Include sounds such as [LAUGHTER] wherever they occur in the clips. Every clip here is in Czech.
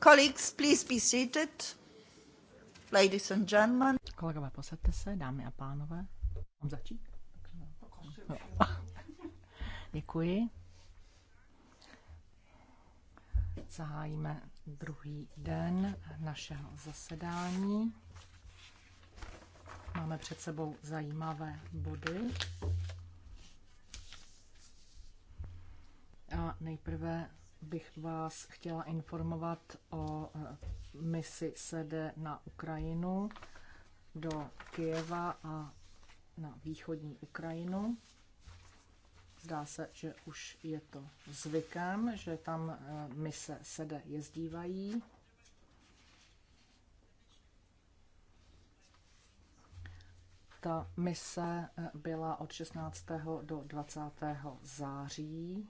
Colleagues, please be seated. Ladies and gentlemen. Kolegové, posaďte se, dámy a pánové. Mám začít? No. [LAUGHS] Děkuji. Zahájíme druhý den našeho zasedání. Máme před sebou zajímavé body. A nejprve bych vás chtěla informovat o e, misi SEDE na Ukrajinu do Kijeva a na východní Ukrajinu. Zdá se, že už je to zvykem, že tam e, mise sede jezdívají. Ta mise e, byla od 16. do 20. září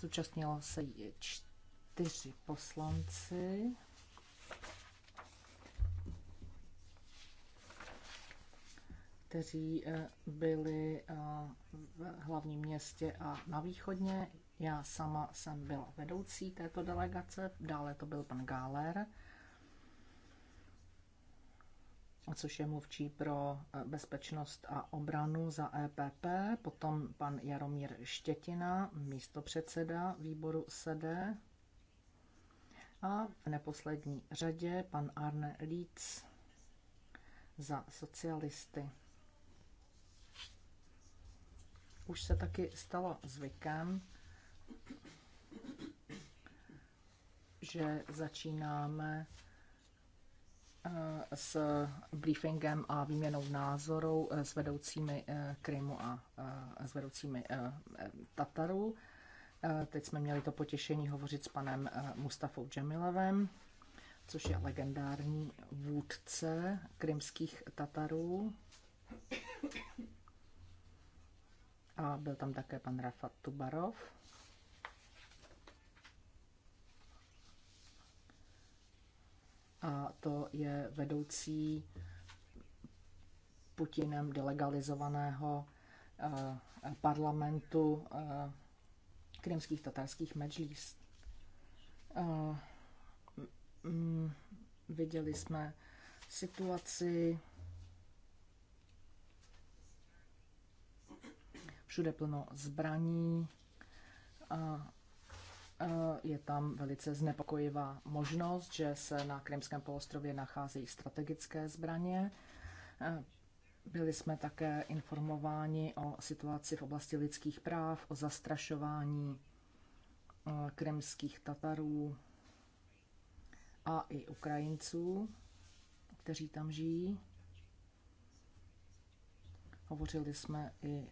Zúčastnilo se je čtyři poslanci. kteří eh, byli eh, v hlavním městě a na východně. Já sama jsem byla vedoucí této delegace, dále to byl pan Gáler, což je mluvčí pro eh, bezpečnost a obranu za EPP, potom pan Jaromír Štětina, místopředseda výboru SEDE a v neposlední řadě pan Arne Líc za socialisty. Už se taky stalo zvykem, že začínáme Eh, s briefingem a výměnou názorů eh, s vedoucími eh, Krymu a s vedoucími Tatarů. Teď jsme měli to potěšení hovořit s panem Mustafou Džemilevem, což je legendární vůdce krymských Tatarů. A byl tam také pan Rafat Tubarov. a to je vedoucí Putinem delegalizovaného eh, parlamentu eh, krymských tatarských medžlíst. Eh, mm, viděli jsme situaci všude plno zbraní Eh, je tam velice znepokojivá možnost, že se na Krymském poloostrově nacházejí strategické zbraně. Eh, byli jsme také informováni o situaci v oblasti lidských práv, o zastrašování eh, krymských Tatarů a i Ukrajinců, kteří tam žijí. Hovořili jsme i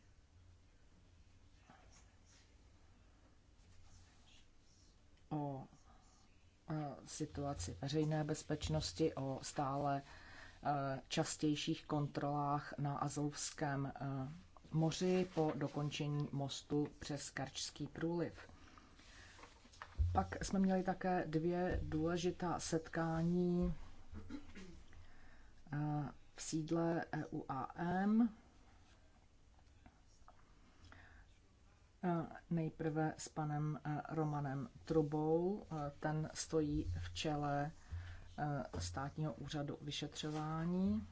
o situaci veřejné bezpečnosti, o stále e, častějších kontrolách na Azovském e, moři po dokončení mostu přes Karčský průliv. Pak jsme měli také dvě důležitá setkání e, v sídle EUAM Nejprve s panem Romanem Trubou. Ten stojí v čele státního úřadu vyšetřování.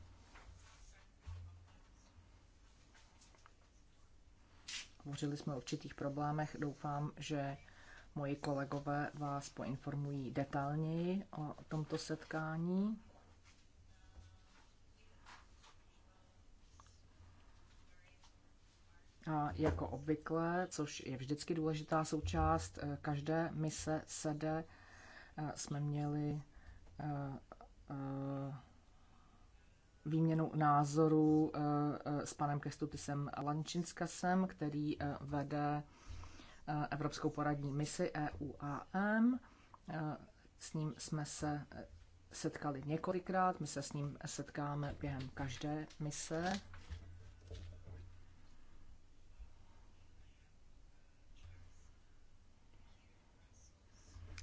Hovořili jsme o určitých problémech. Doufám, že moji kolegové vás poinformují detailněji o tomto setkání. A jako obvykle, což je vždycky důležitá součást eh, každé mise sede, eh, jsme měli eh, výměnu názorů s panem Kestutisem Lančinskasem, který vede Evropskou poradní misi EUAM. S ním jsme se setkali několikrát, my se s ním setkáme během každé mise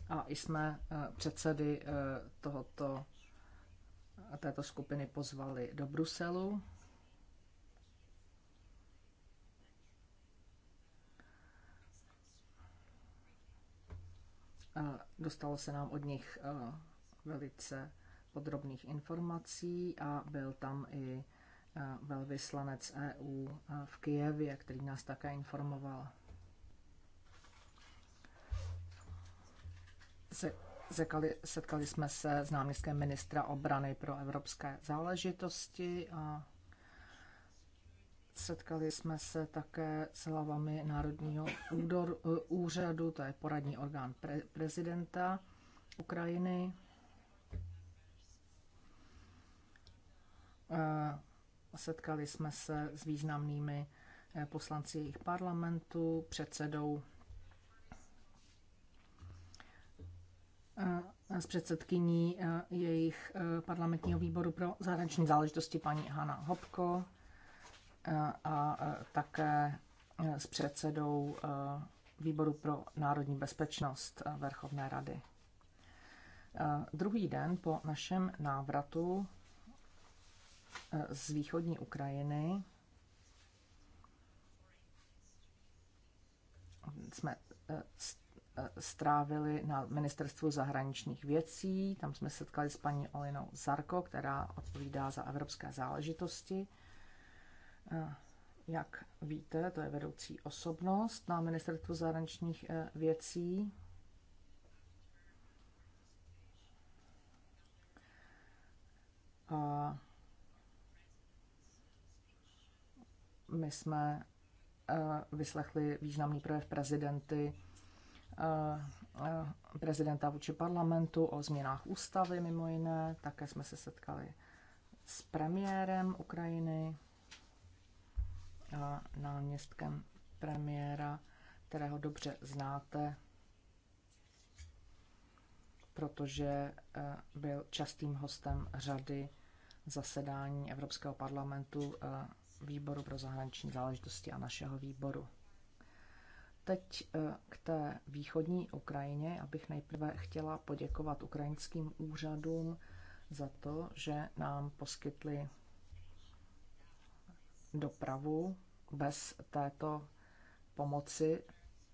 a jsme eh, předsedy eh, tohoto, eh, této skupiny pozvali do Bruselu. Dostalo se nám od nich velice podrobných informací a byl tam i velvyslanec EU v Kijevě, který nás také informoval. Zekali, setkali jsme se s náměstkem ministra obrany pro evropské záležitosti a setkali jsme se také s hlavami Národního údor, eh, úřadu, to je poradní orgán pre, prezidenta Ukrajiny. Eh, setkali jsme se s významnými eh, poslanci jejich parlamentu, předsedou s předsedkyní jejich parlamentního výboru pro zahraniční záležitosti paní Hanna Hopko a také s předsedou výboru pro národní bezpečnost Verchovné rady. Druhý den po našem návratu z východní Ukrajiny jsme e, strávili na ministerstvu zahraničních věcí. Tam jsme setkali s paní Olinou Zarko, která odpovídá za evropské záležitosti. Eh, jak víte, to je vedoucí osobnost na ministerstvu zahraničních eh, věcí. A eh, my jsme vyslechli významný projev prezidenty Eh, eh, prezidenta vůči parlamentu o změnách ústavy mimo jiné. Také jsme se setkali s premiérem Ukrajiny, eh, náměstkem premiéra, kterého dobře znáte, protože byl častým hostem řady zasedání Evropského parlamentu, výboru pro zahraniční záležitosti a našeho výboru teď eh, k té východní Ukrajině, abych nejprve chtěla poděkovat ukrajinským úřadům za to, že nám poskytli dopravu. Bez této pomoci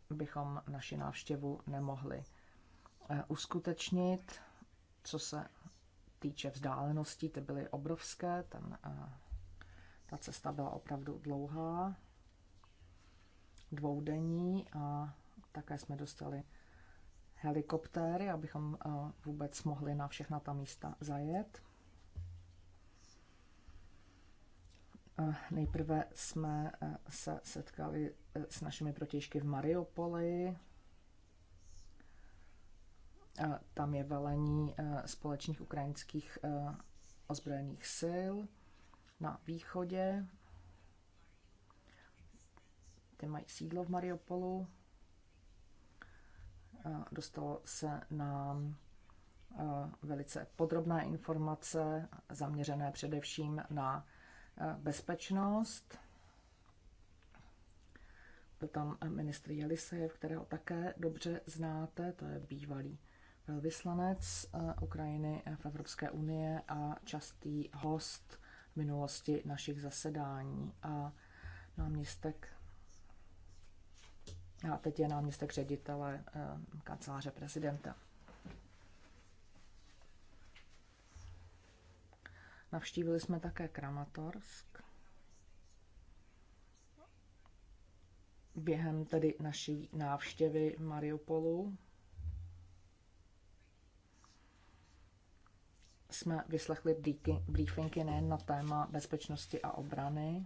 bychom naši návštěvu nemohli eh, uskutečnit. Co se týče vzdáleností, ty byly obrovské, ten, eh, ta cesta byla opravdu dlouhá dvoudenní a také jsme dostali helikoptéry, abychom eh, vůbec mohli na všechna ta místa zajet. Eh, nejprve jsme eh, se setkali s našimi protěžky v Mariupoli. Tam je velení společných ukrajinských ozbrojených sil na východě. Ty mají sídlo v Mariupolu. Dostalo se nám velice podrobné informace, zaměřené především na bezpečnost. Byl tam ministr Jelisejev, kterého také dobře znáte, to je bývalý velvyslanec Ukrajiny v Evropské unie a častý host v minulosti našich zasedání. A náměstek a teď je náměstek ředitele eh, kanceláře prezidenta. Navštívili jsme také Kramatorsk. Během tedy naší návštěvy Mariupolu jsme vyslechli briefingy nejen na téma bezpečnosti a obrany,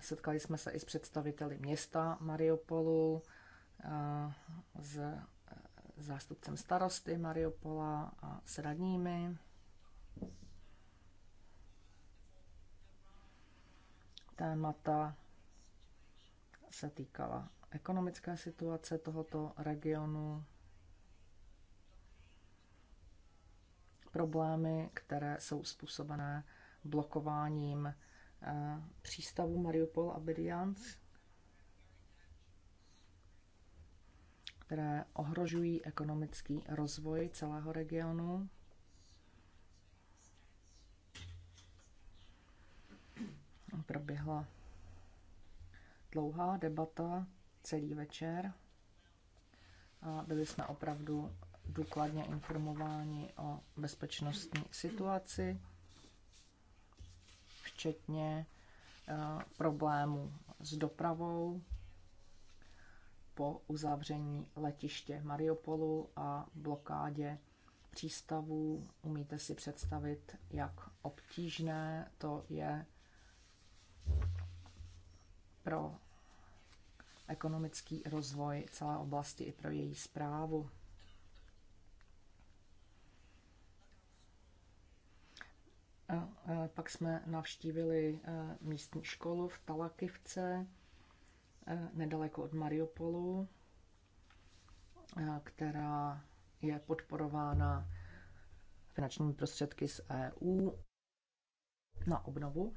setkali jsme se i s představiteli města Mariupolu, eh, s eh, zástupcem starosty Mariupola a s radními. Témata se týkala ekonomické situace tohoto regionu, problémy, které jsou způsobené blokováním přístavu Mariupol a Bedians, které ohrožují ekonomický rozvoj celého regionu. Proběhla dlouhá debata celý večer a byli jsme opravdu důkladně informováni o bezpečnostní situaci včetně eh, problémů s dopravou po uzavření letiště Mariupolu a blokádě přístavů. Umíte si představit, jak obtížné to je pro ekonomický rozvoj celé oblasti i pro její zprávu. Pak jsme navštívili e, místní školu v Talakivce, e, nedaleko od Mariupolu, e, která je podporována finančními prostředky z EU na obnovu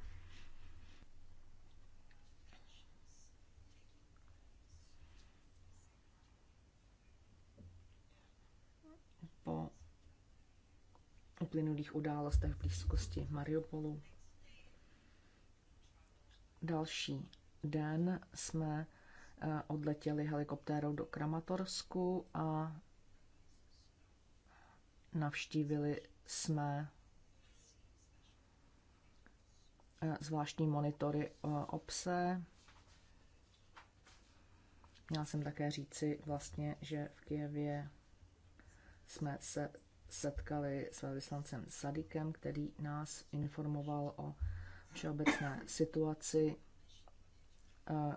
uplynulých událostech v blízkosti Mariupolu. Další den jsme eh, odletěli helikoptérou do Kramatorsku a navštívili jsme eh, zvláštní monitory eh, obse. Měla jsem také říci vlastně, že v Kijevě jsme se setkali s velvyslancem Sadikem, který nás informoval o všeobecné situaci e,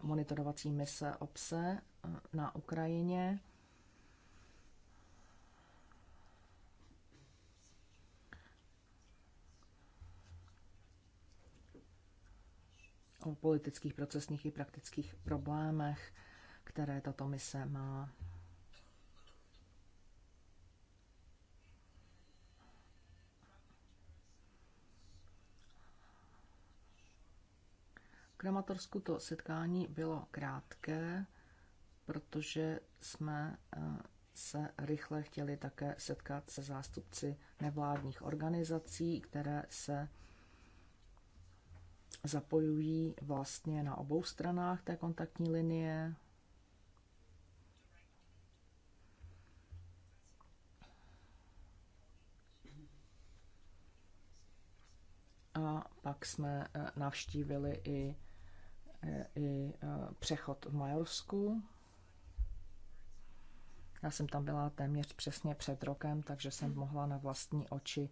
monitorovací mise OPSE e, na Ukrajině. o politických, procesních i praktických problémech, které tato mise má. krematorsku to setkání bylo krátké, protože jsme eh, se rychle chtěli také setkat se zástupci nevládních organizací, které se zapojují vlastně na obou stranách té kontaktní linie. A pak jsme eh, navštívili i Eh, i eh, přechod v Majorsku. Já jsem tam byla téměř přesně před rokem, takže jsem mohla na vlastní oči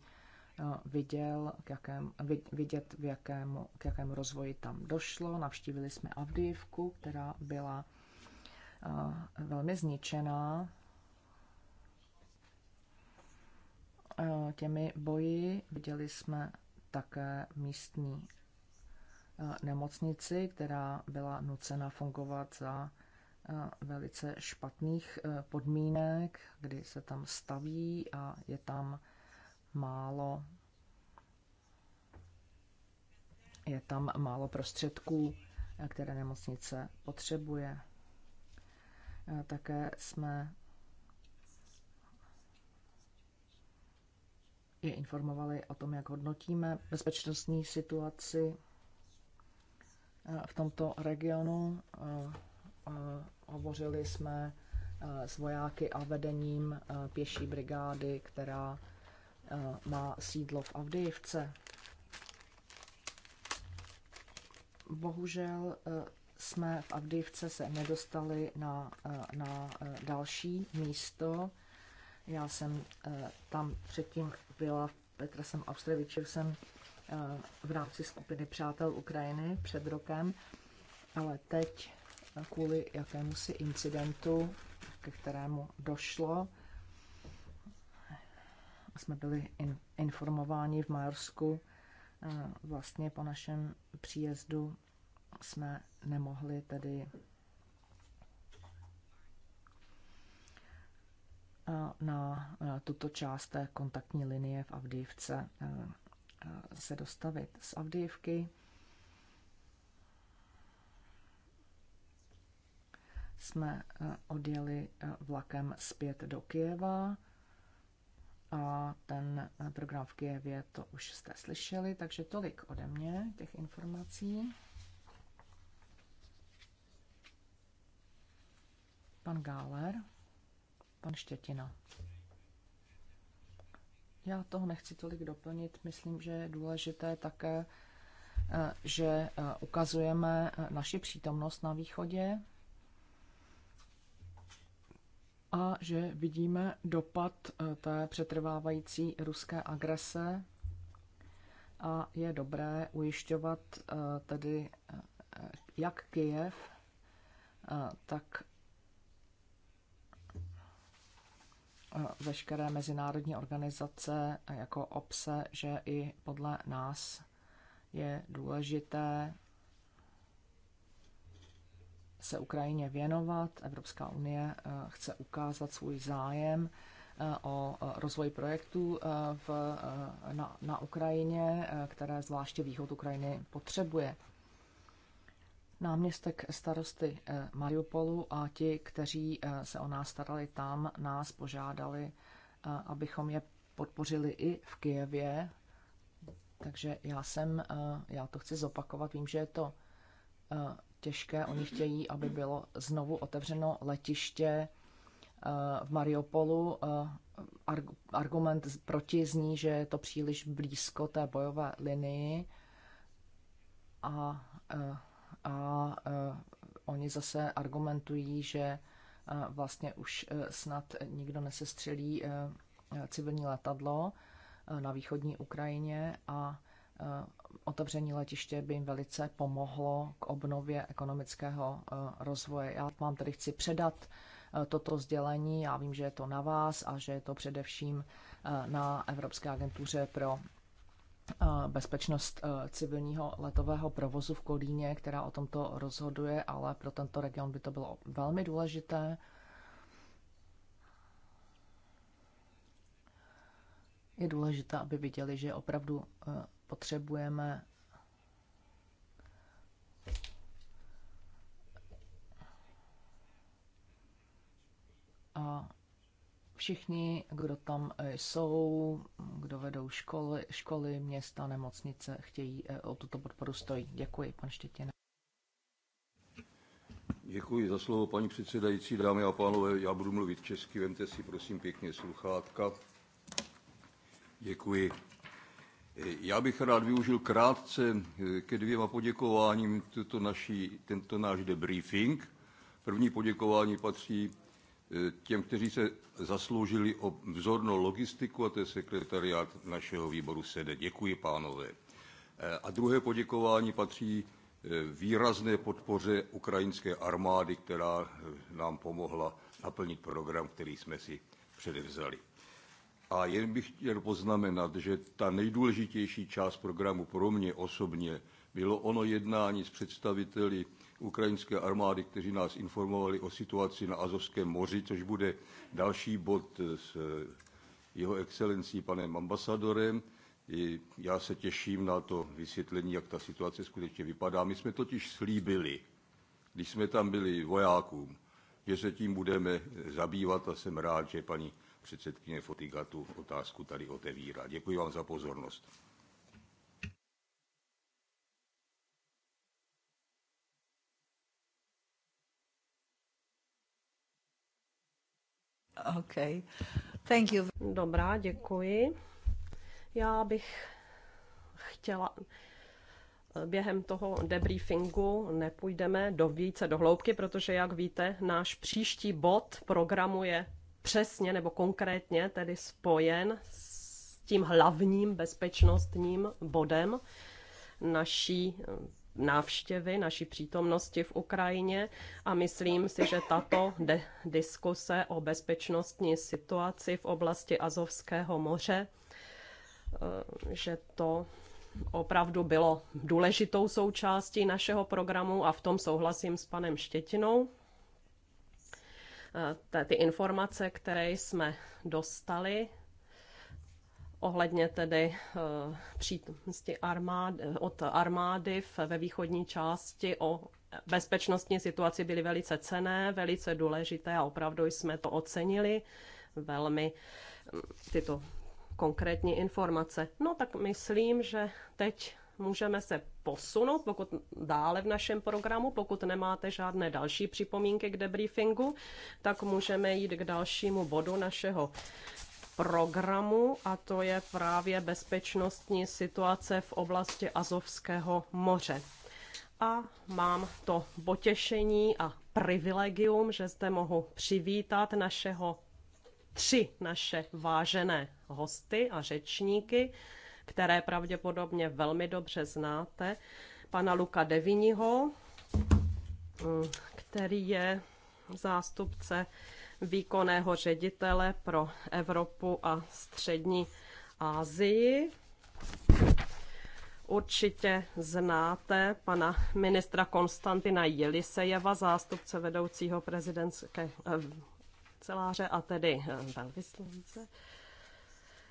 eh, viděl, k jakém, vidět, v jakém, k jakému rozvoji tam došlo. Navštívili jsme Avdivku, která byla velmi zničená těmi boji. Viděli jsme také místní Eh, nemocnici, která byla nucena fungovat za eh, velice špatných eh, podmínek, kdy se tam staví a je tam málo je tam málo prostředků, které nemocnice potřebuje. Také jsme je informovali o tom, jak hodnotíme bezpečnostní situaci Eh, v tomto regionu. Eh, eh, hovořili jsme s vojáky a vedením pěší brigády, která má sídlo v Avdijivce. Bohužel jsme v Avdijivce se nedostali na, na další místo. Já jsem tam předtím byla, Petra jsem Austrevičev jsem Eh, v rámci skupiny Přátel Ukrajiny před rokem, ale teď kvůli jakémusi incidentu, ke kterému došlo, jsme byli informováni v Majorsku. Eh, vlastně po našem příjezdu jsme nemohli tedy eh, na tuto část té kontaktní linie v Avdivce Eh, se dostavit z Avdijevky. Jsme eh, odjeli eh, vlakem zpět do Kijeva a ten program v Kijevě to už jste slyšeli, takže tolik ode mě těch informací. Pan Gáler, pan Štětina. Já toho nechci tolik doplnit. Myslím, že je důležité také, eh, že eh, ukazujeme eh, naši přítomnost na východě a že vidíme dopad té přetrvávající ruské agrese a je dobré ujišťovat tedy jak Kyjev, tak veškeré mezinárodní organizace jako obse, že i podle nás je důležité se Ukrajině věnovat. Evropská unie eh, chce ukázat svůj zájem eh, o eh, rozvoj projektů v, na, na Ukrajině, které zvláště východ Ukrajiny potřebuje. Náměstek starosty eh, Mariupolu a ti, kteří eh, se o nás starali tam, nás požádali, eh, abychom je podpořili i v Kijevě. Takže já jsem, já to chci zopakovat, vím, že je to těžké. Oni chtějí, aby bylo znovu otevřeno letiště v Mariupolu. Argument proti zní, že je to příliš blízko té bojové linii a a e, oni zase argumentují, že e, vlastně už e, snad nikdo nesestřelí civilní letadlo na východní Ukrajině a otevření letiště by jim velice pomohlo k obnově ekonomického rozvoje. Já vám tedy chci předat toto sdělení. Já vím, že je to na vás a že je to především na Evropské agentuře pro bezpečnost e, civilního letového provozu v Kolíně, která o tomto rozhoduje, ale pro tento region by to bylo velmi důležité. Je důležité, aby viděli, že opravdu e, potřebujeme a všichni, kdo tam eh, jsou, kdo vedou školy, školy města, nemocnice, chtějí eh, o tuto podporu stojí. Děkuji, pan Štětina. Děkuji za slovo, paní předsedající, dámy a pánové. Já budu mluvit česky, vemte si prosím pěkně sluchátka. Děkuji. Eh, já bych rád využil krátce ke dvěma poděkováním tuto naší, tento náš debriefing. První poděkování patří těm, kteří se zasloužili o vzornou logistiku, a to je sekretariát našeho výboru SEDE. Děkuji, pánové. Eh, a druhé poděkování patří eh, výrazné podpoře ukrajinské armády, která eh, nám pomohla naplnit program, který jsme si předevzali. A jen bych chtěl poznamenat, že ta nejdůležitější část programu pro mě osobně bylo ono jednání s představiteli ukrajinské armády, kteří nás informovali o situaci na Azovském moři, což bude další bod s eh, jeho excelencí panem ambasadorem. I já se těším na to vysvětlení, jak ta situace skutečně vypadá. My jsme totiž slíbili, když jsme tam byli vojákům, že se tím budeme zabývat a jsem rád, že paní předsedkyně Fotiga tu otázku tady otevírá. Děkuji vám za pozornost. Okay. Thank you. Dobrá, děkuji. Já bych chtěla během toho debriefingu nepůjdeme do více do hloubky, protože jak víte, náš příští bod programu je přesně nebo konkrétně tedy spojen s tím hlavním bezpečnostním bodem naší návštěvy, naší přítomnosti v Ukrajině a myslím si, že tato de- diskuse o bezpečnostní situaci v oblasti Azovského moře, eh, že to opravdu bylo důležitou součástí našeho programu a v tom souhlasím s panem Štětinou. Eh, ty informace, které jsme dostali, ohledně tedy eh, přítomnosti armád, od armády ve východní části o bezpečnostní situaci byly velice cené, velice důležité a opravdu jsme to ocenili velmi hm, tyto konkrétní informace. No tak myslím, že teď můžeme se posunout pokud dále v našem programu. Pokud nemáte žádné další připomínky k debriefingu, tak můžeme jít k dalšímu bodu našeho programu a to je právě bezpečnostní situace v oblasti Azovského moře. A mám to potěšení a privilegium, že zde mohu přivítat našeho tři naše vážené hosty a řečníky, které pravděpodobně velmi dobře znáte. Pana Luka Deviniho, který je zástupce výkonného ředitele pro Evropu a střední Asii. Určitě znáte pana ministra Konstantina Jelisejeva, zástupce vedoucího prezidentské eh, celáře a tedy eh, velvyslance.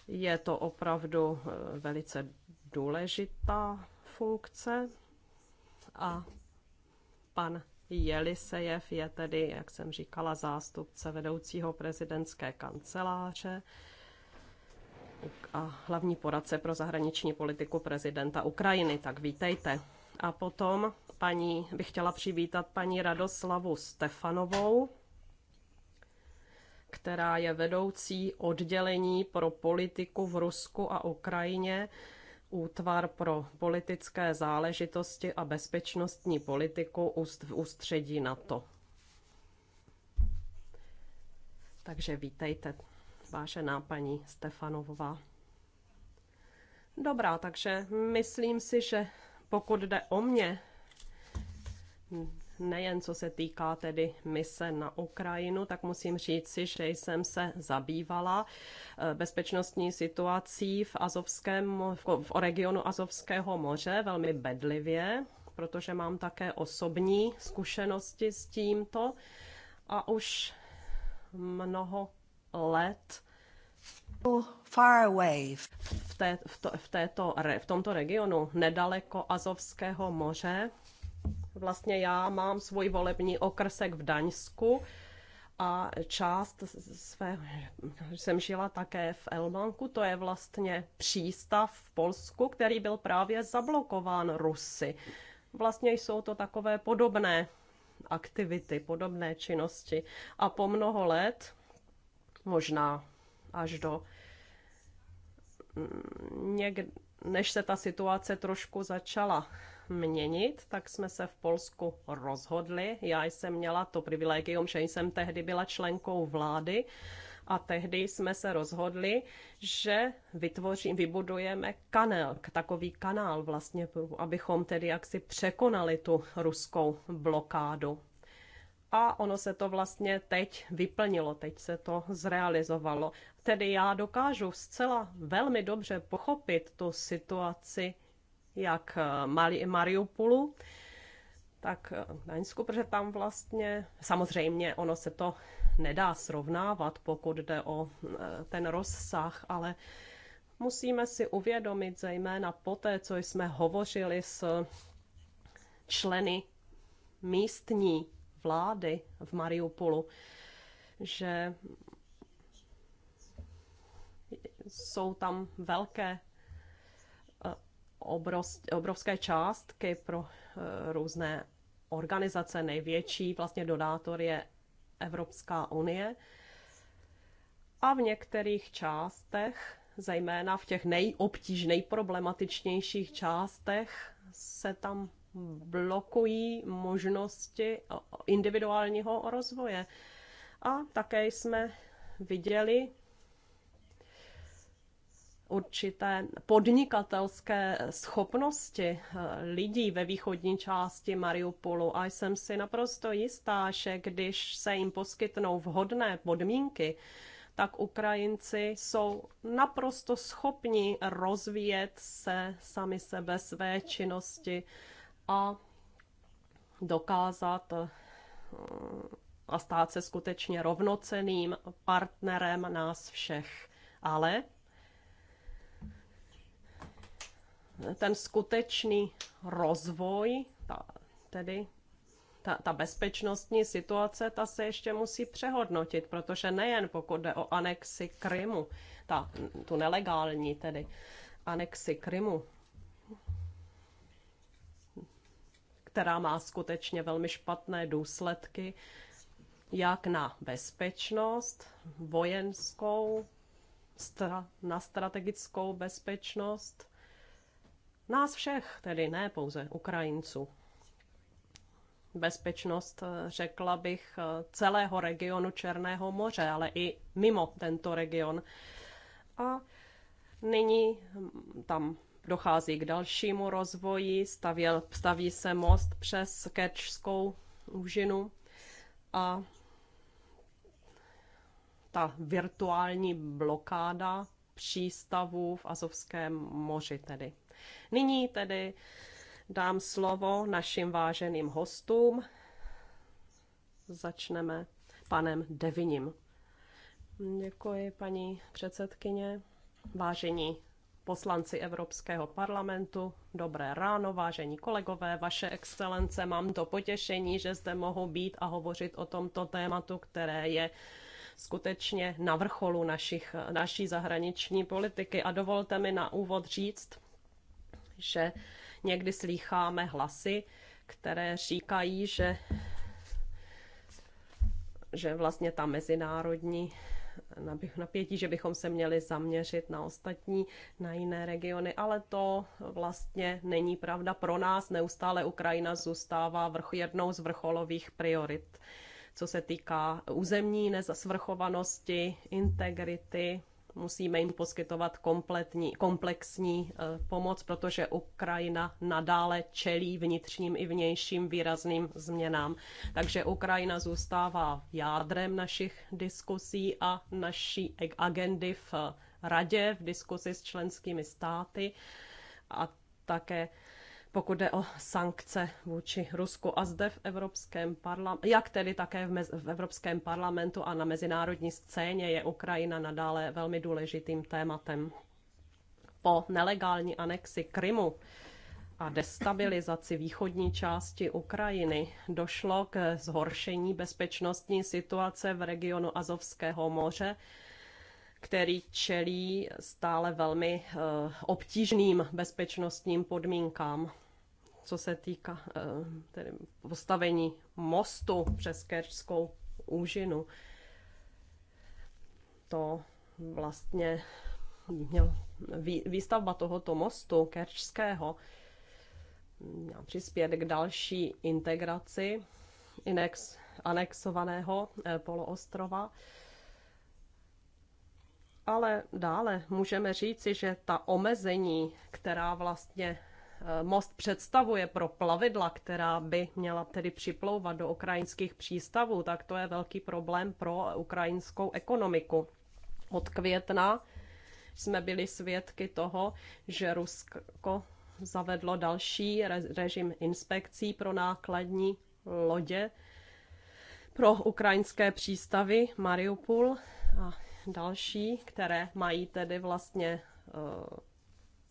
Je to opravdu eh, velice důležitá funkce a pan Jelisejev je tedy, jak jsem říkala, zástupce vedoucího prezidentské kanceláře a hlavní poradce pro zahraniční politiku prezidenta Ukrajiny. Tak vítejte. A potom paní, bych chtěla přivítat paní Radoslavu Stefanovou, která je vedoucí oddělení pro politiku v Rusku a Ukrajině Útvar pro politické záležitosti a bezpečnostní politiku v ústředí NATO. Takže vítejte, vážená paní Stefanovová. Dobrá, takže myslím si, že pokud jde o mě, nejen co se týká tedy mise na Ukrajinu, tak musím si, že jsem se zabývala eh, bezpečnostní situací v, Azovském, v regionu Azovského moře velmi bedlivě, protože mám také osobní zkušenosti s tímto a už mnoho let far away. V, té, v, to, v, této, v tomto regionu nedaleko Azovského moře Vlastně já mám svůj volební okrsek v Daňsku a část své, jsem žila také v Elmanku, to je vlastně přístav v Polsku, který byl právě zablokován Rusy. Vlastně jsou to takové podobné aktivity, podobné činnosti. A po mnoho let, možná až do mm, někde, než se ta situace trošku začala měnit, tak jsme se v Polsku rozhodli. Já jsem měla to privilegium, že jsem tehdy byla členkou vlády a tehdy jsme se rozhodli, že vytvořím, vybudujeme kanál, takový kanál vlastně, abychom tedy jaksi překonali tu ruskou blokádu. A ono se to vlastně teď vyplnilo, teď se to zrealizovalo. Tedy já dokážu zcela velmi dobře pochopit tu situaci jak eh, Mali i Mariupolu, tak eh, Daňsku, protože tam vlastně, samozřejmě ono se to nedá srovnávat, pokud jde o eh, ten rozsah, ale musíme si uvědomit, zejména poté, co jsme hovořili s členy místní vlády v Mariupolu, že jsou tam velké obrovské částky pro eh, různé organizace. Největší vlastně donátor je Evropská unie. A v některých částech, zejména v těch nejobtíž, nejproblematičnějších částech, se tam blokují možnosti individuálního rozvoje. A také jsme viděli, určité podnikatelské schopnosti eh, lidí ve východní části Mariupolu a jsem si naprosto jistá, že když se jim poskytnou vhodné podmínky, tak Ukrajinci jsou naprosto schopni rozvíjet se sami sebe, své činnosti a dokázat eh, a stát se skutečně rovnoceným partnerem nás všech. Ale ten skutečný rozvoj, ta, tedy ta, ta bezpečnostní situace, ta se ještě musí přehodnotit, protože nejen pokud jde o anexi Krymu, ta, tu nelegální tedy anexi Krymu, která má skutečně velmi špatné důsledky, jak na bezpečnost vojenskou, stra, na strategickou bezpečnost, Nás všech, tedy ne pouze Ukrajinců. Bezpečnost, eh, řekla bych, eh, celého regionu Černého moře, ale i mimo tento region. A nyní hm, tam dochází k dalšímu rozvoji, stavěl, staví se most přes Kečskou úžinu a ta virtuální blokáda přístavů v Azovském moři tedy. Nyní tedy dám slovo našim váženým hostům. Začneme panem Deviním. Děkuji, paní předsedkyně. Vážení poslanci Evropského parlamentu, dobré ráno, vážení kolegové, vaše excelence, mám to potěšení, že zde mohu být a hovořit o tomto tématu, které je skutečně na vrcholu našich, naší zahraniční politiky. A dovolte mi na úvod říct, že někdy slýcháme hlasy, které říkají, že, že vlastně ta mezinárodní napětí, že bychom se měli zaměřit na ostatní, na jiné regiony, ale to vlastně není pravda pro nás. Neustále Ukrajina zůstává vrch, jednou z vrcholových priorit, co se týká územní nezasvrchovanosti, integrity musíme jim poskytovat kompletní, komplexní eh, pomoc, protože Ukrajina nadále čelí vnitřním i vnějším výrazným změnám. Takže Ukrajina zůstává jádrem našich diskusí a naší agendy v eh, radě, v diskusi s členskými státy a také pokud jde o sankce vůči Rusku a zde v Evropském parlamentu, jak tedy také v, mez- v Evropském parlamentu a na mezinárodní scéně je Ukrajina nadále velmi důležitým tématem. Po nelegální anexi Krymu a destabilizaci východní části Ukrajiny došlo k zhoršení bezpečnostní situace v regionu Azovského moře který čelí stále velmi eh, obtížným bezpečnostním podmínkám, co se týká eh, tedy postavení mostu přes Kerčskou úžinu. To vlastně měl výstavba tohoto mostu kerčského měla přispět k další integraci inex, anexovaného eh, poloostrova ale dále můžeme říci, že ta omezení, která vlastně eh, most představuje pro plavidla, která by měla tedy připlouvat do ukrajinských přístavů, tak to je velký problém pro ukrajinskou ekonomiku. Od května jsme byli svědky toho, že Rusko zavedlo další režim inspekcí pro nákladní lodě pro ukrajinské přístavy Mariupol a další, které mají tedy vlastně eh,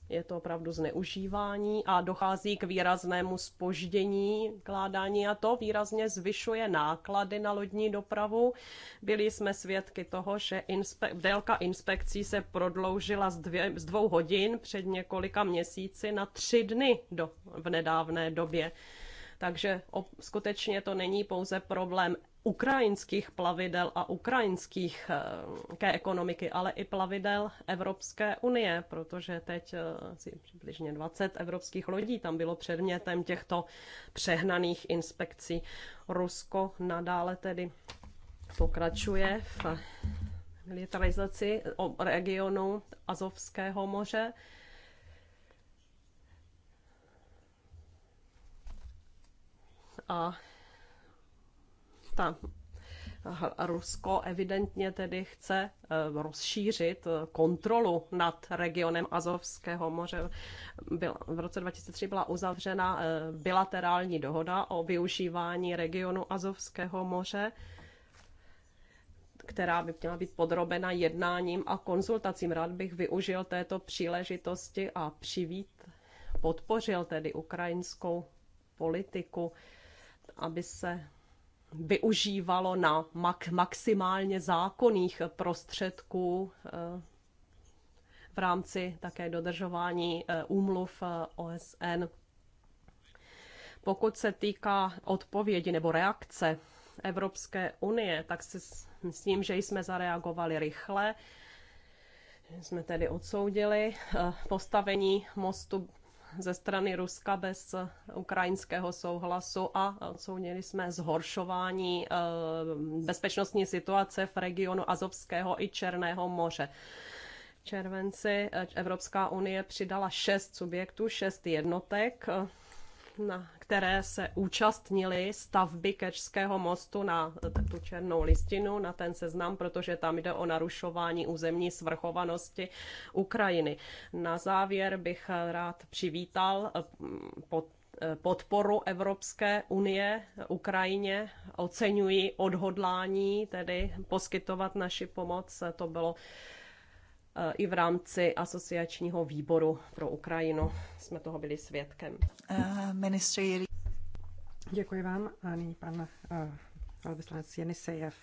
je to opravdu zneužívání a dochází k výraznému spoždění kládání a to výrazně zvyšuje náklady na lodní dopravu. Byli jsme svědky toho, že inspe- délka inspekcí se prodloužila z, dvě, z dvou hodin před několika měsíci na tři dny do, v nedávné době. Takže skutečně to není pouze problém ukrajinských plavidel a ukrajinských ke ekonomiky, ale i plavidel Evropské unie, protože teď eh, asi přibližně 20 evropských lodí tam bylo předmětem těchto přehnaných inspekcí. Rusko nadále tedy pokračuje v militarizaci regionu Azovského moře. A ta eh, Rusko evidentně tedy chce eh, rozšířit eh, kontrolu nad regionem Azovského moře. Byla, v roce 2003 byla uzavřena bilaterální dohoda o využívání regionu Azovského moře která by měla být podrobena jednáním a konzultacím. Rád bych využil této příležitosti a přivít, podpořil tedy ukrajinskou politiku, aby se využívalo na mak- maximálně zákonných prostředků eh, v rámci také dodržování eh, úmluv eh, OSN. Pokud se týká odpovědi nebo reakce Evropské unie, tak si myslím, že jsme zareagovali rychle. Jsme tedy odsoudili postavení mostu ze strany Ruska bez eh, ukrajinského souhlasu a eh, souměli jsme zhoršování eh, bezpečnostní situace v regionu Azovského i Černého moře červenci Evropská unie přidala šest subjektů, šest jednotek na které se účastnily stavby Kečského mostu na tu černou listinu, na ten seznam, protože tam jde o narušování územní svrchovanosti Ukrajiny. Na závěr bych rád přivítal eh, pod eh, podporu Evropské unie Ukrajině. Oceňuji odhodlání tedy poskytovat naši pomoc. To bylo i v rámci asociačního výboru pro Ukrajinu. Jsme toho byli svědkem. Eh, děkuji vám. A nyní pan eh, velvyslanec Jenisejev.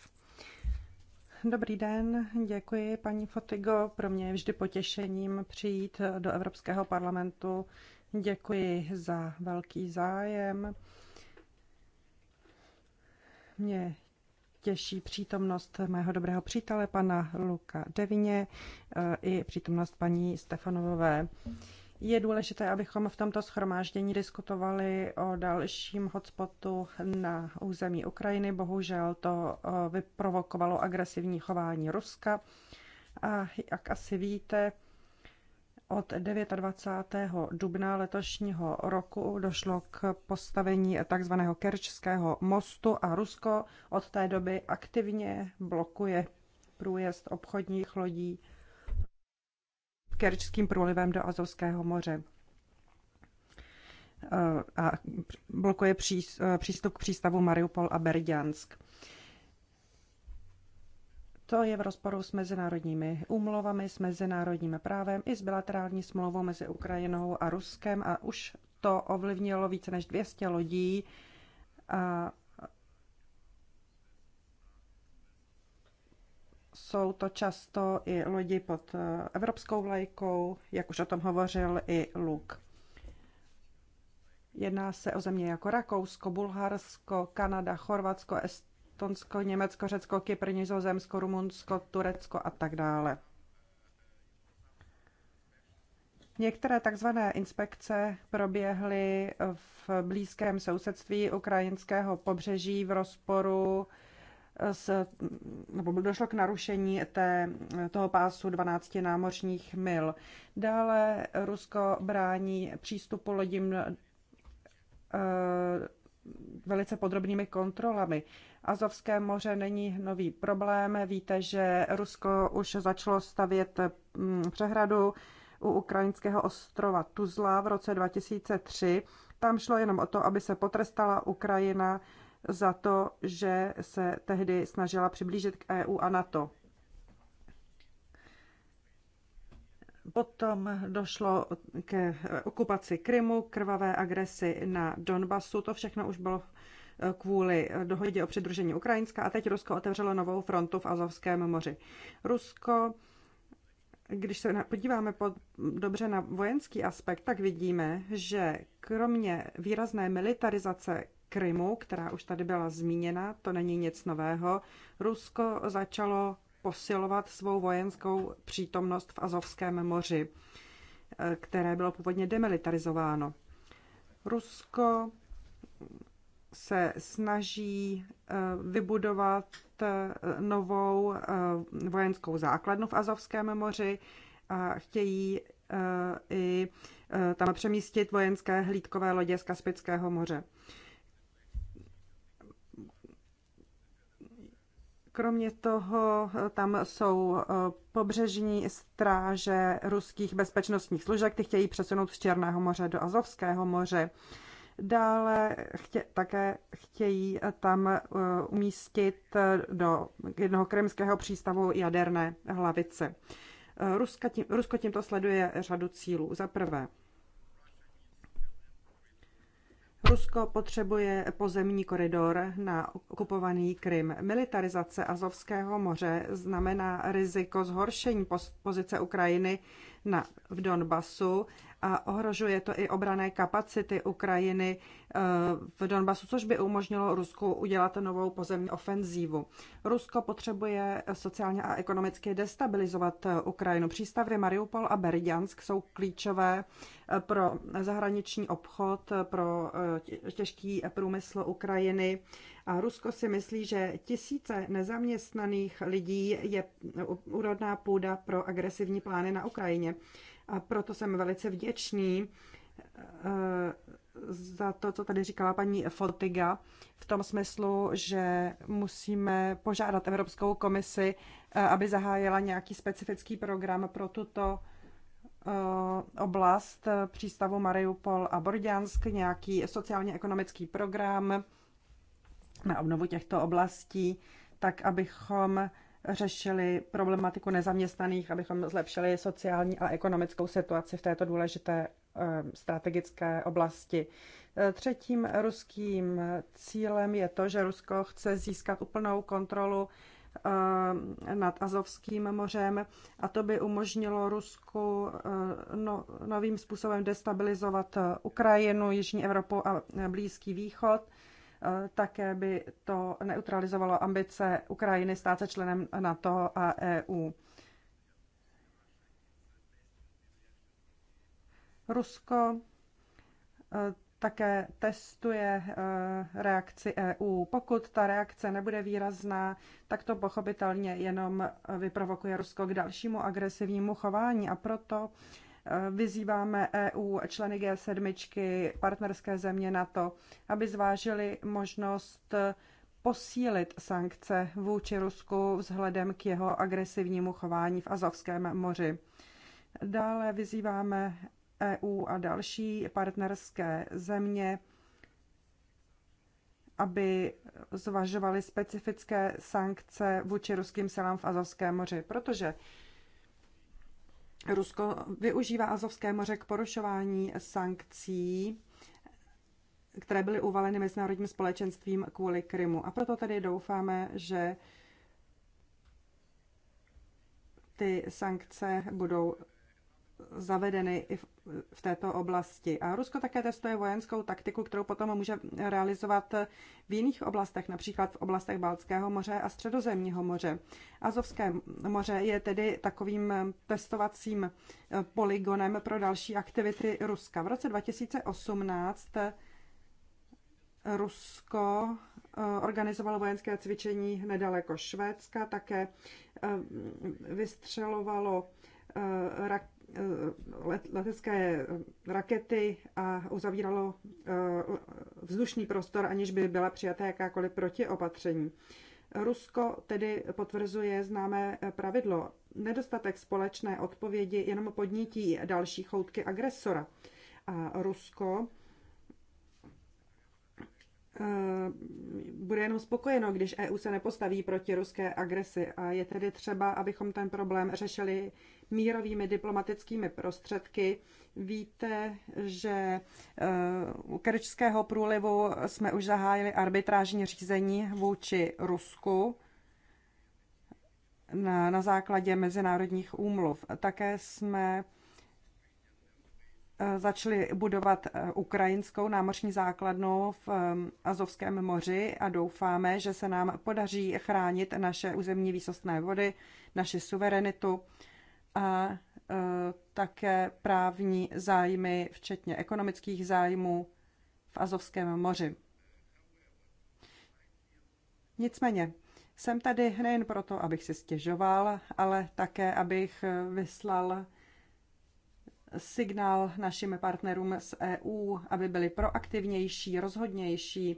Dobrý den, děkuji paní Fotigo. Pro mě je vždy potěšením přijít eh, do Evropského parlamentu. Děkuji za velký zájem. Mě těší přítomnost mého dobrého přítele, pana Luka Devině, eh, i přítomnost paní Stefanovové. Je důležité, abychom v tomto schromáždění diskutovali o dalším hotspotu na území Ukrajiny. Bohužel to eh, vyprovokovalo agresivní chování Ruska. A jak asi víte, od 29. dubna letošního roku došlo k postavení tzv. Kerčského mostu a Rusko od té doby aktivně blokuje průjezd obchodních lodí Kerčským průlivem do Azovského moře eh, a blokuje eh, přístup k přístavu Mariupol a Berďansk. To je v rozporu s mezinárodními úmluvami, s mezinárodním právem i s bilaterální smlouvou mezi Ukrajinou a Ruskem a už to ovlivnilo více než 200 lodí. A jsou to často i lodi pod eh, evropskou vlajkou, jak už o tom hovořil i Luk. Jedná se o země jako Rakousko, Bulharsko, Kanada, Chorvatsko, Estonsko, Estonsko, Německo, Řecko, Kypr, Nizozemsko, Rumunsko, Turecko a tak dále. Některé takzvané inspekce proběhly v blízkém sousedství ukrajinského pobřeží v rozporu s, nebo došlo k narušení té, toho pásu 12 námořních mil. Dále Rusko brání přístupu lodím eh, velice podrobnými kontrolami. Azovské moře není nový problém. Víte, že Rusko už začalo stavět mm, přehradu u ukrajinského ostrova Tuzla v roce 2003. Tam šlo jenom o to, aby se potrestala Ukrajina za to, že se tehdy snažila přiblížit k EU a NATO. Potom došlo ke okupaci Krymu, krvavé agresi na Donbasu. To všechno už bylo eh, kvůli dohodě o přidružení Ukrajinska a teď Rusko otevřelo novou frontu v Azovském moři. Rusko, když se podíváme pod, dobře na vojenský aspekt, tak vidíme, že kromě výrazné militarizace Krymu, která už tady byla zmíněna, to není nic nového, Rusko začalo posilovat svou vojenskou přítomnost v Azovském moři, eh, které bylo původně demilitarizováno. Rusko se snaží eh, vybudovat eh, novou vojenskou základnu v Azovském moři a chtějí i tam přemístit vojenské hlídkové lodě z Kaspického moře. Kromě toho eh, tam jsou eh, pobřežní stráže ruských bezpečnostních služeb, ty chtějí přesunout z Černého moře do Azovského moře. Dále chtě, také chtějí eh, tam umístit do jednoho krymského přístavu jaderné hlavice. tím, Rusko tímto sleduje řadu cílů. Za prvé, Rusko potřebuje pozemní koridor na okupovaný Krym. Militarizace Azovského moře znamená riziko zhoršení pozice Ukrajiny na, v Donbasu a ohrožuje to i obrané kapacity Ukrajiny eh, v Donbasu, což by umožnilo Rusku udělat novou pozemní ofenzívu. Rusko potřebuje sociálně a ekonomicky destabilizovat eh, Ukrajinu. Přístavy Mariupol a Berďansk jsou klíčové eh, pro zahraniční obchod, pro těžký průmysl Ukrajiny. A Rusko si myslí, že tisíce nezaměstnaných lidí je úrodná půda pro agresivní plány na Ukrajině. A proto jsem velice vděčný eh, za to, co tady říkala paní Fotiga, v tom smyslu, že musíme požádat Evropskou komisi, eh, aby zahájila nějaký specifický program pro tuto eh, oblast přístavu Mariupol a Borďansk, nějaký sociálně-ekonomický program na obnovu těchto oblastí, tak abychom řešili problematiku nezaměstnaných, abychom zlepšili sociální a ekonomickou situaci v této důležité eh, strategické oblasti. Eh, třetím ruským cílem je to, že Rusko chce získat úplnou kontrolu eh, nad Azovským mořem a to by umožnilo Rusku no, novým způsobem destabilizovat Ukrajinu, Jižní Evropu a Blízký východ Eh, také by to neutralizovalo ambice Ukrajiny stát se členem NATO a EU. Rusko eh, také testuje eh, reakci EU. Pokud ta reakce nebude výrazná, tak to pochopitelně jenom vyprovokuje Rusko k dalšímu agresivnímu chování a proto Vyzýváme EU, členy G7, partnerské země na to, aby zvážili možnost posílit sankce vůči Rusku vzhledem k jeho agresivnímu chování v Azovském moři. Dále vyzýváme EU a další partnerské země, aby zvažovaly specifické sankce vůči ruským silám v Azovském moři, protože Rusko využívá Azovské moře k porušování sankcí, které byly uvaleny mezinárodním společenstvím kvůli Krymu. A proto tedy doufáme, že ty sankce budou zavedeny i v této oblasti. A Rusko také testuje vojenskou taktiku, kterou potom může realizovat v jiných oblastech, například v oblastech Baltského moře a Středozemního moře. Azovské moře je tedy takovým testovacím eh, poligonem pro další aktivity Ruska. V roce 2018 Rusko eh, organizovalo vojenské cvičení nedaleko Švédska, také eh, vystřelovalo rak Eh, letecké eh, rakety a uzavíralo eh, vzdušný prostor, aniž by byla přijata jakákoliv protiopatření. Rusko tedy potvrzuje známé pravidlo. Nedostatek společné odpovědi jenom podnítí další choutky agresora. A Rusko Eh, bude jenom spokojeno, když EU se nepostaví proti ruské agresi a je tedy třeba, abychom ten problém řešili mírovými diplomatickými prostředky. Víte, že eh, u Kerčského průlivu jsme už zahájili arbitrážní řízení vůči Rusku na, na základě mezinárodních úmluv. Také jsme Eh, začali budovat eh, ukrajinskou námořní základnu v Azovském moři a doufáme, že se nám podaří chránit naše územní výsostné vody, naši suverenitu a eh, také právní zájmy, včetně ekonomických zájmů v Azovském moři. Nicméně, jsem tady nejen proto, abych si stěžoval, ale také, abych vyslal signál našim partnerům z EU, aby byli proaktivnější, rozhodnější.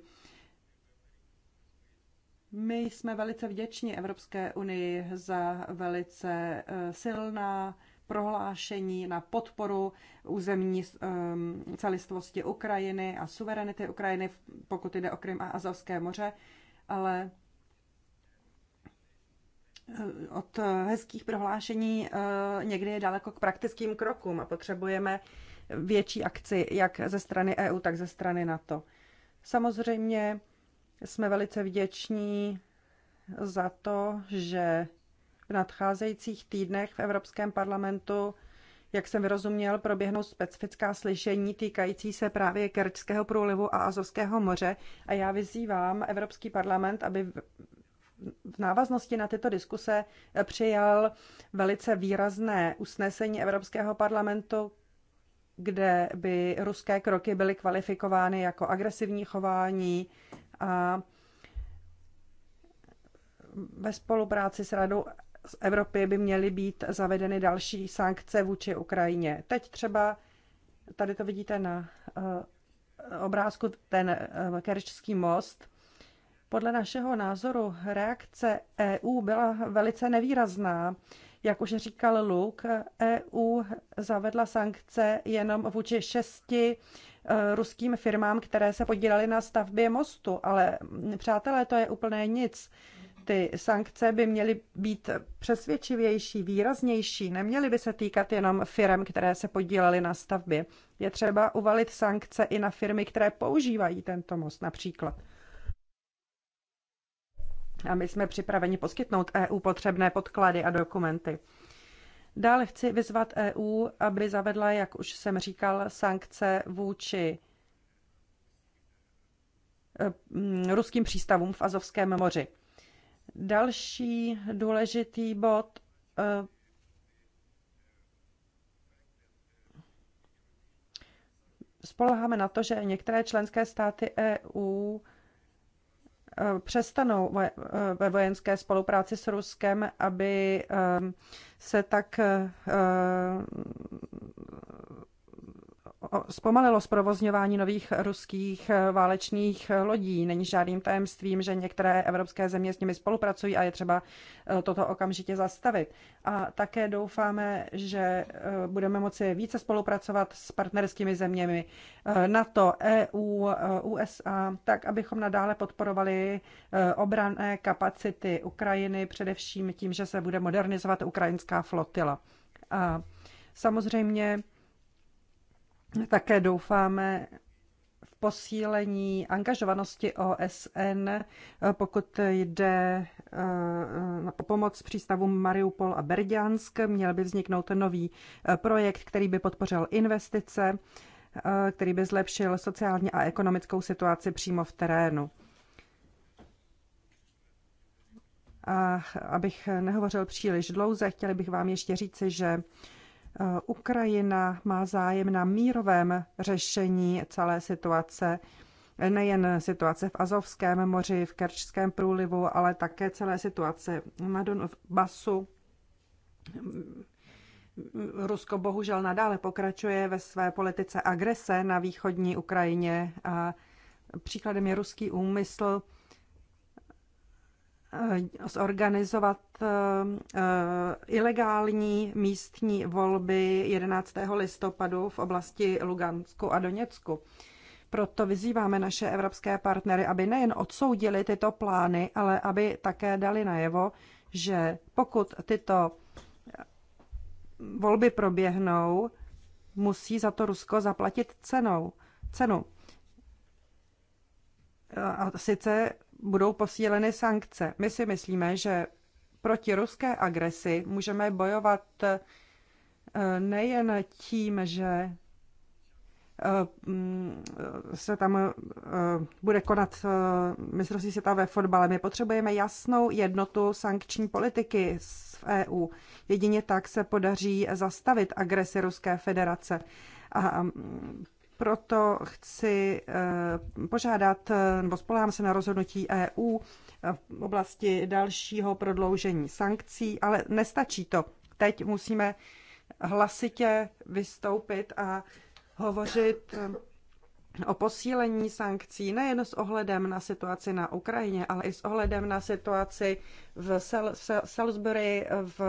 My jsme velice vděční Evropské unii za velice eh, silná prohlášení na podporu územní ehm, celistvosti Ukrajiny a suverenity Ukrajiny, pokud jde o Krym a Azovské moře, ale Eh, od eh, hezkých prohlášení eh, někdy je daleko k praktickým krokům a potřebujeme větší akci jak ze strany EU, tak ze strany NATO. Samozřejmě jsme velice vděční za to, že v nadcházejících týdnech v Evropském parlamentu, jak jsem vyrozuměl, proběhnou specifická slyšení týkající se právě Kerčského průlivu a Azovského moře. A já vyzývám Evropský parlament, aby v návaznosti na tyto diskuse přijal velice výrazné usnesení Evropského parlamentu, kde by ruské kroky byly kvalifikovány jako agresivní chování a ve spolupráci s Radou z Evropy by měly být zavedeny další sankce vůči Ukrajině. Teď třeba, tady to vidíte na eh, obrázku, ten eh, Kerčský most, podle našeho názoru reakce EU byla velice nevýrazná. Jak už říkal Luk, EU zavedla sankce jenom vůči šesti eh, ruským firmám, které se podílely na stavbě mostu. Ale mm, přátelé, to je úplné nic. Ty sankce by měly být přesvědčivější, výraznější, neměly by se týkat jenom firm, které se podílely na stavbě. Je třeba uvalit sankce i na firmy, které používají tento most například a my jsme připraveni poskytnout EU potřebné podklady a dokumenty. Dále chci vyzvat EU, aby zavedla, jak už jsem říkal, sankce vůči eh, ruským přístavům v Azovském moři. Další důležitý bod eh, spoleháme na to, že některé členské státy EU Eh, přestanou eh, ve vojenské spolupráci s Ruskem, aby eh, se tak zpomalilo zprovozňování nových ruských eh, válečných eh, lodí. Není žádným tajemstvím, že některé evropské země s nimi spolupracují a je třeba eh, toto okamžitě zastavit. A také doufáme, že budeme moci více spolupracovat s partnerskými zeměmi NATO, EU, USA, tak abychom nadále podporovali obrané kapacity Ukrajiny, především tím, že se bude modernizovat ukrajinská flotila. A samozřejmě také doufáme v posílení angažovanosti OSN, pokud jde o eh, pomoc přístavům Mariupol a Berďansk. Měl by vzniknout nový eh, projekt, který by podpořil investice, eh, který by zlepšil sociální a ekonomickou situaci přímo v terénu. A abych nehovořil příliš dlouze, chtěli bych vám ještě říci, že Eh, Ukrajina má zájem na mírovém řešení celé situace, nejen situace v Azovském moři, v Kerčském průlivu, ale také celé situace na Donbasu. Rusko bohužel nadále pokračuje ve své politice agrese na východní Ukrajině a příkladem je ruský úmysl Eh, zorganizovat eh, ilegální místní volby 11. listopadu v oblasti Lugansku a Doněcku. Proto vyzýváme naše evropské partnery, aby nejen odsoudili tyto plány, ale aby také dali najevo, že pokud tyto volby proběhnou, musí za to Rusko zaplatit cenou, cenu. A sice budou posíleny sankce. My si myslíme, že proti ruské agresi můžeme bojovat eh, nejen tím, že eh, mm, se tam eh, bude konat mistrovství světa ve fotbale. My potřebujeme jasnou jednotu sankční politiky v EU. Jedině tak se podaří zastavit agresi Ruské federace. A mm, proto chci eh, požádat, eh, nebo spolehám se na rozhodnutí EU eh, v oblasti dalšího prodloužení sankcí, ale nestačí to. Teď musíme hlasitě vystoupit a hovořit o posílení sankcí nejen s ohledem na situaci na Ukrajině, ale i s ohledem na situaci v Salisbury, v,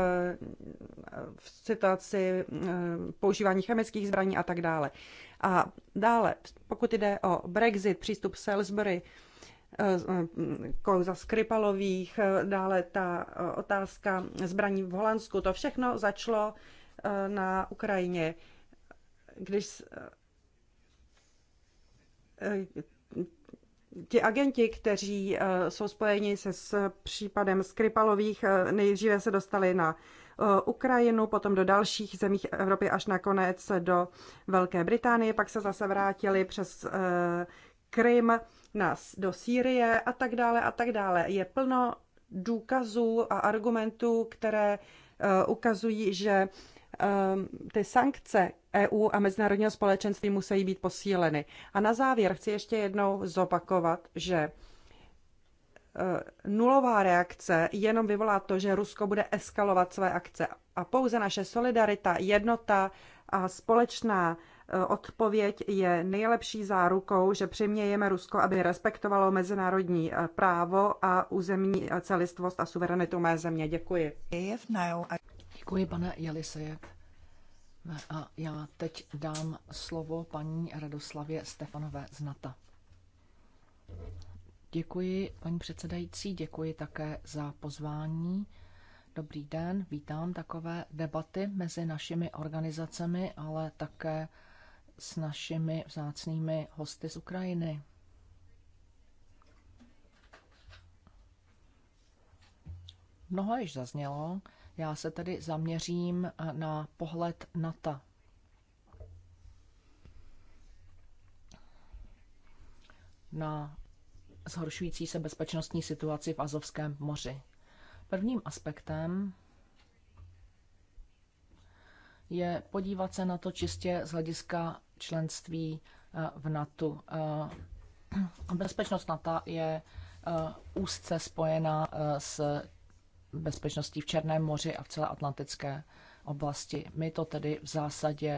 v situaci eh, používání chemických zbraní a tak dále. A dále, pokud jde o Brexit, přístup Salisbury, kouza eh, eh, Skripalových, dále ta otázka zbraní v Holandsku, to všechno začalo na Ukrajině. Když Eh, ti agenti, kteří eh, jsou spojeni se s případem Skripalových, eh, nejdříve se dostali na Ukrajinu, potom do dalších zemí Evropy až nakonec do Velké Británie, pak se zase vrátili přes Krym na, do Sýrie a tak dále a tak dále. Je plno důkazů a argumentů, které ukazují, že Ehm, ty sankce EU a mezinárodního společenství musí být posíleny. A na závěr chci ještě jednou zopakovat, že eh, nulová reakce jenom vyvolá to, že Rusko bude eskalovat své akce. A pouze naše solidarita, jednota a společná eh, odpověď je nejlepší zárukou, že přimějeme Rusko, aby respektovalo mezinárodní eh, právo a územní celistvost a suverenitu mé země. Děkuji. Děkuji, pane Jelisejev. A já teď dám slovo paní Radoslavě Stefanové z NATA. Děkuji, paní předsedající, děkuji také za pozvání. Dobrý den, vítám takové debaty mezi našimi organizacemi, ale také s našimi vzácnými hosty z Ukrajiny. Mnoho již zaznělo, já se tedy zaměřím eh, na pohled NATO. Na zhoršující se bezpečnostní situaci v Azovském moři. Prvním aspektem je podívat se na to čistě z hlediska členství eh, v NATO. Eh, [CLEARS THROAT] bezpečnost NATO je úzce spojená s bezpečností v Černém moři a v celé atlantické oblasti. My to tedy v zásadě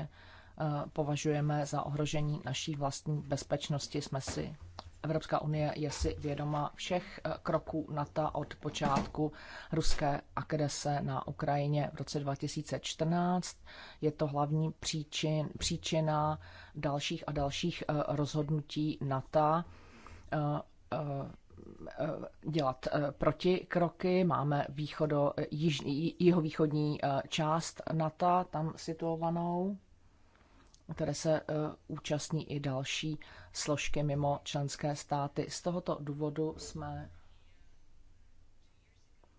eh, považujeme za ohrožení naší vlastní bezpečnosti. Jsme si Evropská unie je si vědoma všech eh, kroků NATO od počátku ruské agrese na Ukrajině v roce 2014. Je to hlavní příčin, příčina dalších a dalších eh, rozhodnutí NATO Eh, dělat eh, protikroky. Máme východo, eh, již, jihovýchodní část NATO tam situovanou, které se účastní i další složky mimo členské státy. Z tohoto důvodu jsme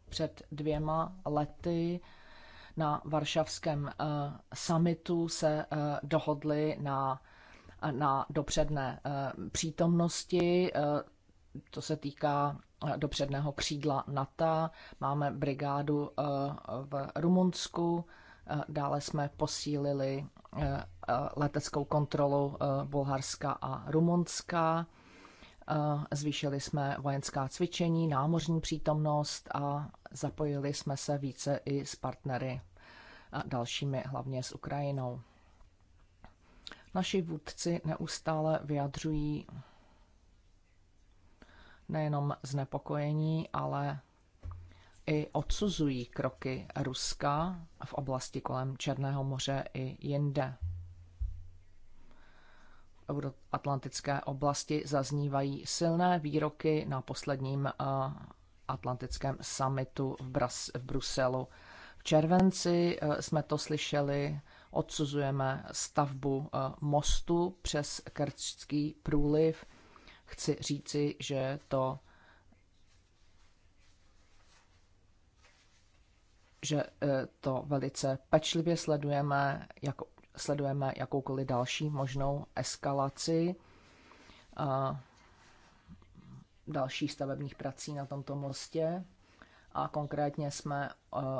před dvěma lety na varšavském summitu se dohodli na na dopředné přítomnosti to se týká eh, dopředného křídla NATO. Máme brigádu eh, v Rumunsku, eh, dále jsme posílili leteckou kontrolu Bulharska a Rumunska. Zvýšili jsme vojenská cvičení, námořní přítomnost a zapojili jsme se více i s partnery dalšími, hlavně s Ukrajinou. Naši vůdci neustále vyjadřují nejenom znepokojení, ale i odsuzují kroky Ruska v oblasti kolem Černého moře i jinde. V Atlantické oblasti zaznívají silné výroky na posledním eh, atlantickém summitu v, Bras- v Bruselu. V červenci eh, jsme to slyšeli, odsuzujeme stavbu eh, mostu přes Kerčský průliv chci říci, že to že e, to velice pečlivě sledujeme, jak sledujeme jakoukoliv další možnou eskalaci a dalších stavebních prací na tomto mostě. A konkrétně jsme e,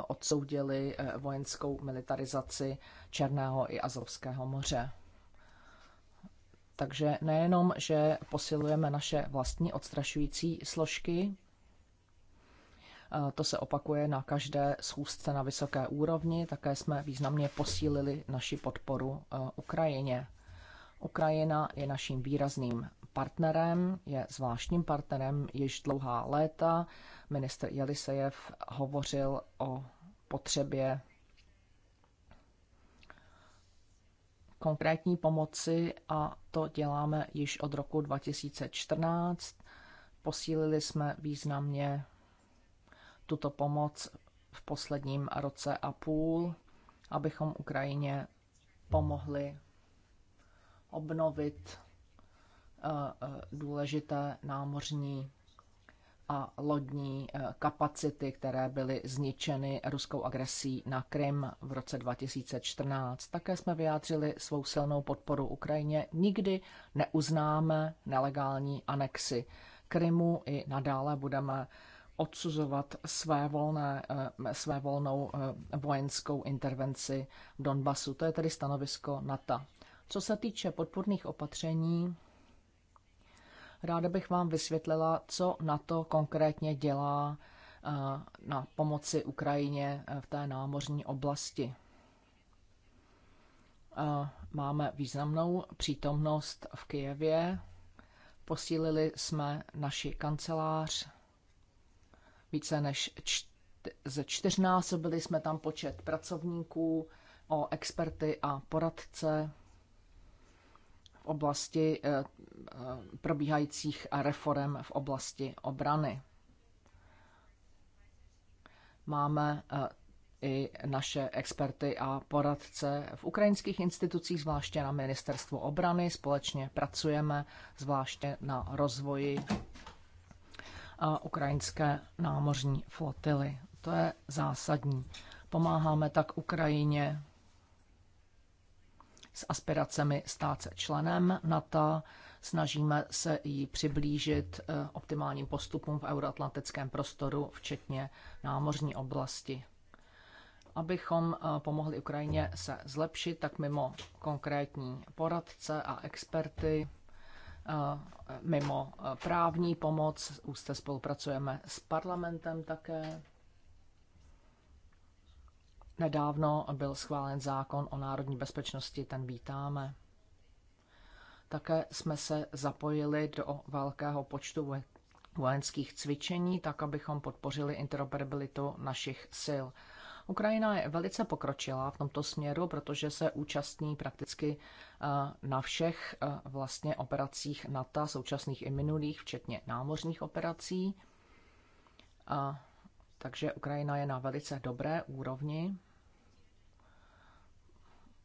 odsoudili e, vojenskou militarizaci Černého i Azovského moře. Takže nejenom, že posilujeme naše vlastní odstrašující složky, eh, to se opakuje na každé schůzce na vysoké úrovni, také jsme významně posílili naši podporu eh, Ukrajině. Ukrajina je naším výrazným partnerem, je zvláštním partnerem již dlouhá léta. Minister Jelisejev hovořil o potřebě konkrétní pomoci a to děláme již od roku 2014. Posílili jsme významně tuto pomoc v posledním roce a půl, abychom Ukrajině pomohli obnovit eh, eh, důležité námořní a lodní eh, kapacity, které byly zničeny ruskou agresí na Krym v roce 2014. Také jsme vyjádřili svou silnou podporu Ukrajině. Nikdy neuznáme nelegální anexy Krymu i nadále budeme odsuzovat své, volné, eh, své volnou eh, vojenskou intervenci v Donbasu. To je tedy stanovisko NATO. Co se týče podpůrných opatření, Ráda bych vám vysvětlila, co na to konkrétně dělá eh, na pomoci Ukrajině eh, v té námořní oblasti. Eh, máme významnou přítomnost v Kijevě. Posílili jsme naši kancelář více než ze čtyřnásobili jsme tam počet pracovníků, o experty a poradce v oblasti eh, eh, probíhajících reform v oblasti obrany. Máme eh, i naše experty a poradce v ukrajinských institucích, zvláště na Ministerstvu obrany. Společně pracujeme zvláště na rozvoji ukrajinské námořní flotily. To je zásadní. Pomáháme tak Ukrajině s aspiracemi stát se členem NATO. Snažíme se ji přiblížit eh, optimálním postupům v euroatlantickém prostoru, včetně námořní oblasti. Abychom eh, pomohli Ukrajině se zlepšit, tak mimo konkrétní poradce a experty, eh, mimo právní pomoc, úzce spolupracujeme s parlamentem také Nedávno byl schválen zákon o národní bezpečnosti, ten vítáme. Také jsme se zapojili do velkého počtu vojenských cvičení, tak abychom podpořili interoperabilitu našich sil. Ukrajina je velice pokročilá v tomto směru, protože se účastní prakticky eh, na všech eh, vlastně operacích NATO, současných i minulých, včetně námořních operací. A takže Ukrajina je na velice dobré úrovni.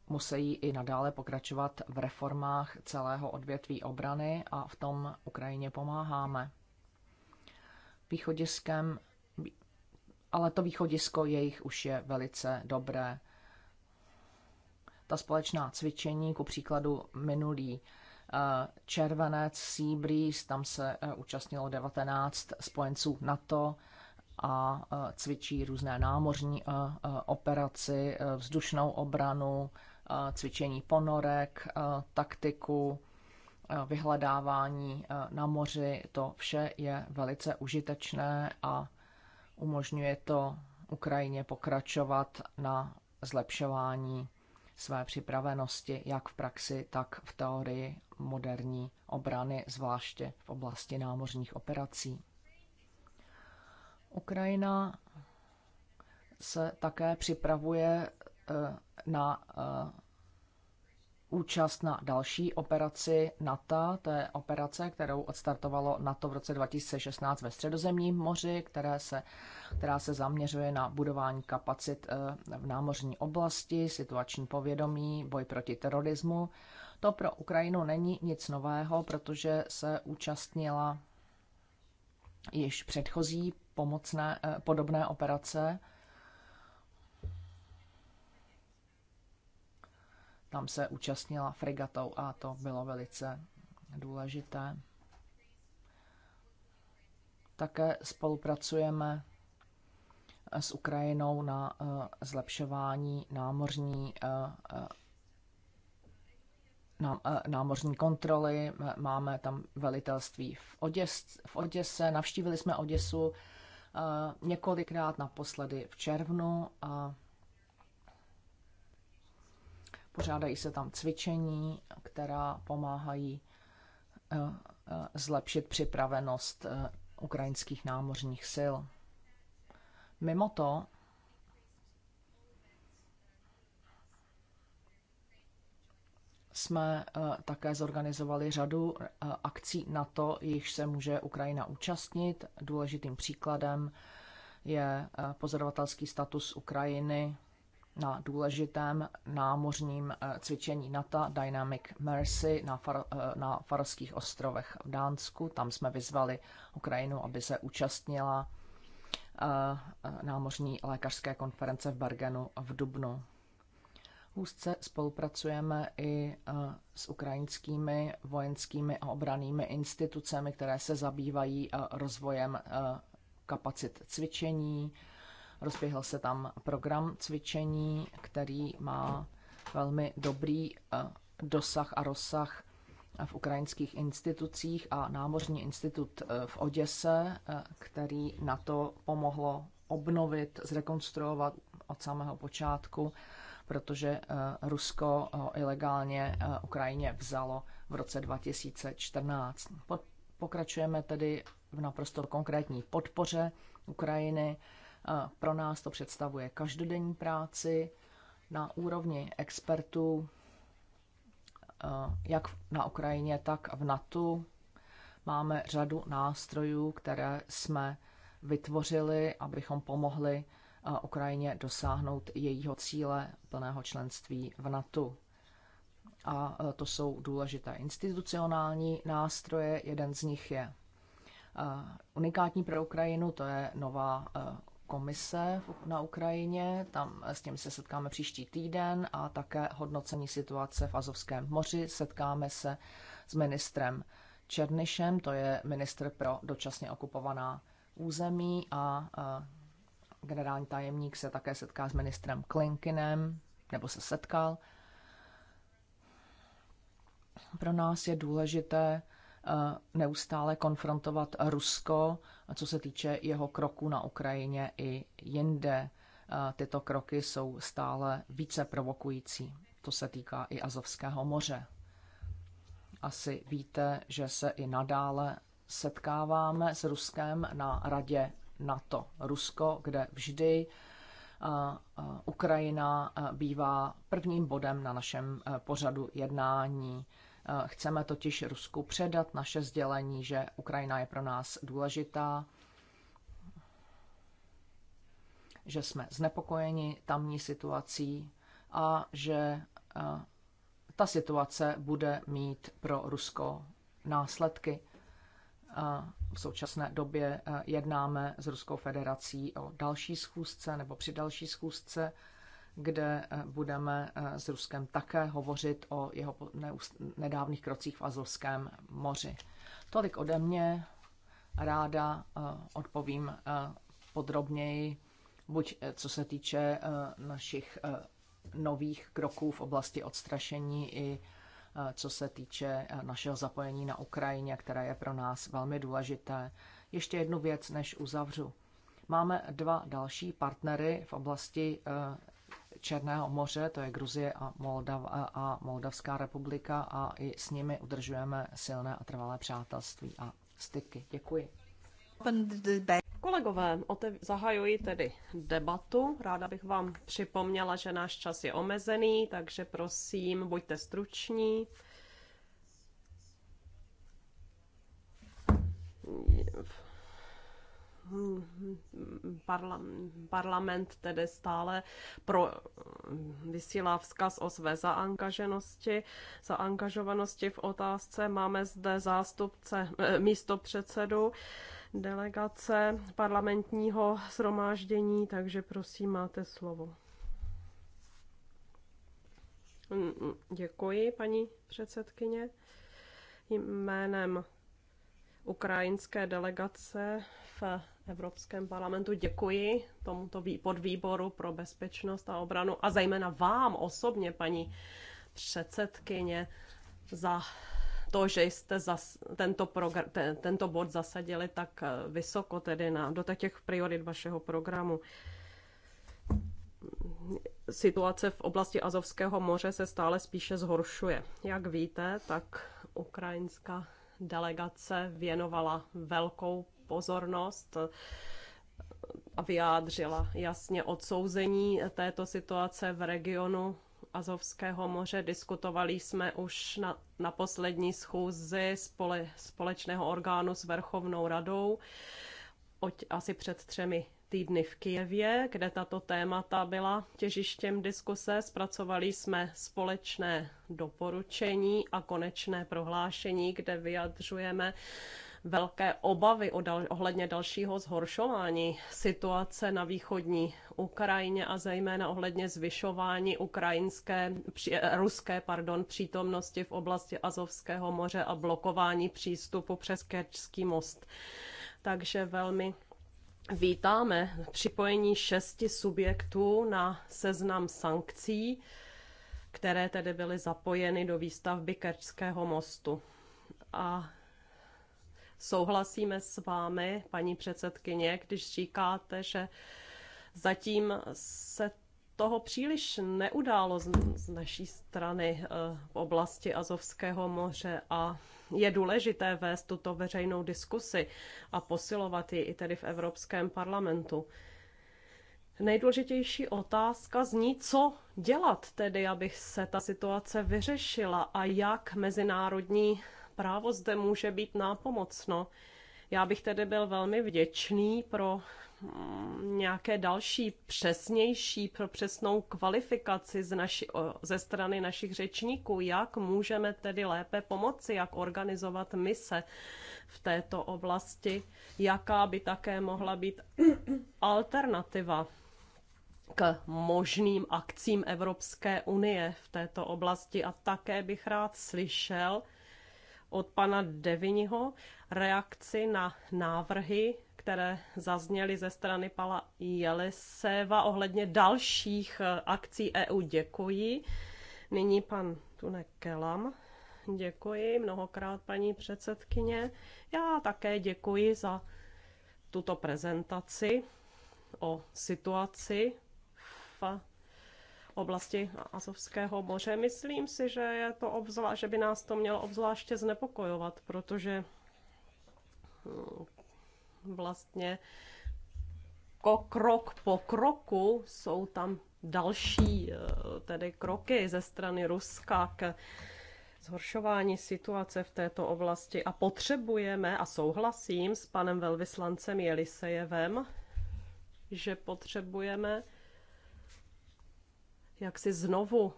Musí i nadále pokračovat v reformách celého odvětví obrany a v tom Ukrajině pomáháme. Východiskem, ale to východisko jejich už je velice dobré. Ta společná cvičení, ku příkladu minulý eh, červenec, Seabreeze, tam se eh, účastnilo 19 spojenců NATO, a cvičí různé námořní operaci, e, vzdušnou obranu, cvičení ponorek, taktiku, vyhledávání na moři. To vše je velice užitečné a umožňuje to Ukrajině pokračovat na zlepšování své připravenosti, jak v praxi, tak v teorii moderní obrany, zvláště v oblasti námořních operací. Ukrajina se také připravuje eh, na eh, účast na další operaci NATO, to je operace, kterou odstartovalo NATO v roce 2016 ve Středozemním moři, které se, která se zaměřuje na budování kapacit eh, v námořní oblasti, situační povědomí, boj proti terorismu. To pro Ukrajinu není nic nového, protože se účastnila již předchozí pomocné, eh, podobné operace. Tam se účastnila fregatou a to bylo velice důležité. Také spolupracujeme s Ukrajinou na eh, zlepšování námořní, eh, námořní kontroly. Máme tam velitelství v, v Oděse. Navštívili jsme Oděsu Eh, několikrát naposledy v červnu a pořádají se tam cvičení, která pomáhají eh, eh, zlepšit připravenost ukrajinských námořních sil. Mimo to jsme eh, také zorganizovali řadu eh, akcí na to, jichž se může Ukrajina účastnit. Důležitým příkladem je eh, pozorovatelský status Ukrajiny na důležitém námořním cvičení NATO Dynamic Mercy na, far, na Farských ostrovech v Dánsku. Tam jsme vyzvali Ukrajinu, aby se účastnila námořní lékařské konference v Bergenu v Dubnu. Úzce spolupracujeme i eh, s ukrajinskými vojenskými a obranými institucemi, které se zabývají eh, rozvojem eh, kapacit cvičení. Rozběhl se tam program cvičení, který má velmi dobrý dosah a rozsah v ukrajinských institucích a Námořní institut v Oděse, který na to pomohlo obnovit, zrekonstruovat od samého počátku protože eh, Rusko ho eh, ilegálně eh, Ukrajině vzalo v roce 2014. Pokračujeme tedy v naprosto konkrétní podpoře Ukrajiny. Pro nás to představuje každodenní práci na úrovni expertů, jak na Ukrajině, tak v NATO. Máme řadu nástrojů, které jsme vytvořili, abychom pomohli Ukrajině dosáhnout jejího cíle plného členství v NATO. A e, to jsou důležité institucionální nástroje. Jeden z nich je e, unikátní pro Ukrajinu, to je nová e, komise na Ukrajině, tam s tím se setkáme příští týden a také hodnocení situace v Azovském moři. Setkáme se s ministrem Černišem, to je ministr pro dočasně okupovaná území a Generální tajemník se také setká s ministrem Klinkinem, nebo se setkal. Pro nás je důležité eh, neustále konfrontovat Rusko, co se týče jeho kroku na Ukrajině i jinde. Eh, tyto kroky jsou stále více provokující. To se týká i Azovského moře. Asi víte, že se i nadále setkáváme s Ruskem na Radě NATO. Rusko, kde vždy eh, eh, Ukrajina eh, bývá prvním bodem na našem pořadu jednání. Chceme totiž Rusku předat naše sdělení, že Ukrajina je pro nás důležitá, že jsme znepokojeni tamní situací a že ta situace bude mít pro Rusko následky. V současné době eh, jednáme s Ruskou federací o další schůzce nebo při další schůzce, kde eh, budeme eh, s Ruskem také hovořit o jeho nedávných krocích v Azovském moři. Tolik ode mě. Ráda odpovím podrobněji, buď co se týče našich nových kroků v oblasti odstrašení i Eh, co se týče eh, našeho zapojení na Ukrajině, které je pro nás velmi důležité. Ještě jednu věc, než uzavřu. Máme dva další partnery v oblasti eh, Černého moře, to je Gruzie a, Moldav, a Moldavská republika a i s nimi udržujeme silné a trvalé přátelství a styky. Děkuji. Kolegové, otev- zahajuji tedy debatu. Ráda bych vám připomněla, že náš čas je omezený, takže prosím, buďte struční. Parla, parlament tedy stále pro, vysílá vzkaz o své zaangaženosti, zaangažovanosti v otázce. Máme zde zástupce, místo předsedu delegace parlamentního shromáždění, takže prosím, máte slovo. Mm, mm, děkuji, paní předsedkyně. Jménem ukrajinské delegace v Evropském parlamentu děkuji tomuto podvýboru pro bezpečnost a obranu a zejména vám osobně, paní předsedkyně, za to, že jste zas, tento, progr- te, tento bod zasadili tak eh, vysoko, tedy na, do těch priorit vašeho programu. Situace v oblasti Azovského moře se stále spíše zhoršuje. Jak víte, tak ukrajinská delegace věnovala velkou pozornost eh, a vyjádřila jasně odsouzení této situace v regionu Azovského moře. Diskutovali jsme už na, na poslední schůzi spole, společného orgánu s Vrchovnou radou oť asi před třemi týdny v Kijevě, kde tato témata byla těžištěm diskuse. Zpracovali jsme společné doporučení a konečné prohlášení, kde vyjadřujeme velké obavy o dal- ohledně dalšího zhoršování situace na východní Ukrajině a zejména ohledně zvyšování ukrajinské, při, eh, ruské pardon, přítomnosti v oblasti Azovského moře a blokování přístupu přes Kerčský most. Takže velmi vítáme připojení šesti subjektů na seznam sankcí, které tedy byly zapojeny do výstavby Kerčského mostu. A Souhlasíme s vámi, paní předsedkyně, když říkáte, že zatím se toho příliš neudálo z, z naší strany eh, v oblasti Azovského moře a je důležité vést tuto veřejnou diskusi a posilovat ji i tedy v Evropském parlamentu. Nejdůležitější otázka zní, co dělat tedy, aby se ta situace vyřešila a jak mezinárodní právo zde může být nápomocno. Já bych tedy byl velmi vděčný pro mm, nějaké další přesnější, pro přesnou kvalifikaci z naši, ze strany našich řečníků, jak můžeme tedy lépe pomoci, jak organizovat mise v této oblasti, jaká by také mohla být alternativa k možným akcím Evropské unie v této oblasti. A také bych rád slyšel, od pana Deviniho reakci na návrhy, které zazněly ze strany Pala Jeliseva ohledně dalších eh, akcí EU. Děkuji. Nyní pan Tune Kelam. Děkuji mnohokrát, paní předsedkyně. Já také děkuji za tuto prezentaci o situaci v oblasti Azovského moře. Myslím si, že, je to obzvla, že by nás to mělo obzvláště znepokojovat, protože hm, vlastně krok po kroku jsou tam další eh, tedy kroky ze strany Ruska k zhoršování situace v této oblasti a potřebujeme, a souhlasím s panem velvyslancem Jelisejevem, že potřebujeme jak si znovu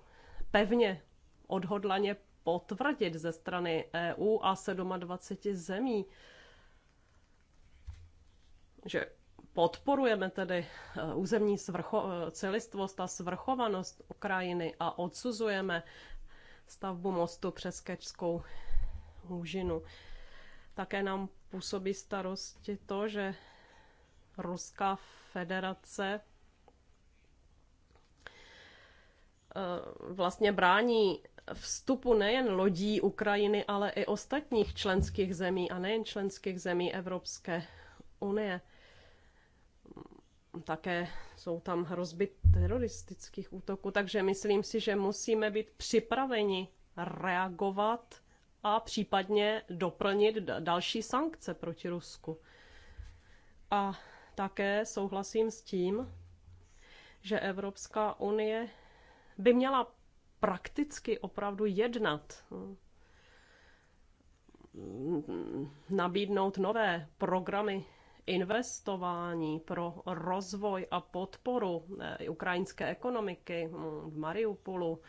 pevně odhodlaně potvrdit ze strany EU a 27 zemí, že podporujeme tedy e, územní svrcho- e, celistvost a svrchovanost Ukrajiny a odsuzujeme stavbu mostu přes Kečskou hůžinu. Také nám působí starosti to, že Ruská federace Eh, vlastně brání vstupu nejen lodí Ukrajiny, ale i ostatních členských zemí a nejen členských zemí Evropské unie. Také jsou tam hrozby teroristických útoků, takže myslím si, že musíme být připraveni reagovat a případně doplnit další sankce proti Rusku. A také souhlasím s tím, že Evropská unie by měla prakticky opravdu jednat, nabídnout nové programy investování pro rozvoj a podporu eh, ukrajinské ekonomiky hm, v Mariupolu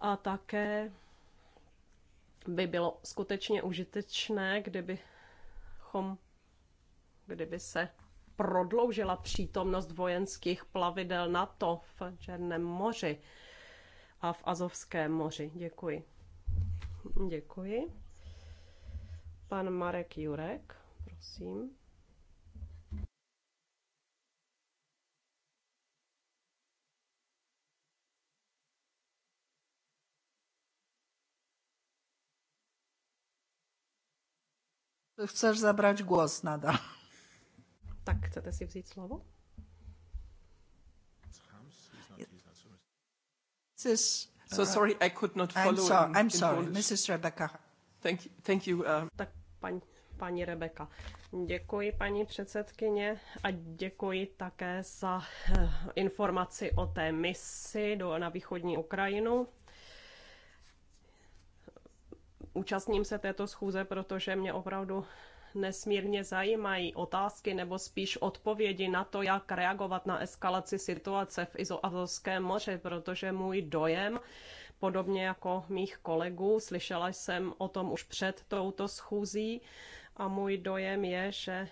a také by bylo skutečně užitečné, kdybychom, kdyby se prodloužila přítomnost vojenských plavidel NATO v Černém moři a v Azovském moři. Děkuji. Děkuji. Pan Marek Jurek, prosím. Chceš zabrać głos nadal. Tak chcete si vzít slovo? Mrs. So uh, sorry, I could not follow. I'm, so, I'm in sorry, Polish. Mrs. Rebecca. Thank you. Thank you uh... Tak paní, paní Rebeka. Děkuji, paní předsedkyně, a děkuji také za eh, informaci o té misi do, na východní Ukrajinu. Účastním se této schůze, protože mě opravdu nesmírně zajímají otázky nebo spíš odpovědi na to, jak reagovat na eskalaci situace v Izoazovském moře, protože můj dojem, podobně jako mých kolegů, slyšela jsem o tom už před touto schůzí a můj dojem je, že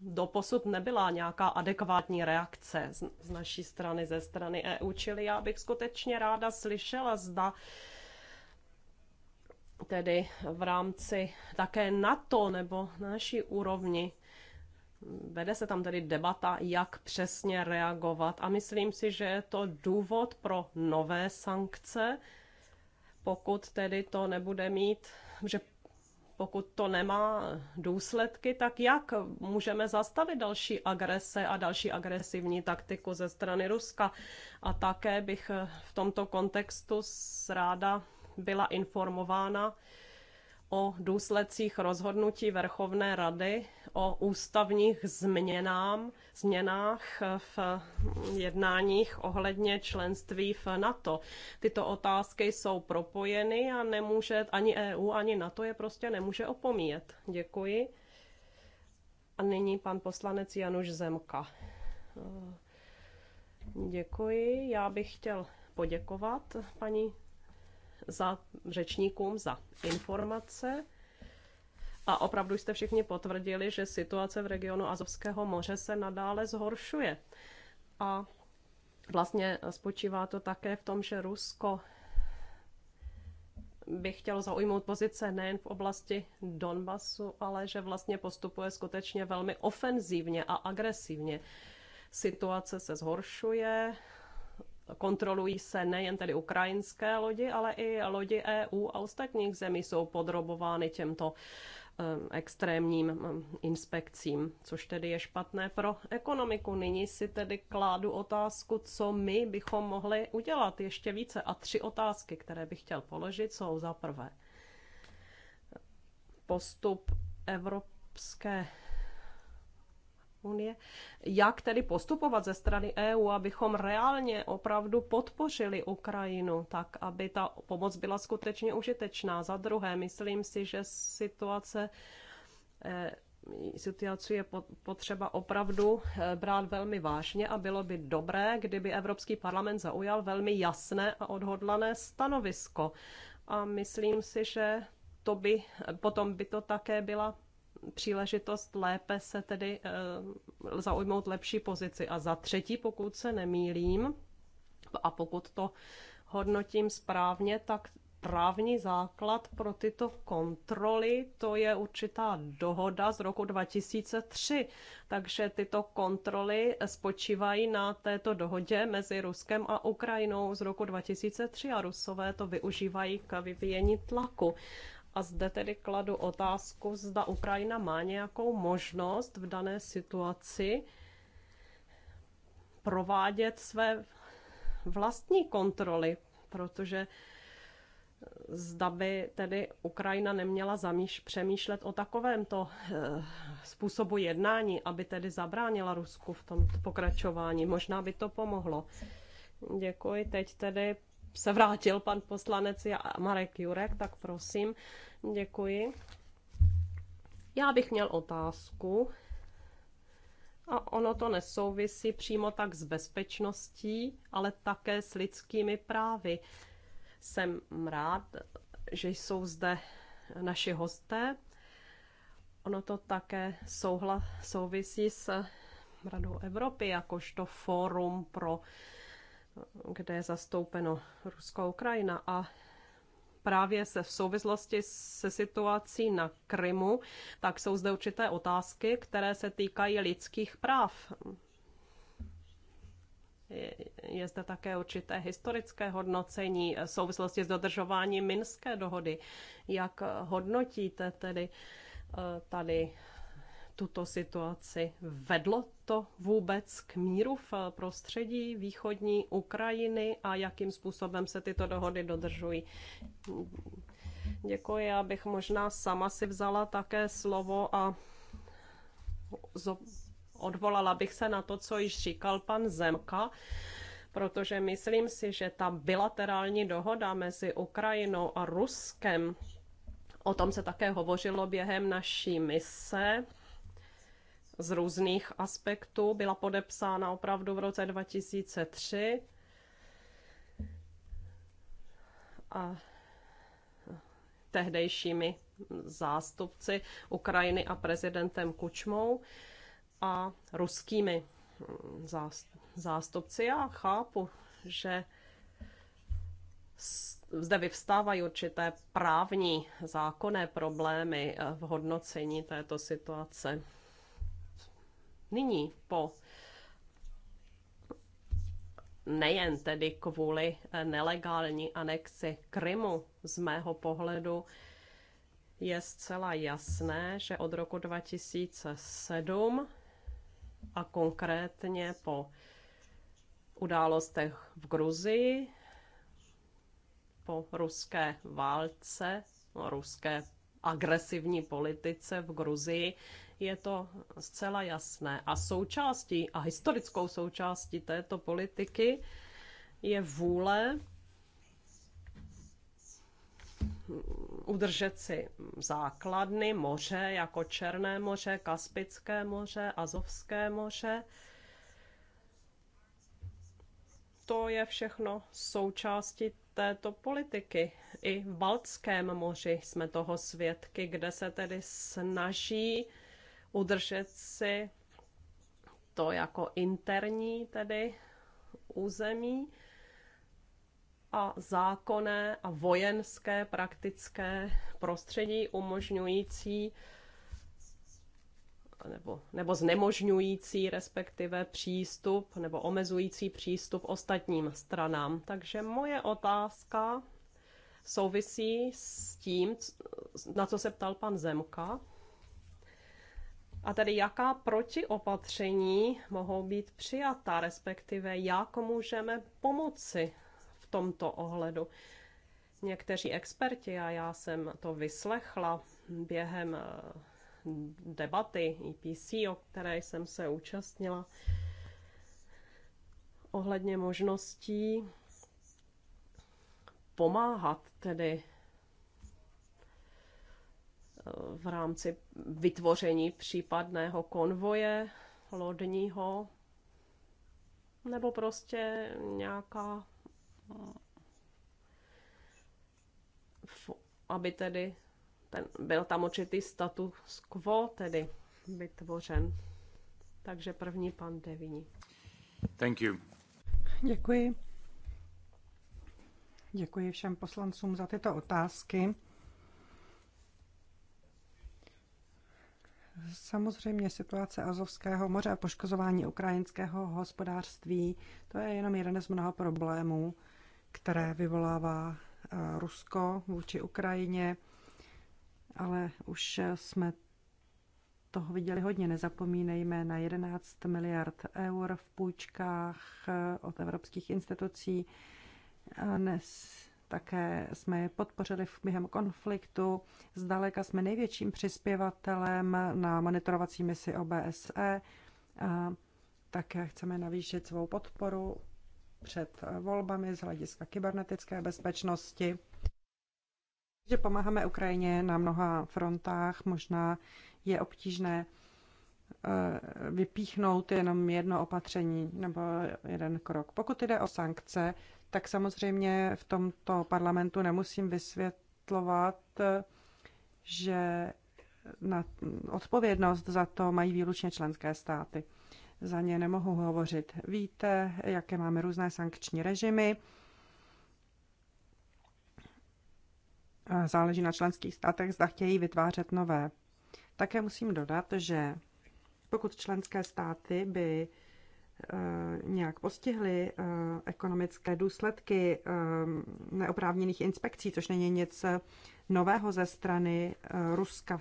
doposud nebyla nějaká adekvátní reakce z, z naší strany, ze strany EU, čili já bych skutečně ráda slyšela, zda tedy v rámci také NATO nebo naší úrovni. Vede se tam tedy debata, jak přesně reagovat a myslím si, že je to důvod pro nové sankce, pokud tedy to nebude mít, že pokud to nemá důsledky, tak jak můžeme zastavit další agrese a další agresivní taktiku ze strany Ruska? A také bych v tomto kontextu ráda byla informována o důsledcích rozhodnutí Verchovné rady o ústavních změnám, změnách v jednáních ohledně členství v NATO. Tyto otázky jsou propojeny a nemůže ani EU, ani NATO je prostě nemůže opomíjet. Děkuji. A nyní pan poslanec Januš Zemka. Děkuji. Já bych chtěl poděkovat paní za řečníkům za informace. A opravdu jste všichni potvrdili, že situace v regionu Azovského moře se nadále zhoršuje. A vlastně spočívá to také v tom, že Rusko by chtělo zaujmout pozice nejen v oblasti Donbasu, ale že vlastně postupuje skutečně velmi ofenzívně a agresivně. Situace se zhoršuje, kontrolují se nejen tedy ukrajinské lodi, ale i lodi EU a ostatních zemí jsou podrobovány těmto eh, extrémním mm, inspekcím, což tedy je špatné pro ekonomiku. Nyní si tedy kládu otázku, co my bychom mohli udělat ještě více. A tři otázky, které bych chtěl položit, jsou za prvé postup Evropské unie, jak tedy postupovat ze strany EU, abychom reálně opravdu podpořili Ukrajinu, tak aby ta pomoc byla skutečně užitečná. Za druhé, myslím si, že situace e, situaci je potřeba opravdu e, brát velmi vážně a bylo by dobré, kdyby Evropský parlament zaujal velmi jasné a odhodlané stanovisko. A myslím si, že to by, potom by to také byla příležitost lépe se tedy eh, zaujmout lepší pozici. A za třetí, pokud se nemýlím, a pokud to hodnotím správně, tak právní základ pro tyto kontroly, to je určitá dohoda z roku 2003. Takže tyto kontroly spočívají na této dohodě mezi Ruskem a Ukrajinou z roku 2003 a Rusové to využívají k vyvíjení tlaku. A zde tedy kladu otázku, zda Ukrajina má nějakou možnost v dané situaci provádět své vlastní kontroly, protože zda by tedy Ukrajina neměla zamíš, přemýšlet o takovémto e, způsobu jednání, aby tedy zabránila Rusku v tom pokračování. Možná by to pomohlo. Děkuji. Teď tedy se vrátil pan poslanec Marek Jurek, tak prosím, děkuji. Já bych měl otázku a ono to nesouvisí přímo tak s bezpečností, ale také s lidskými právy. Jsem rád, že jsou zde naši hosté. Ono to také souhla, souvisí s Radou Evropy jakožto fórum pro kde je zastoupeno Rusko Ukrajina a právě se v souvislosti se situací na Krymu, tak jsou zde určité otázky, které se týkají lidských práv. Je, je zde také určité historické hodnocení v souvislosti s dodržováním Minské dohody. Jak hodnotíte tedy eh, tady tuto situaci? Vedlo to vůbec k míru v prostředí východní Ukrajiny a jakým způsobem se tyto dohody dodržují? Děkuji, já bych možná sama si vzala také slovo a odvolala bych se na to, co již říkal pan Zemka protože myslím si, že ta bilaterální dohoda mezi Ukrajinou a Ruskem, o tom se také hovořilo během naší mise, z různých aspektů. Byla podepsána opravdu v roce 2003 a tehdejšími zástupci Ukrajiny a prezidentem Kučmou a ruskými hm, zástupci. Já chápu, že zde vyvstávají určité právní zákonné problémy eh, v hodnocení této situace. Nyní po nejen tedy kvůli eh, nelegální anexi Krymu z mého pohledu je zcela jasné, že od roku 2007 a konkrétně po událostech v Gruzii, po ruské válce, ruské agresivní politice v Gruzii je to zcela jasné. A součástí, a historickou součástí této politiky je vůle udržet si základny moře, jako Černé moře, Kaspické moře, Azovské moře. To je všechno součástí této politiky. I v Baltském moři jsme toho svědky, kde se tedy snaží udržet si to jako interní tedy území a zákonné a vojenské praktické prostředí umožňující nebo, nebo znemožňující respektive přístup nebo omezující přístup ostatním stranám. Takže moje otázka souvisí s tím, na co se ptal pan Zemka, a tedy jaká protiopatření mohou být přijata, respektive jak můžeme pomoci v tomto ohledu. Někteří experti, a já jsem to vyslechla během eh, debaty IPC, e o které jsem se účastnila, ohledně možností pomáhat tedy v rámci vytvoření případného konvoje lodního nebo prostě nějaká aby tedy ten, byl tam určitý status quo tedy vytvořen. Takže první pan Devini. Thank you. Děkuji. Děkuji všem poslancům za tyto otázky. Samozřejmě situace Azovského moře a poškozování ukrajinského hospodářství, to je jenom jeden z mnoha problémů, které vyvolává eh, Rusko vůči Ukrajině, ale už jsme toho viděli hodně. Nezapomínejme na 11 miliard eur v půjčkách eh, od evropských institucí. a Dnes také jsme je podpořili během konfliktu. Zdaleka jsme největším přispěvatelem na monitorovací misi OBSE. A také chceme navýšit svou podporu před volbami z hlediska kybernetické bezpečnosti. Že pomáháme Ukrajině na mnoha frontách, možná je obtížné eh, vypíchnout jenom jedno opatření nebo jeden krok. Pokud jde o sankce, tak samozřejmě v tomto parlamentu nemusím vysvětlovat, že na odpovědnost za to mají výlučně členské státy. Za ně nemohu hovořit. Víte, jaké máme různé sankční režimy. Záleží na členských státech, zda chtějí vytvářet nové. Také musím dodat, že pokud členské státy by Eh, nějak postihly eh, ekonomické důsledky eh, neoprávněných inspekcí, což není nic nového ze strany Ruska.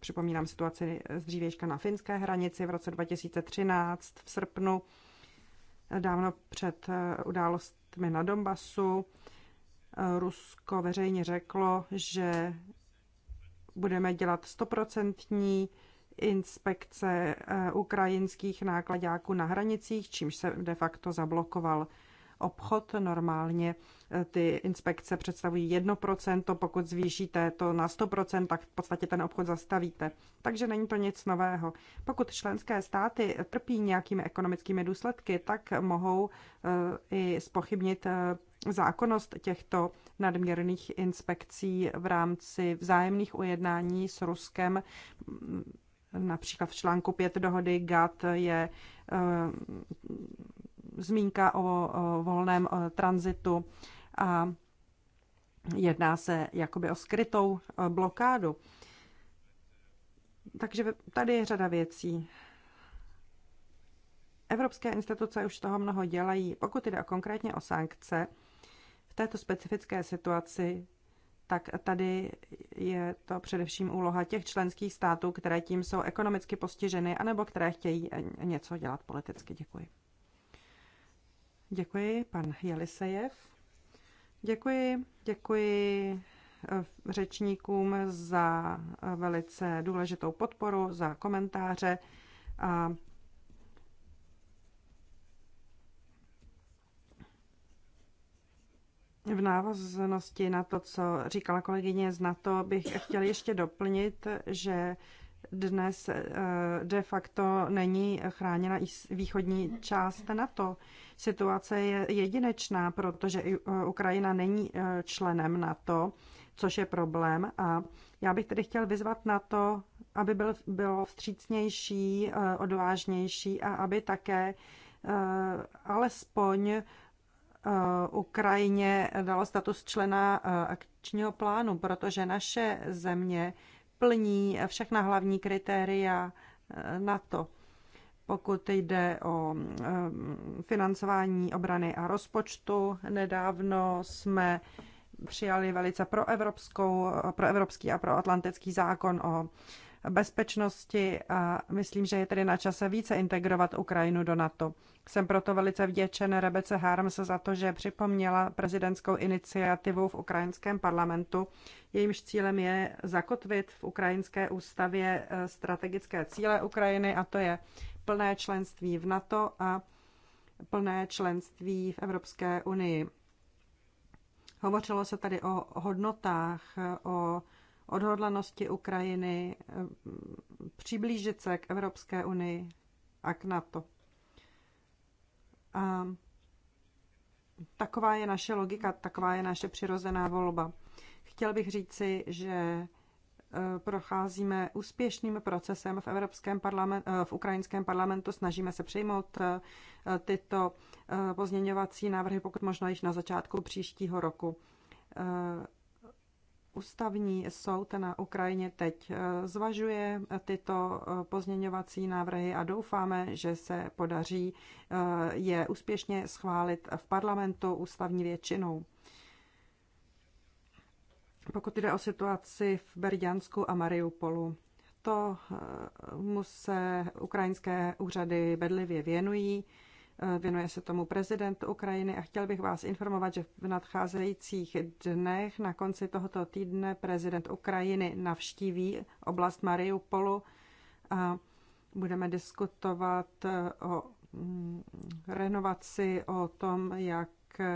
Připomínám situaci z dřívějška na finské hranici v roce 2013 v srpnu, dávno před událostmi na Donbasu. Rusko veřejně řeklo, že budeme dělat stoprocentní inspekce eh, ukrajinských nákladáků na hranicích, čímž se de facto zablokoval obchod. Normálně eh, ty inspekce představují 1%, pokud zvýšíte to na 100%, tak v podstatě ten obchod zastavíte. Takže není to nic nového. Pokud členské státy trpí nějakými ekonomickými důsledky, tak mohou eh, i spochybnit zákonnost těchto nadměrných inspekcí v rámci vzájemných ujednání s Ruskem Například v článku 5 dohody GATT je eh, zmínka o volném eh, tranzitu a jedná se jakoby o skrytou eh, blokádu. Takže tady je řada věcí. Evropské instituce už toho mnoho dělají. Pokud jde konkrétně o sankce, v této specifické situaci tak tady je to především úloha těch členských států, které tím jsou ekonomicky postiženy, anebo které chtějí něco dělat politicky. Děkuji. Děkuji, pan Jelisejev. Děkuji, děkuji eh, řečníkům za eh, velice důležitou podporu, za komentáře a V návaznosti na to, co říkala kolegyně z NATO, bych chtěl ještě doplnit, že dnes eh, de facto není chráněna i východní část NATO. Situace je jedinečná, protože eh, Ukrajina není eh, členem NATO, což je problém. A já bych tedy chtěl vyzvat na to, aby byl, bylo vstřícnější, odvážnější a aby také alespoň Eh, Ukrajině dalo status člena eh, akčního plánu, protože naše země plní všechna hlavní kritéria eh, na to, Pokud jde o financování obrany a rozpočtu, nedávno jsme přijali velice proevropskou, proevropský a proatlantický zákon o bezpečnosti a myslím, že je tedy na čase více integrovat Ukrajinu do NATO. Jsem proto velice vděčen Rebece Harms za to, že připomněla prezidentskou iniciativu v ukrajinském parlamentu. Jejímž cílem je zakotvit v ukrajinské ústavě eh, strategické cíle Ukrajiny a to je plné členství v NATO a plné členství v Evropské unii. Hovořilo se tady o hodnotách, o odhodlanosti Ukrajiny eh, přiblížit se k Evropské unii a k NATO. A taková je naše logika, taková je naše přirozená volba. Chtěl bych říci, že eh, procházíme úspěšným procesem v, Evropském parlament, eh, v ukrajinském parlamentu. Snažíme se přejmout tyto pozměňovací návrhy, pokud možno již na začátku příštího roku. Ústavní soud na Ukrajině teď eh, zvažuje eh, tyto eh, pozměňovací návrhy a doufáme, že se podaří je úspěšně schválit v parlamentu ústavní většinou. Pokud jde o situaci v Berďansku a Mariupolu, to mu se ukrajinské úřady bedlivě věnují. Eh, věnuje se tomu prezident Ukrajiny a chtěl bych vás informovat, že v nadcházejících dnech na konci tohoto týdne prezident Ukrajiny navštíví oblast Mariupolu a budeme diskutovat eh, o mm, renovaci, o tom, jak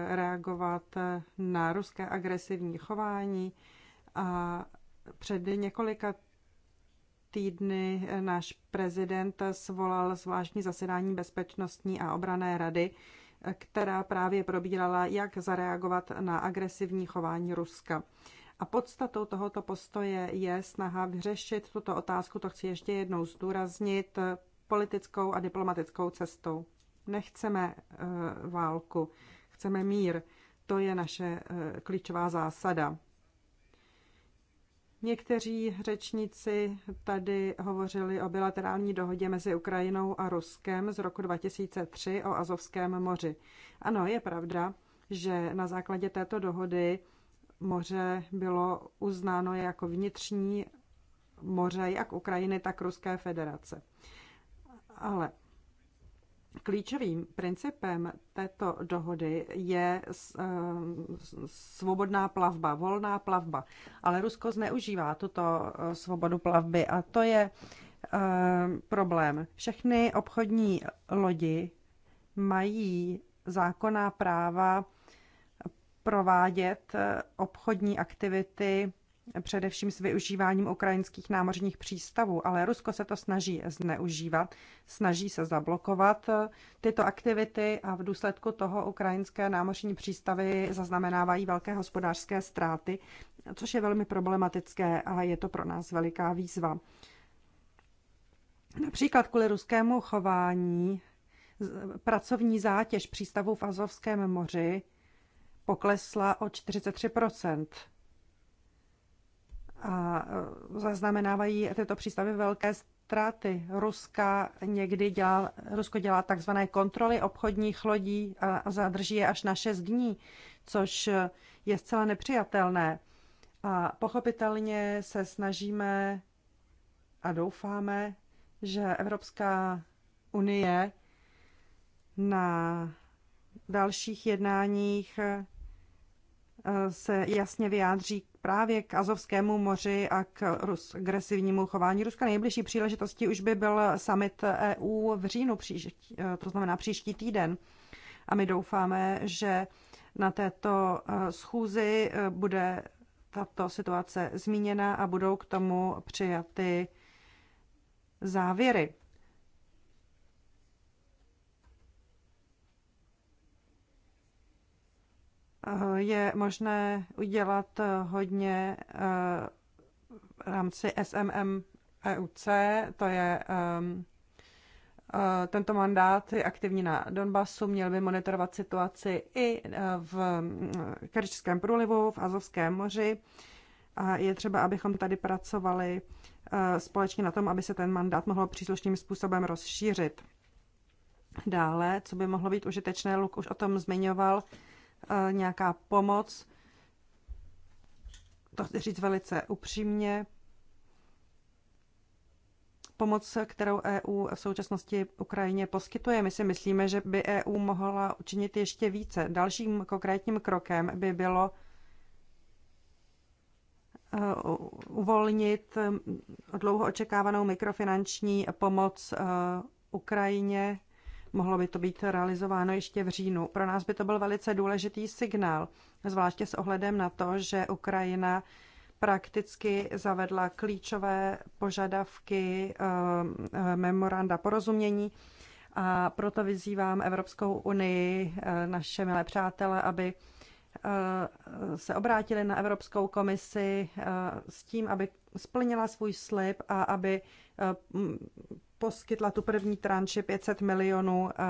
reagovat eh, na ruské agresivní chování a před několika týdny náš prezident svolal zvláštní zasedání Bezpečnostní a obrané rady, která právě probírala, jak zareagovat na agresivní chování Ruska. A podstatou tohoto postoje je snaha vyřešit tuto otázku, to chci ještě jednou zdůraznit, politickou a diplomatickou cestou. Nechceme eh, válku, chceme mír. To je naše eh, klíčová zásada. Někteří řečníci tady hovořili o bilaterální dohodě mezi Ukrajinou a Ruskem z roku 2003 o Azovském moři. Ano, je pravda, že na základě této dohody moře bylo uznáno jako vnitřní moře jak Ukrajiny, tak Ruské federace. Ale Klíčovým principem této dohody je eh, svobodná plavba, volná plavba, ale Rusko zneužívá tuto eh, svobodu plavby a to je eh, problém. Všechny obchodní lodi mají zákonná práva provádět obchodní aktivity především s využíváním ukrajinských námořních přístavů, ale Rusko se to snaží zneužívat, snaží se zablokovat eh, tyto aktivity a v důsledku toho ukrajinské námořní přístavy zaznamenávají velké hospodářské ztráty, což je velmi problematické a je to pro nás veliká výzva. Například kvůli ruskému chování pracovní zátěž přístavů v Azovském moři poklesla o 43 a e, zaznamenávají tyto přístavy velké ztráty. Ruska někdy dělá, Rusko dělá takzvané kontroly obchodních lodí a zadrží je až na 6 dní, což je zcela nepřijatelné. A pochopitelně se snažíme a doufáme, že Evropská unie na dalších jednáních se jasně vyjádří právě k Azovskému moři a k Rus, agresivnímu chování Ruska. Nejbližší příležitosti už by byl summit EU v říjnu, příští, eh, to znamená příští týden. A my doufáme, že na této eh, schůzi eh, bude tato situace zmíněna a budou k tomu přijaty závěry. je možné udělat eh, hodně eh, v rámci SMM EUC, to je ehm, eh, tento mandát je aktivní na Donbasu, měl by monitorovat situaci i v mm, Kerčském průlivu, v Azovském moři. A je třeba, abychom tady pracovali společně na tom, aby se ten mandát mohl příslušným způsobem rozšířit. Dále, co by mohlo být užitečné, Luk už o tom zmiňoval, Eh, nějaká pomoc. To chci říct velice upřímně. Pomoc, kterou EU v současnosti Ukrajině poskytuje, my si myslíme, že by EU mohla učinit ještě více. Dalším konkrétním krokem by bylo eh, uvolnit eh, dlouho očekávanou mikrofinanční pomoc Ukrajině Mohlo by to být realizováno ještě v říjnu. Pro nás by to byl velice důležitý signál, zvláště s ohledem na to, že Ukrajina prakticky zavedla klíčové požadavky eh, memoranda porozumění a proto vyzývám Evropskou unii, eh, naše milé přátelé, aby eh, se obrátili na Evropskou komisi s tím, aby splnila svůj slib a aby eh, poskytla tu první tranši 500 milionů eh,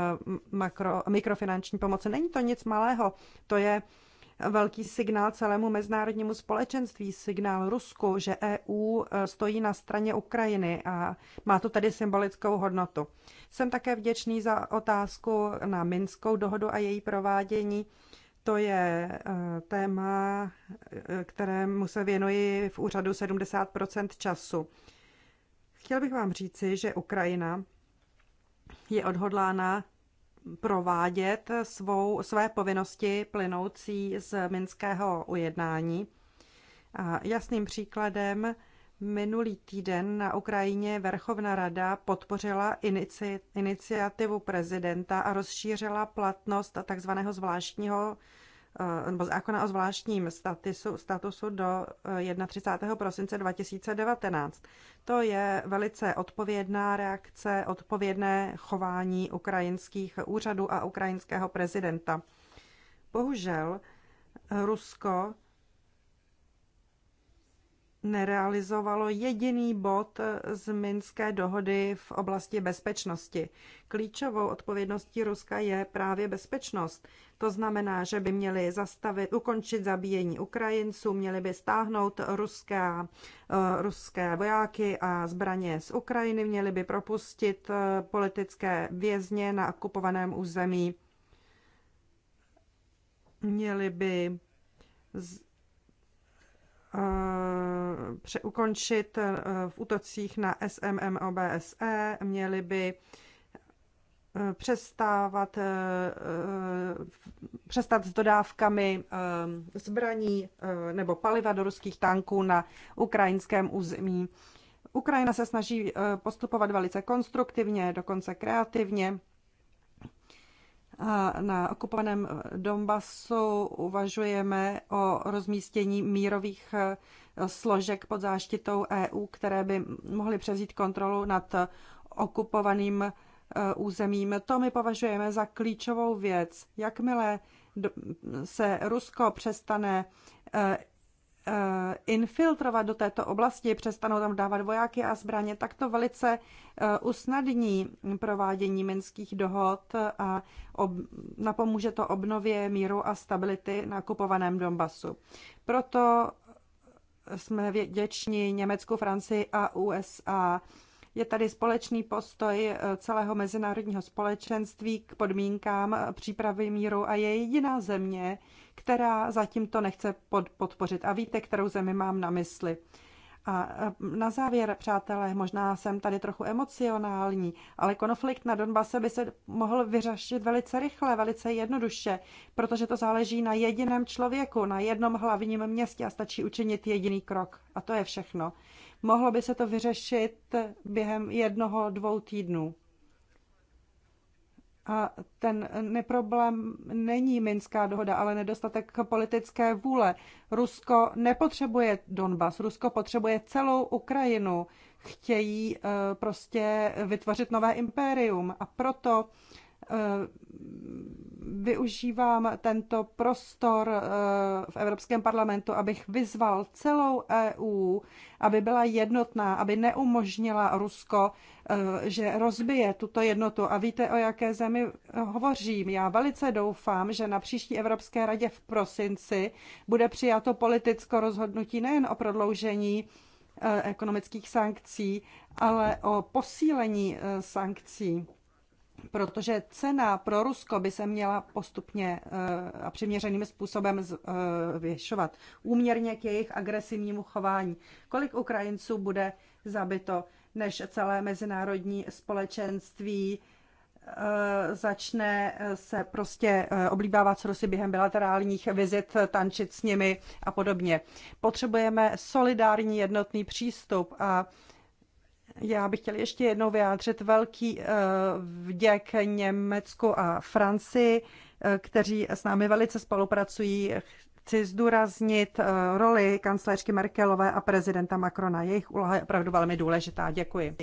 makro, mikrofinanční pomoci. Není to nic malého, to je velký signál celému mezinárodnímu společenství, signál Rusku, že EU eh, stojí na straně Ukrajiny a má to tedy symbolickou hodnotu. Jsem také vděčný za otázku na Minskou dohodu a její provádění. To je eh, téma, eh, kterému se věnuji v úřadu 70 času. Chtěl bych vám říci, že Ukrajina je odhodlána provádět svou, své povinnosti plynoucí z minského ujednání. A jasným příkladem Minulý týden na Ukrajině Verchovna rada podpořila inici, iniciativu prezidenta a rozšířila platnost tzv. zvláštního eh, nebo zákona o zvláštním statusu, statusu do 31. Eh, prosince 2019. To je velice odpovědná reakce, odpovědné chování ukrajinských úřadů a ukrajinského prezidenta. Bohužel Rusko nerealizovalo jediný bod z Minské dohody v oblasti bezpečnosti. Klíčovou odpovědností Ruska je právě bezpečnost. To znamená, že by měli zastavit, ukončit zabíjení Ukrajinců, měli by stáhnout ruské, eh, ruské vojáky a zbraně z Ukrajiny, měli by propustit eh, politické vězně na okupovaném území, měli by z Eh, přeukončit eh, v útocích na SMM OBSE, měli by eh, přestávat, přestat s dodávkami zbraní nebo paliva do ruských tanků na ukrajinském území. Ukrajina se snaží postupovat velice konstruktivně, dokonce kreativně na okupovaném eh, Donbasu uvažujeme o rozmístění mírových eh, složek pod záštitou EU, které by mohly převzít kontrolu nad eh, okupovaným územím. To my považujeme za klíčovou věc. Jakmile se Rusko přestane Eh, infiltrovat do této oblasti, přestanou tam dávat vojáky a zbraně, tak to velice eh, usnadní provádění minských dohod a ob, napomůže to obnově míru a stability na okupovaném Donbasu. Proto jsme vděční Německu, Francii a USA je tady společný postoj eh, celého mezinárodního společenství k podmínkám eh, přípravy míru a je jediná země, která zatím to nechce pod, podpořit. A víte, kterou zemi mám na mysli. A eh, na závěr, přátelé, možná jsem tady trochu emocionální, ale konflikt na Donbase by se mohl vyřešit velice rychle, velice jednoduše, protože to záleží na jediném člověku, na jednom hlavním městě a stačí učinit jediný krok. A to je všechno. Mohlo by se to vyřešit během jednoho, dvou týdnů. A ten neproblém není Minská dohoda, ale nedostatek politické vůle. Rusko nepotřebuje Donbas, Rusko potřebuje celou Ukrajinu. Chtějí eh, prostě vytvořit nové impérium a proto Eh, využívám tento prostor eh, v Evropském parlamentu, abych vyzval celou EU, aby byla jednotná, aby neumožnila Rusko, eh, že rozbije tuto jednotu. A víte, o jaké zemi hovořím. Já velice doufám, že na příští Evropské radě v prosinci bude přijato politické rozhodnutí nejen o prodloužení ekonomických sankcí, ale o posílení sankcí protože cena pro Rusko by se měla postupně eh, a přiměřeným způsobem eh, zvěšovat úměrně k jejich agresivnímu chování. Kolik Ukrajinců bude zabito, než celé mezinárodní společenství eh, začne se prostě oblíbávat s Rusy během bilaterálních vizit, tančit s nimi a podobně. Potřebujeme solidární jednotný přístup a já bych chtěl ještě jednou vyjádřit velký eh, vděk Německu a Francii, eh, kteří s námi velice spolupracují. Chci zdůraznit eh, roli kancléřky Merkelové a prezidenta Macrona. Jejich úloha je opravdu velmi důležitá. Děkuji.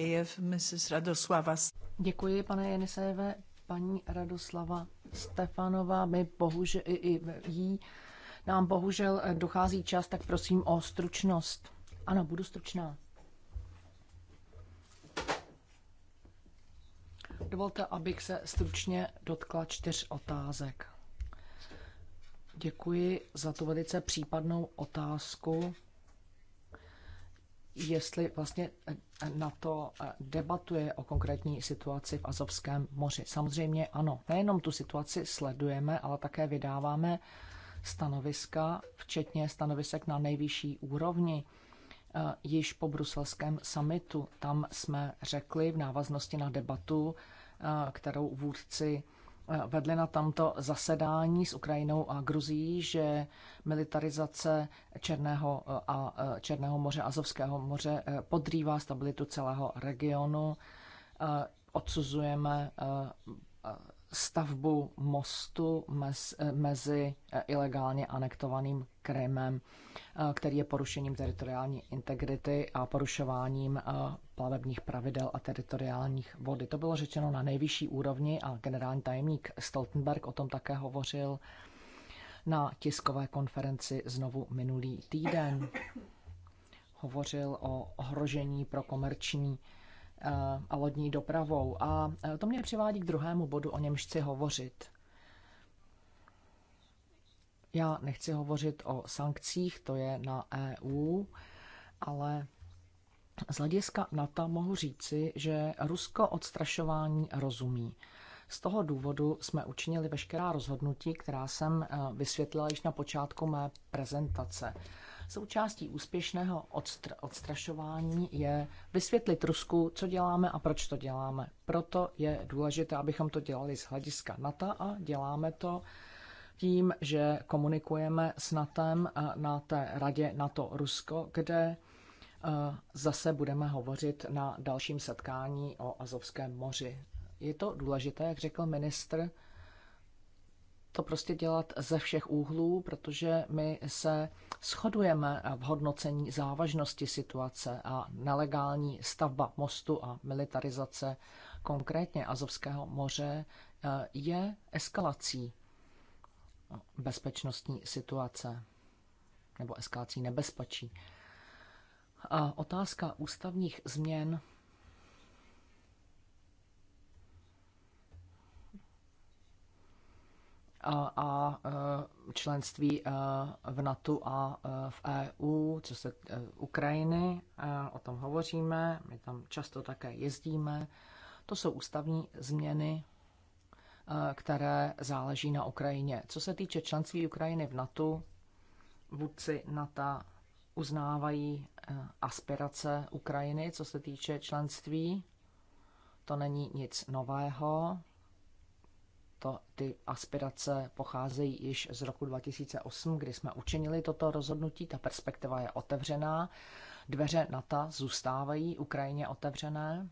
Děkuji, pane Jeniseve. Paní Radoslava Stefanová, my bohužel, i jí, nám bohužel dochází čas, tak prosím o stručnost. Ano, budu stručná. Dovolte, abych se stručně dotkla čtyř otázek. Děkuji za tu velice případnou otázku, jestli vlastně na to debatuje o konkrétní situaci v Azovském moři. Samozřejmě ano, nejenom tu situaci sledujeme, ale také vydáváme stanoviska, včetně stanovisek na nejvyšší úrovni Eh, již po bruselském summitu. Tam jsme řekli v návaznosti na debatu, eh, kterou vůdci eh, vedli na tamto zasedání s Ukrajinou a Gruzií, že militarizace Černého, a Černého moře, Azovského moře podrývá stabilitu celého regionu. Odsuzujeme stavbu mostu mez, eh, mezi eh, ilegálně anektovaným Krymem, eh, který je porušením teritoriální integrity a porušováním plavebních pravidel a teritoriálních vody. To bylo řečeno na nejvyšší úrovni a generální tajemník Stoltenberg o tom také hovořil na tiskové konferenci znovu minulý týden. Hovořil o ohrožení pro komerční Eh, a lodní dopravou. A eh, to mě přivádí k druhému bodu, o němž chci hovořit. Já nechci hovořit o sankcích, to je na EU, ale z hlediska NATO mohu říci, že Rusko odstrašování rozumí. Z toho důvodu jsme učinili veškerá rozhodnutí, která jsem eh, vysvětlila již na počátku mé prezentace. Součástí úspěšného odstr- odstrašování je vysvětlit Rusku, co děláme a proč to děláme. Proto je důležité, abychom to dělali z hlediska NATO a děláme to tím, že komunikujeme s NATEM eh, na té radě NATO-Rusko, kde eh, zase budeme hovořit na dalším setkání o Azovském moři. Je to důležité, jak řekl ministr to prostě dělat ze všech úhlů, protože my se shodujeme v hodnocení závažnosti situace a nelegální stavba mostu a militarizace konkrétně Azovského moře eh, je eskalací bezpečnostní situace nebo eskalací nebezpečí. A otázka ústavních změn a e, členství e, v NATO a e, v EU, co se Ukrajiny, o tom hovoříme, my tam často také jezdíme. To jsou ústavní změny, které záleží na Ukrajině. Co se týče členství Ukrajiny v NATO, vůdci NATO uznávají aspirace Ukrajiny, co se týče členství. To není nic nového to, ty aspirace pocházejí již z roku 2008, kdy jsme učinili toto rozhodnutí. Ta perspektiva je otevřená. Dveře NATO zůstávají Ukrajině otevřené.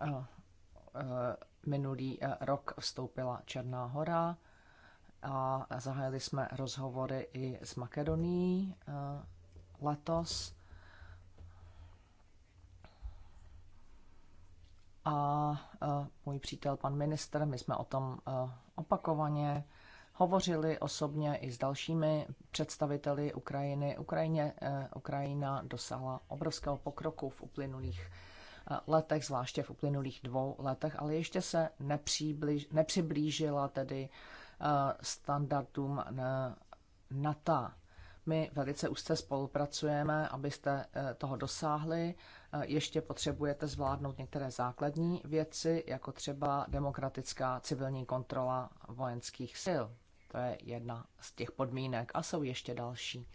Eh, eh, minulý eh, rok vstoupila Černá hora a zahájili jsme rozhovory i s Makedonií letos a e, můj přítel, pan minister, my jsme o tom e, opakovaně hovořili osobně i s dalšími představiteli Ukrajiny. Ukrajině, e, Ukrajina dosáhla obrovského pokroku v uplynulých letech, zvláště v uplynulých dvou letech, ale ještě se nepřiblížila tedy standardům NATO. My velice úzce spolupracujeme, abyste eh, toho dosáhli. Eh, ještě potřebujete zvládnout některé základní věci, jako třeba demokratická civilní kontrola vojenských sil. To je jedna z těch podmínek a jsou ještě další.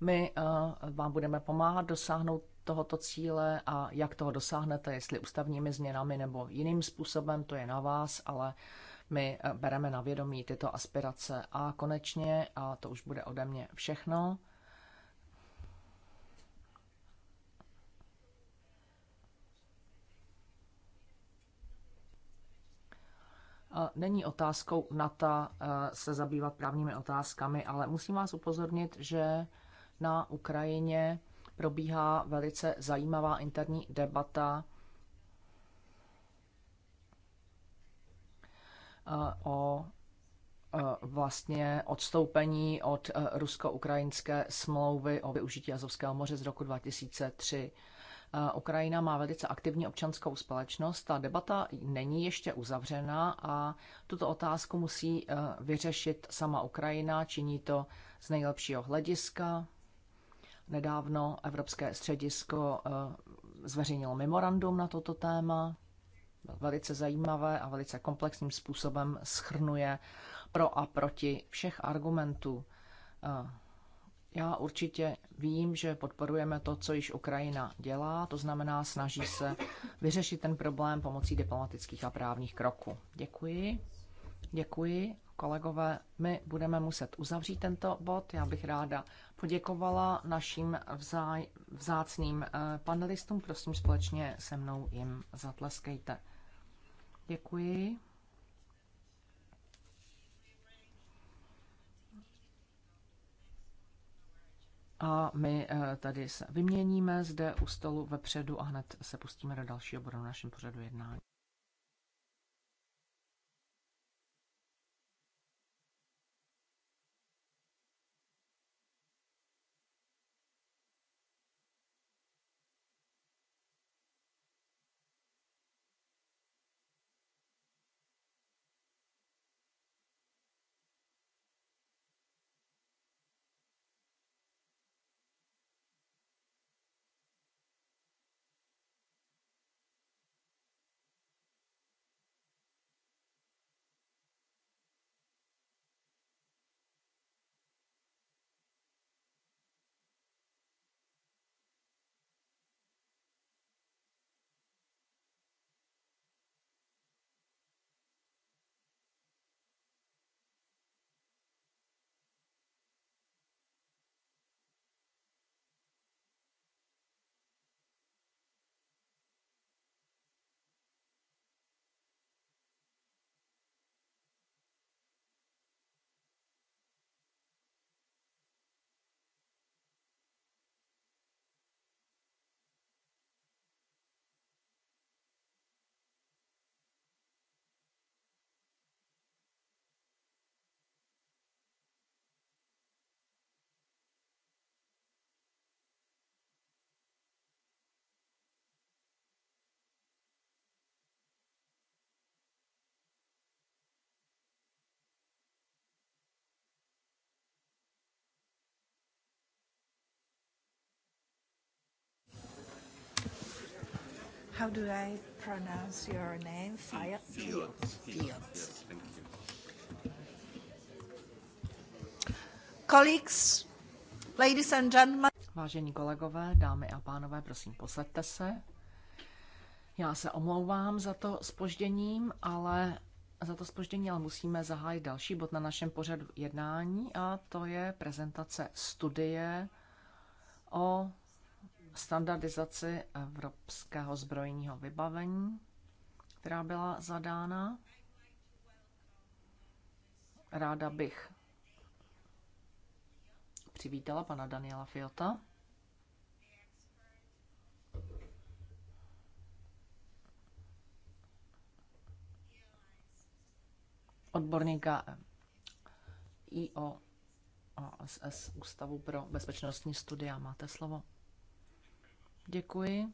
My eh, vám budeme pomáhat dosáhnout tohoto cíle a jak toho dosáhnete, jestli ústavními změnami nebo jiným způsobem, to je na vás, ale my eh, bereme na vědomí tyto aspirace a konečně, a to už bude ode mě všechno, eh, Není otázkou ta eh, se zabývat právními otázkami, ale musím vás upozornit, že na Ukrajině probíhá velice zajímavá interní debata Eh, o eh, vlastně odstoupení od eh, rusko-ukrajinské smlouvy o využití Azovského moře z roku 2003. Ukrajina má velice aktivní občanskou společnost. Ta debata není ještě uzavřena a tuto otázku musí vyřešit sama Ukrajina. Činí to z nejlepšího hlediska. Nedávno Evropské středisko zveřejnilo memorandum na toto téma velice zajímavé a velice komplexním způsobem schrnuje pro a proti všech argumentů. Já určitě vím, že podporujeme to, co již Ukrajina dělá, to znamená, snaží se vyřešit ten problém pomocí diplomatických a právních kroků. Děkuji. Děkuji, kolegové. My budeme muset uzavřít tento bod. Já bych ráda poděkovala našim vzácným eh, panelistům. Prosím, společně se mnou jim zatleskejte. Děkuji. A my eh, tady se vyměníme zde u stolu vepředu a hned se pustíme do dalšího bodu na našem pořadu jednání. How do I pronounce your name? Fiat? Fiat. Fiat. Colleagues, ladies and gentlemen. Vážení kolegové, dámy a pánové, prosím, posaďte se. Já se omlouvám za to spožděním, ale za to spoždění, ale musíme zahájit další bod na našem pořadu jednání a to je prezentace studie o standardizaci evropského zbrojního vybavení, která byla zadána. Ráda bych přivítala pana Daniela Fiota. odborníka IOSS Ústavu pro bezpečnostní studia. Máte slovo. Děkuji.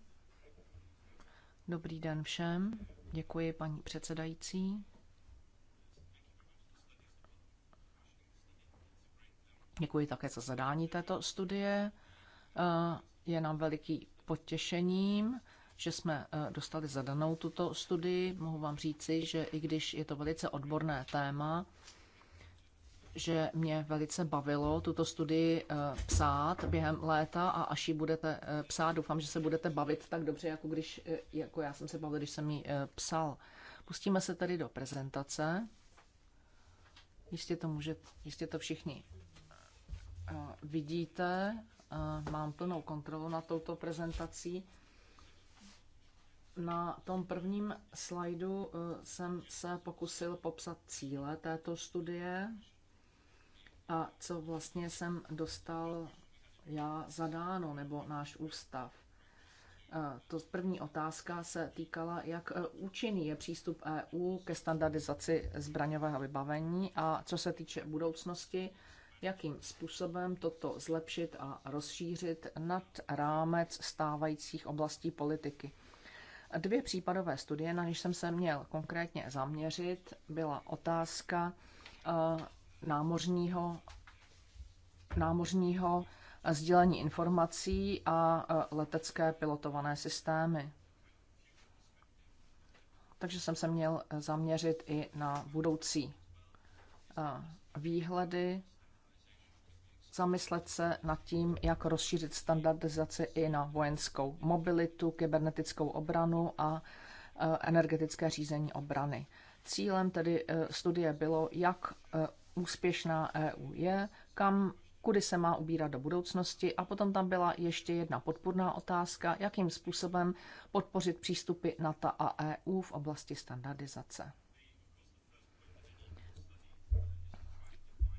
Dobrý den všem. Děkuji paní předsedající. Děkuji také za zadání této studie. Je nám veliký potěšením, že jsme eh, dostali zadanou tuto studii. Mohu vám říci, že i když je to velice odborné téma, že mě velice bavilo tuto studii eh, psát během léta a až ji budete eh, psát, doufám, že se budete bavit tak dobře, jako, když, eh, jako já jsem se bavil, když jsem ji psal. Pustíme se tedy do prezentace. Jistě to, může, jistě to všichni vidíte. Mám plnou kontrolu nad touto prezentací. Na tom prvním slajdu jsem se pokusil popsat cíle této studie a co vlastně jsem dostal já zadáno, nebo náš ústav. To první otázka se týkala, jak účinný je přístup EU ke standardizaci zbraňového vybavení a co se týče budoucnosti, jakým způsobem toto zlepšit a rozšířit nad rámec stávajících oblastí politiky. Dvě případové studie, na něž jsem se měl konkrétně zaměřit, byla otázka námořního, námořního eh, sdílení informací a eh, letecké pilotované systémy. Takže jsem se měl eh, zaměřit i na budoucí výhledy, zamyslet se nad tím, jak rozšířit standardizaci i na vojenskou mobilitu, kybernetickou obranu a energetické řízení obrany. Cílem tedy studie bylo, jak úspěšná EU je, kam kudy se má ubírat do budoucnosti a potom tam byla ještě jedna podpůrná otázka, jakým způsobem podpořit přístupy NATO a EU v oblasti standardizace.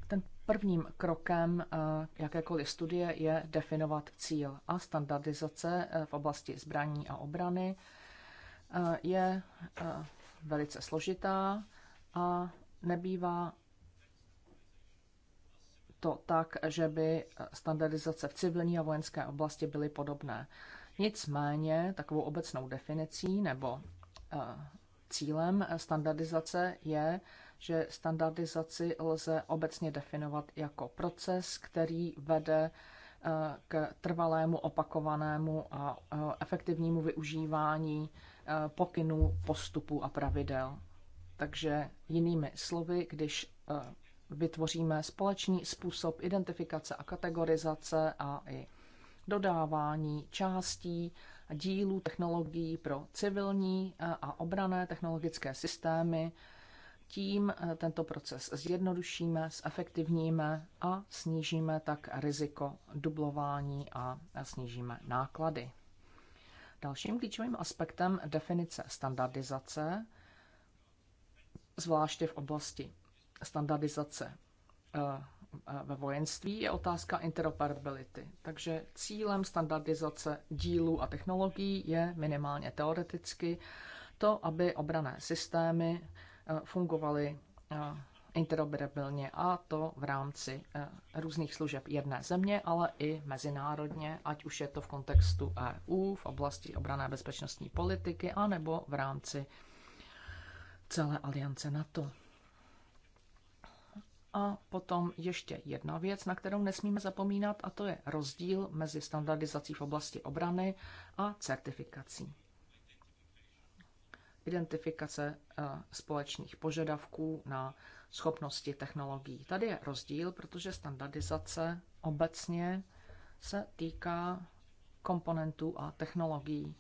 Ten prvním krokem eh, jakékoliv studie je definovat cíl a standardizace eh, v oblasti zbraní a obrany eh, je velice složitá a nebývá to tak, že by standardizace v civilní a vojenské oblasti byly podobné. Nicméně takovou obecnou definicí nebo eh, cílem standardizace je, že standardizaci lze obecně definovat jako proces, který vede eh, k trvalému, opakovanému a eh, efektivnímu využívání pokynů, postupů a pravidel. Takže jinými slovy, když vytvoříme společný způsob identifikace a kategorizace a i dodávání částí, dílů, technologií pro civilní eh, a obrané technologické systémy. Tím eh, tento proces zjednodušíme, zefektivníme a snížíme tak riziko dublování a snížíme náklady. Dalším klíčovým aspektem definice standardizace, zvláště v oblasti standardizace eh, eh, ve vojenství je otázka interoperability. Takže cílem standardizace dílů a technologií je minimálně teoreticky to, aby obrané systémy eh, fungovaly interoperabilně a to v rámci různých služeb jedné země, ale i mezinárodně, ať už je to v kontextu EU, v oblasti obrané bezpečnostní politiky, anebo v rámci celé aliance NATO. A potom ještě jedna věc, na kterou nesmíme zapomínat, a to je rozdíl mezi standardizací v oblasti obrany a certifikací. Identifikace eh, společných požadavků na schopnosti technologií. Tady je rozdíl, protože standardizace obecně se týká komponentů a technologií,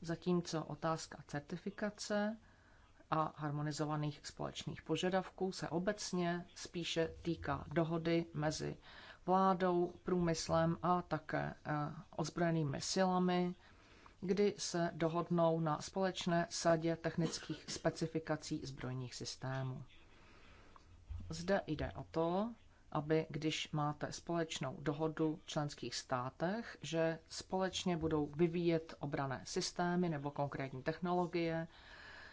zatímco otázka certifikace a harmonizovaných společných požadavků se obecně spíše týká dohody mezi vládou, průmyslem a také eh, ozbrojenými silami, kdy se dohodnou na společné sadě technických specifikací zbrojních systémů. Zde jde o to, aby když máte společnou dohodu v členských státech, že společně budou vyvíjet obrané systémy nebo konkrétní technologie,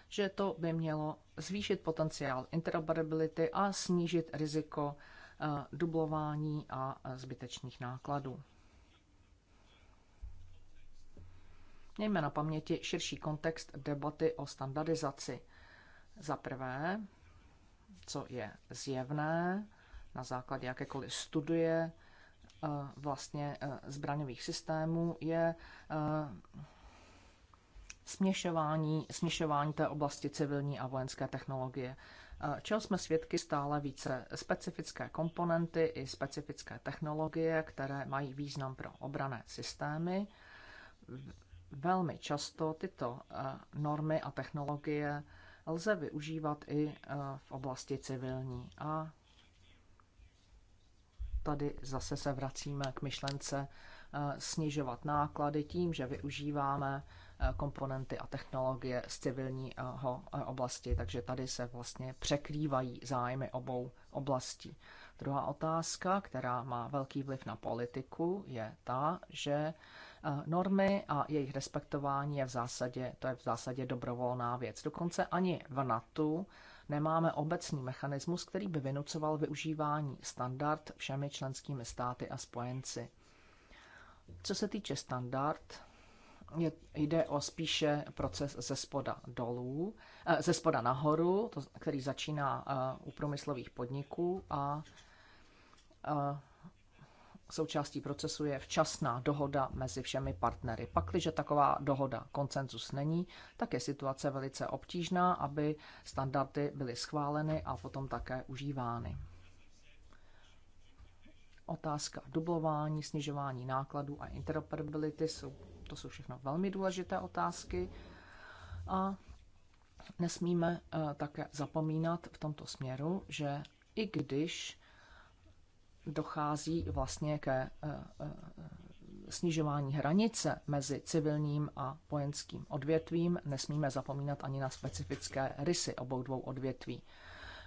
že to by mělo zvýšit potenciál interoperability a snížit riziko eh, dublování a eh, zbytečných nákladů. Mějme na paměti širší kontext debaty o standardizaci. Za prvé, co je zjevné na základě jakékoliv studie eh, vlastně zbraňových systémů, je směšování, směšování té oblasti civilní a vojenské technologie. Eh, čeho jsme svědky stále více specifické komponenty i specifické technologie, které mají význam pro obrané systémy. Velmi často tyto eh, normy a technologie lze využívat i eh, v oblasti civilní. A tady zase se vracíme k myšlence snižovat náklady tím, že využíváme komponenty a technologie z civilního eh, oblasti, takže tady se vlastně překrývají zájmy obou oblastí. Druhá otázka, která má velký vliv na politiku, je ta, že eh, normy a jejich respektování je v zásadě, to je v zásadě dobrovolná věc. Dokonce ani v NATO nemáme obecný mechanismus, který by vynucoval využívání standard všemi členskými státy a spojenci. Co se týče standard, je, jde o spíše proces ze spoda dolů, eh, ze spoda nahoru, to, který začíná eh, u průmyslových podniků a eh, součástí procesu je včasná dohoda mezi všemi partnery. Pakliže taková dohoda, koncenzus není, tak je situace velice obtížná, aby standardy byly schváleny a potom také užívány. Otázka dublování, snižování nákladů a interoperability jsou to jsou všechno velmi důležité otázky a nesmíme eh, také zapomínat v tomto směru, že i když dochází vlastně ke eh, eh, snižování hranice mezi civilním a vojenským odvětvím, nesmíme zapomínat ani na specifické rysy obou dvou odvětví.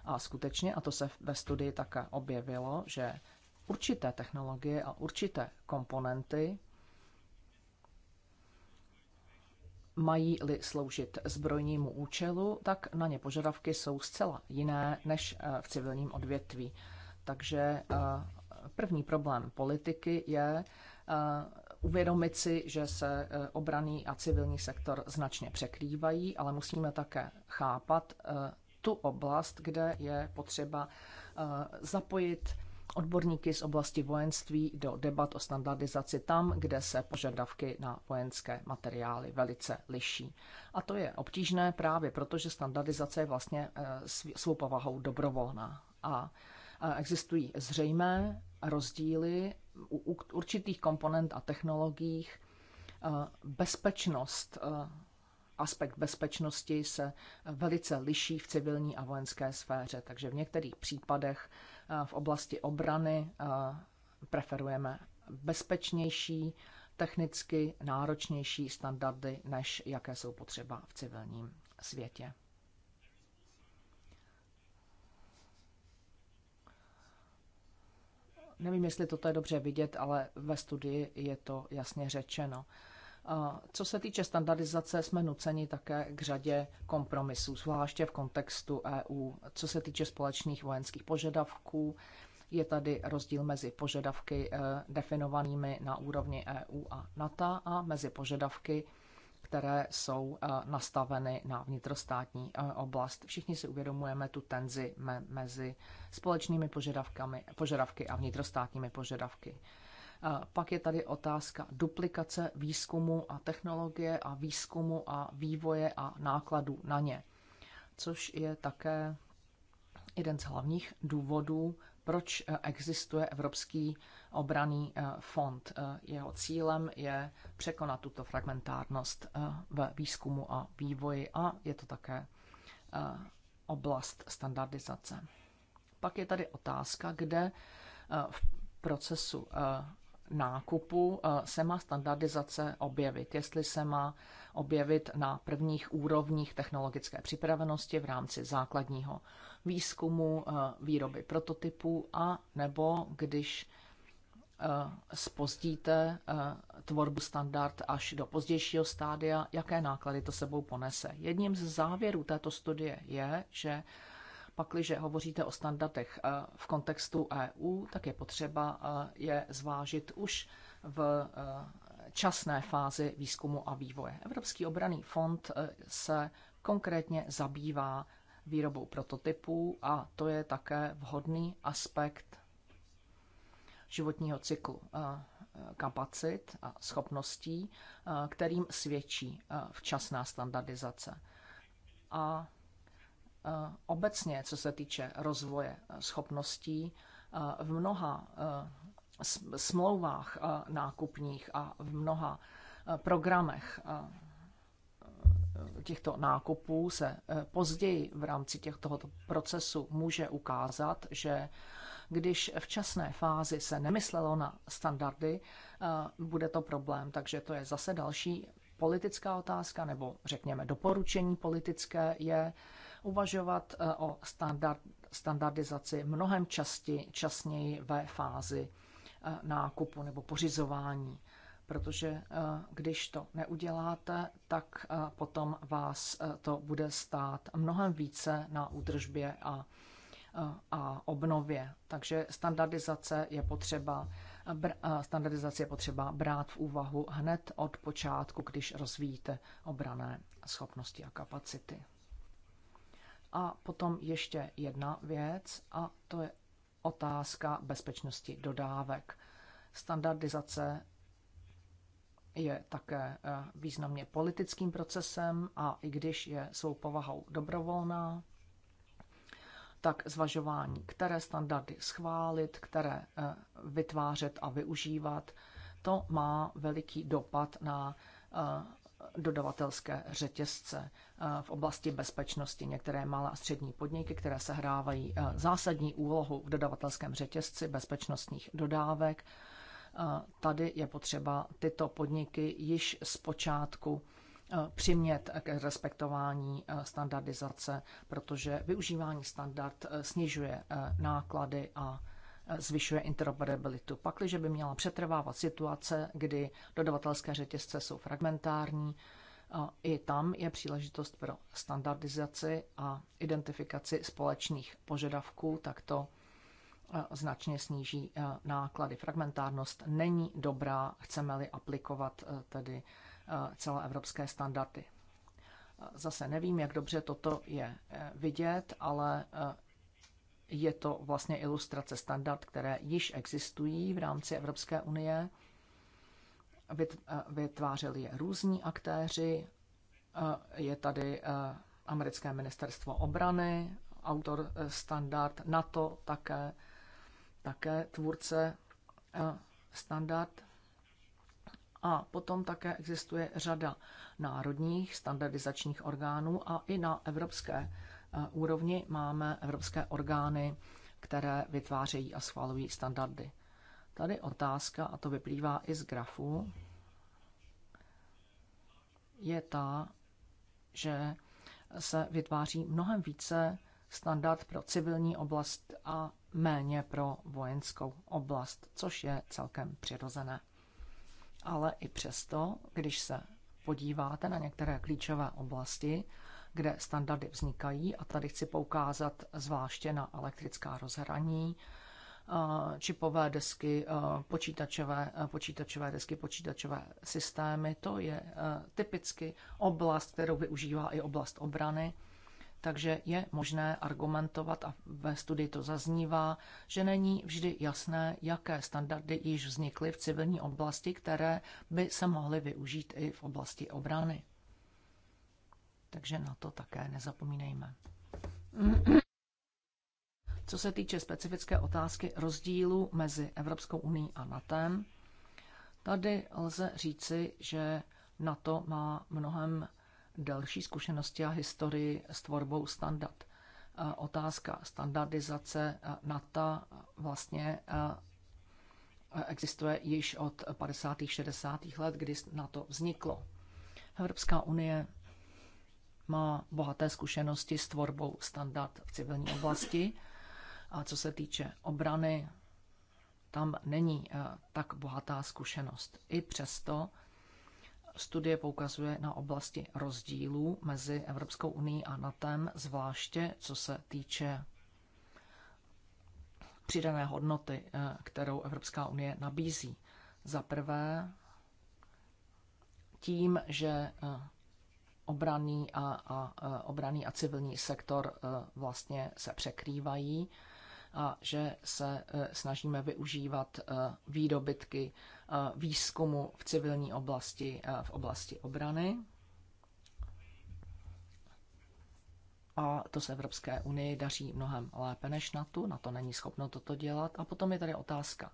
A skutečně, a to se ve studii také objevilo, že určité technologie a určité komponenty Mají-li sloužit zbrojnímu účelu, tak na ně požadavky jsou zcela jiné než eh, v civilním odvětví. Takže eh, první problém politiky je eh, uvědomit si, že se obraný a civilní sektor značně překrývají, ale musíme také chápat tu oblast, kde je potřeba zapojit odborníky z oblasti vojenství do debat o standardizaci tam, kde se požadavky na vojenské materiály velice liší. A to je obtížné právě proto, že standardizace je vlastně eh, svou povahou dobrovolná. A existují zřejmé rozdíly u určitých komponent a technologiích. Eh, bezpečnost eh, aspekt bezpečnosti se velice liší v civilní a vojenské sféře, takže v některých případech v oblasti obrany eh, preferujeme bezpečnější, technicky náročnější standardy, než jaké jsou potřeba v civilním světě. Nevím, jestli toto je dobře vidět, ale ve studii je to jasně řečeno. Co se týče standardizace, jsme nuceni také k řadě kompromisů, zvláště v kontextu EU. Co se týče společných vojenských požadavků, je tady rozdíl mezi požadavky eh, definovanými na úrovni EU a NATO a mezi požadavky, které jsou eh, nastaveny na vnitrostátní eh, oblast. Všichni si uvědomujeme tu tenzi mezi společnými požadavkami, požadavky a vnitrostátními požadavky. Pak je tady otázka duplikace výzkumu a technologie a výzkumu a vývoje a nákladů na ně, což je také jeden z hlavních důvodů, proč eh, existuje Evropský eh, obraný eh, fond. Jeho cílem je překonat tuto fragmentárnost ve výzkumu a vývoji a je to také oblast standardizace. Pak je tady otázka, kde v procesu nákupu eh, se má standardizace objevit. Jestli se má objevit na prvních úrovních technologické připravenosti v rámci základního výzkumu, eh, výroby prototypů a nebo když eh, spozdíte tvorbu standard až do pozdějšího stádia, jaké náklady to sebou ponese. Jedním z závěrů této studie je, že Pakliže hovoříte o standardech eh, v kontextu EU, tak je potřeba eh, je zvážit už v eh, časné fázi výzkumu a vývoje. Evropský obraný fond se konkrétně zabývá výrobou prototypů a to je také vhodný aspekt životního cyklu kapacit a schopností, kterým svědčí včasná standardizace. A Eh, obecně, co se týče rozvoje eh, schopností, eh, v mnoha smlouvách nákupních a v mnoha programech těchto nákupů se později v rámci těch tohoto procesu může ukázat, že když v časné fázi se nemyslelo na standardy, bude to problém. Takže to je zase další politická otázka, nebo řekněme doporučení politické je uvažovat eh, o standard, standardizaci mnohem časti, časněji ve fázi eh, nákupu nebo pořizování. Protože eh, když to neuděláte, tak potom vás to bude stát mnohem více na údržbě a, a obnově. Takže standardizace je potřeba standardizace je potřeba brát v úvahu hned od počátku, když rozvíjíte obrané schopnosti a kapacity. A potom ještě jedna věc, a to je otázka bezpečnosti dodávek. Standardizace je také eh, významně politickým procesem a i když je svou povahou dobrovolná, tak zvažování, které standardy schválit, které eh, vytvářet a využívat, to má veliký dopad na eh, dodavatelské řetězce eh, v oblasti bezpečnosti. Některé malé a střední podniky, které sehrávají eh, zásadní úlohu v dodavatelském řetězci bezpečnostních dodávek. Eh, tady je potřeba tyto podniky již z počátku přimět k respektování standardizace, protože využívání standard snižuje náklady a zvyšuje interoperabilitu. Pakliže by měla přetrvávat situace, kdy dodavatelské řetězce jsou fragmentární, i tam je příležitost pro standardizaci a identifikaci společných požadavků, tak to značně sníží náklady. Fragmentárnost není dobrá, chceme-li aplikovat tedy celoevropské standardy. Zase nevím, jak dobře toto je e, vidět, ale e, je to vlastně ilustrace standard, které již existují v rámci Evropské unie. Eh, vytvářeli je různí aktéři. Eh, je tady eh, americké ministerstvo obrany, autor standard NATO také, také tvůrce standard. A potom také existuje řada národních standardizačních orgánů a i na evropské úrovni máme evropské orgány, které vytvářejí a schvalují standardy. Tady otázka, a to vyplývá i z grafu, je ta, že se vytváří mnohem více standard pro civilní oblast a méně pro vojenskou oblast, což je celkem přirozené. Ale i přesto, když se podíváte na některé klíčové oblasti, kde standardy vznikají, a tady chci poukázat zvláště na elektrická rozhraní, eh, čipové desky, eh, počítačové, eh, počítačové desky, počítačové systémy. To je typicky oblast, kterou využívá i oblast obrany. Takže je možné argumentovat, a ve studii to zaznívá, že není vždy jasné, jaké standardy již vznikly v civilní oblasti, které by se mohly využít i v oblasti obrany. Takže na to také nezapomínejme. Co se týče specifické otázky rozdílu mezi Evropskou uní a NATO, tady lze říci, že NATO má mnohem delší zkušenosti a historii s tvorbou standard. Otázka standardizace NATO vlastně existuje již od 50. 60. let, kdy NATO vzniklo. Evropská unie má bohaté zkušenosti s tvorbou standard v civilní oblasti. A co se týče obrany, tam není eh, tak bohatá zkušenost. I přesto studie poukazuje na oblasti rozdílů mezi Evropskou unii a NATEM, zvláště co se týče přidané hodnoty, eh, kterou Evropská unie nabízí. Za prvé, tím, že eh, obraný a, a, a e, obraný a civilní sektor e, vlastně se překrývají a že se e, snažíme využívat výdobytky výzkumu v civilní oblasti, v oblasti obrany. A to se Evropské unii daří mnohem lépe než na tu, na to není schopno toto dělat. A potom je tady otázka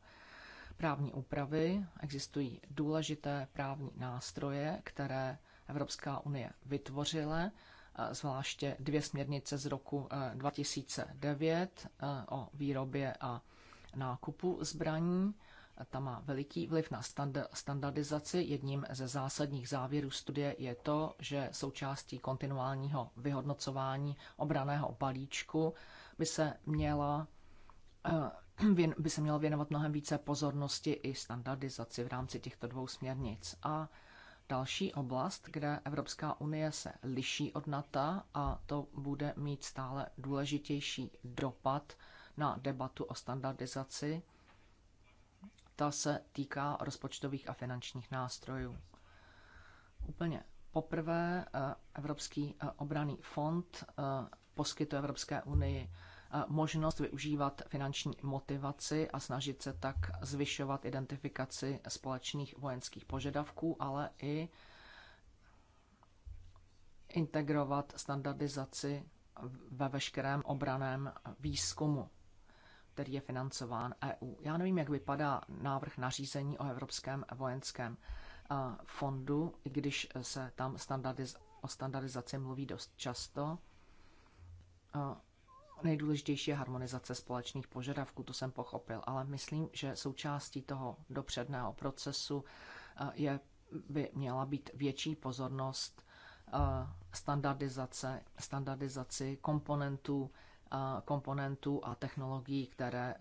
právní úpravy. Existují důležité právní nástroje, které Evropská unie vytvořila, eh, zvláště dvě směrnice z roku 2009 eh, eh, o výrobě a nákupu zbraní. Ta má veliký vliv na standardizaci. Jedním ze zásadních závěrů studie je to, že součástí kontinuálního vyhodnocování obraného balíčku by se měla by se mělo věnovat mnohem více pozornosti i standardizaci v rámci těchto dvou směrnic. A další oblast, kde Evropská unie se liší od NATO a to bude mít stále důležitější dopad na debatu o standardizaci. Ta se týká rozpočtových a finančních nástrojů. Úplně poprvé eh, Evropský eh, obraný fond eh, poskytuje Evropské unii Eh, možnost využívat finanční motivaci a snažit se tak zvyšovat identifikaci společných vojenských požadavků, ale i integrovat standardizaci ve veškerém obraném výzkumu, který je financován EU. Já nevím, jak vypadá návrh nařízení o Evropském vojenském eh, fondu, i když se tam standardiz- o standardizaci mluví dost často eh, Nejdůležitější je harmonizace společných požadavků, to jsem pochopil, ale myslím, že součástí toho dopředného procesu eh, je, by měla být větší pozornost eh, standardizace, standardizaci komponentů, eh, komponentů a technologií, které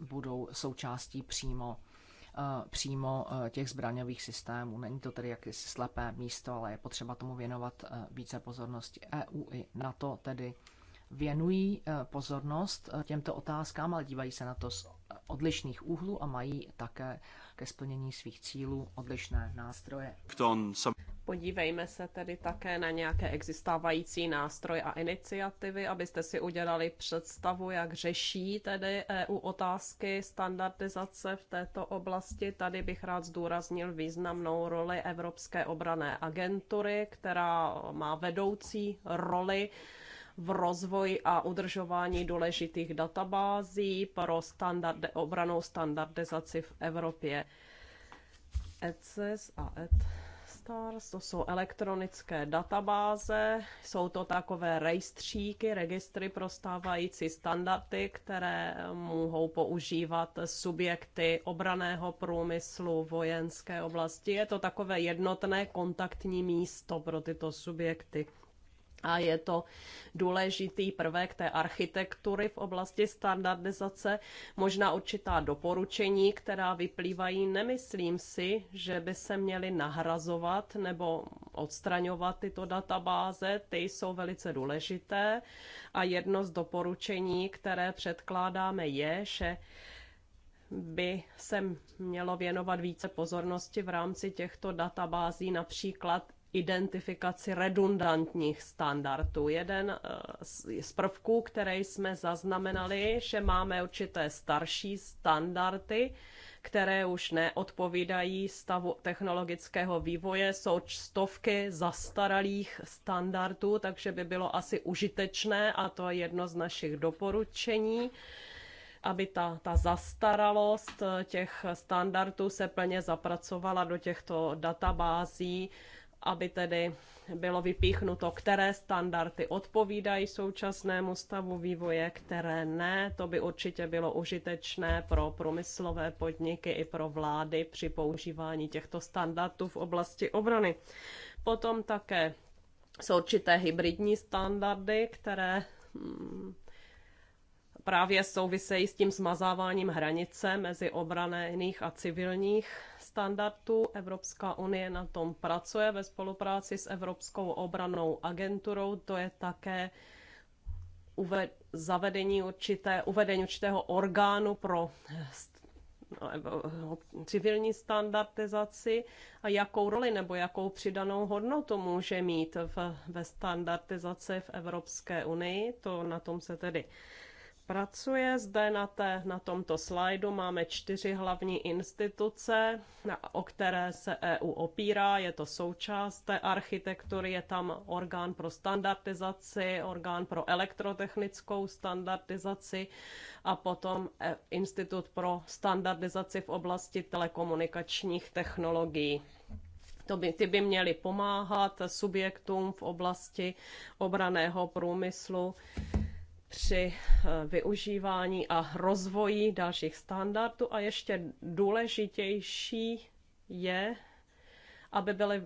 budou součástí přímo přímo těch zbraňových systémů. Není to tedy jakési slepé místo, ale je potřeba tomu věnovat více pozornosti. EU i NATO tedy věnují eh, pozornost eh, těmto otázkám, ale dívají se na to z eh, odlišných úhlů a mají také ke splnění svých cílů odlišné nástroje. Podívejme se tedy také na nějaké existávající nástroje a iniciativy, abyste si udělali představu, jak řeší tedy EU otázky standardizace v této oblasti. Tady bych rád zdůraznil významnou roli Evropské obrané agentury, která má vedoucí roli v rozvoji a udržování důležitých databází pro standard, obranou standardizaci v Evropě. ECS a EdStars, to jsou elektronické databáze, jsou to takové rejstříky, registry pro stávající standardy, které mohou používat subjekty obraného průmyslu, vojenské oblasti. Je to takové jednotné kontaktní místo pro tyto subjekty a je to důležitý prvek té architektury v oblasti standardizace, možná určitá doporučení, která vyplývají. Nemyslím si, že by se měly nahrazovat nebo odstraňovat tyto databáze, ty jsou velice důležité a jedno z doporučení, které předkládáme, je, že by se mělo věnovat více pozornosti v rámci těchto databází například identifikaci redundantních standardů. Jeden eh, z prvků, které jsme zaznamenali, že máme určité starší standardy, které už neodpovídají stavu technologického vývoje. Jsou stovky zastaralých standardů, takže by bylo asi užitečné, a to je jedno z našich doporučení, aby ta, ta zastaralost eh, těch standardů se plně zapracovala do těchto databází aby tedy bylo vypíchnuto, které standardy odpovídají současnému stavu vývoje, které ne. To by určitě bylo užitečné pro průmyslové podniky i pro vlády při používání těchto standardů v oblasti obrany. Potom také jsou určité hybridní standardy, které mm, právě souvisejí s tím smazáváním hranice mezi obraných a civilních standardů. Evropská unie na tom pracuje ve spolupráci s Evropskou obranou agenturou. To je také uved, zavedení určité, uvedení určitého orgánu pro no, civilní standardizaci a jakou roli nebo jakou přidanou hodnotu může mít v, ve standardizaci v Evropské unii. To na tom se tedy pracuje. Zde na, té, na tomto slajdu máme čtyři hlavní instituce, na, o které se EU opírá. Je to součást té architektury, je tam orgán pro standardizaci, orgán pro elektrotechnickou standardizaci a potom e, Institut pro standardizaci v oblasti telekomunikačních technologií. To by, ty by měly pomáhat subjektům v oblasti obraného průmyslu při eh, využívání a rozvoji dalších standardů a ještě důležitější je, aby byly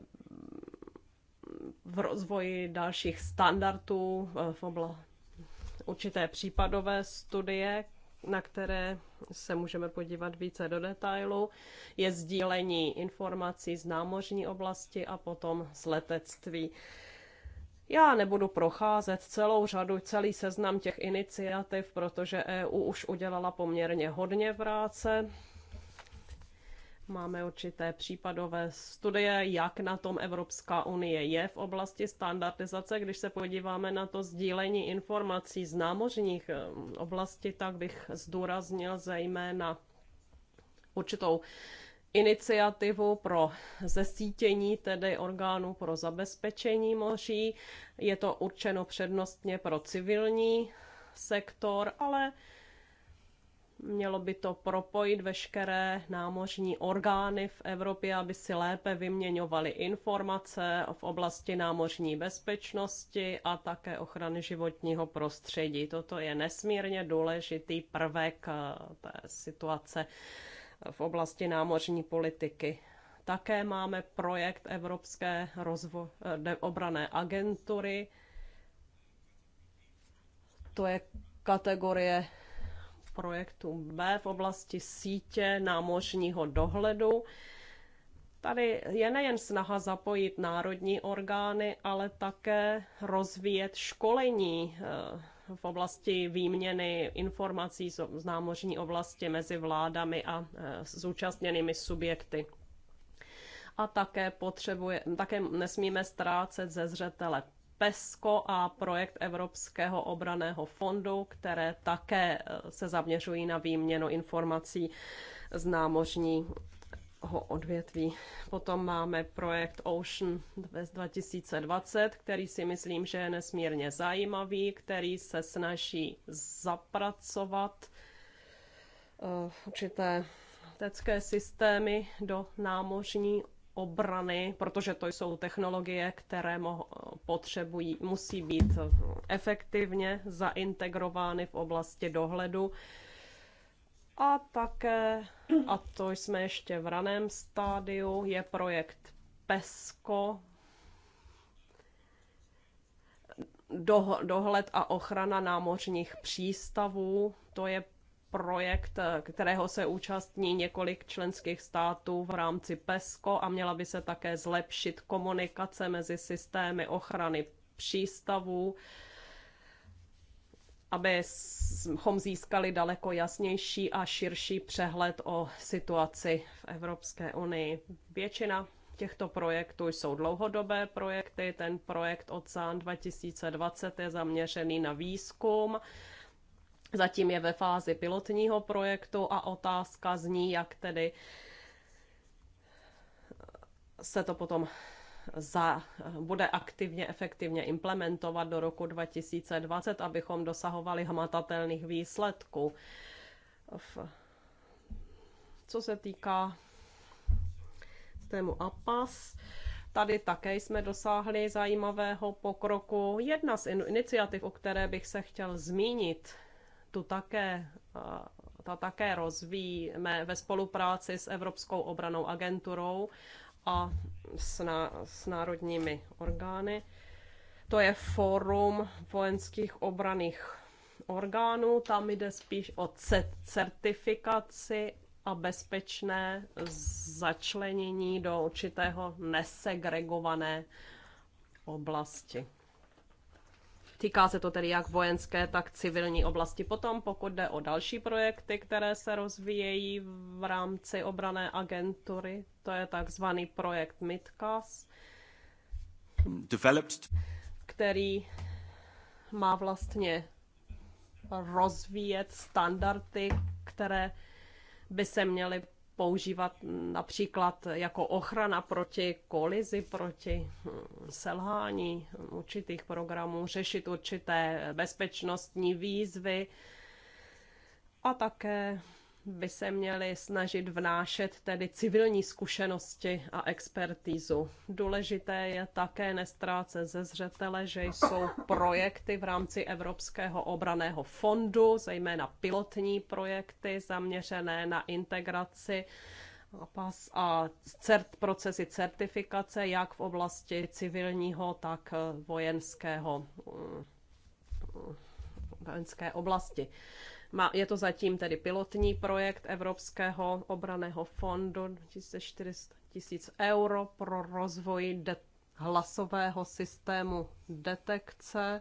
v rozvoji dalších standardů eh, v obla určité případové studie, na které se můžeme podívat více do detailu, je sdílení informací z námořní oblasti a potom z letectví. Já nebudu procházet celou řadu, celý seznam těch iniciativ, protože EU už udělala poměrně hodně práce. Máme určité případové studie, jak na tom Evropská unie je v oblasti standardizace. Když se podíváme na to sdílení informací z námořních eh, oblastí, tak bych zdůraznil zejména určitou iniciativu pro zesítění tedy orgánů pro zabezpečení moří. Je to určeno přednostně pro civilní sektor, ale mělo by to propojit veškeré námořní orgány v Evropě, aby si lépe vyměňovaly informace v oblasti námořní bezpečnosti a také ochrany životního prostředí. Toto je nesmírně důležitý prvek eh, té situace v oblasti námořní politiky. Také máme projekt Evropské rozvo- eh, obrané agentury. To je kategorie projektu B v oblasti sítě námořního dohledu. Tady je nejen snaha zapojit národní orgány, ale také rozvíjet školení eh, v oblasti výměny informací z námořní oblasti mezi vládami a e, zúčastněnými subjekty. A také, potřebuje, také nesmíme ztrácet ze zřetele PESCO a projekt Evropského obraného fondu, které také e, se zaměřují na výměnu informací z námořní odvětví. Potom máme projekt Ocean 2020, který si myslím, že je nesmírně zajímavý, který se snaží zapracovat eh, určité letecké systémy do námořní obrany, protože to jsou technologie, které potřebují, musí být eh, efektivně zaintegrovány v oblasti dohledu a také, a to jsme ještě v raném stádiu, je projekt PESCO, do, dohled a ochrana námořních přístavů. To je projekt, kterého se účastní několik členských států v rámci PESCO a měla by se také zlepšit komunikace mezi systémy ochrany přístavů abychom získali daleko jasnější a širší přehled o situaci v Evropské unii. Většina těchto projektů jsou dlouhodobé projekty. Ten projekt Oceán 2020 je zaměřený na výzkum. Zatím je ve fázi pilotního projektu a otázka zní, jak tedy se to potom za, bude aktivně, efektivně implementovat do roku 2020, abychom dosahovali hmatatelných výsledků. co se týká systému APAS, Tady také jsme dosáhli zajímavého pokroku. Jedna z iniciativ, o které bych se chtěl zmínit, tu také, ta také rozvíjíme ve spolupráci s Evropskou obranou agenturou a s, na, s národními orgány. To je fórum vojenských obraných orgánů, tam jde spíš o certifikaci a bezpečné začlenění do určitého nesegregované oblasti. Týká se to tedy jak vojenské, tak civilní oblasti. Potom, pokud jde o další projekty, které se rozvíjejí v rámci obrané agentury, to je takzvaný projekt developed... který má vlastně rozvíjet standardy, které by se měly používat například jako ochrana proti kolizi, proti hm, selhání určitých programů, řešit určité bezpečnostní výzvy a také by se měli snažit vnášet tedy civilní zkušenosti a expertízu. Důležité je také nestrácet ze zřetele, že jsou projekty v rámci Evropského obraného fondu, zejména pilotní projekty zaměřené na integraci a cert, procesy certifikace jak v oblasti civilního, tak vojenského eh, vojenské oblasti. Je to zatím tedy pilotní projekt Evropského obraného fondu 2400 tisíc euro pro rozvoj hlasového systému detekce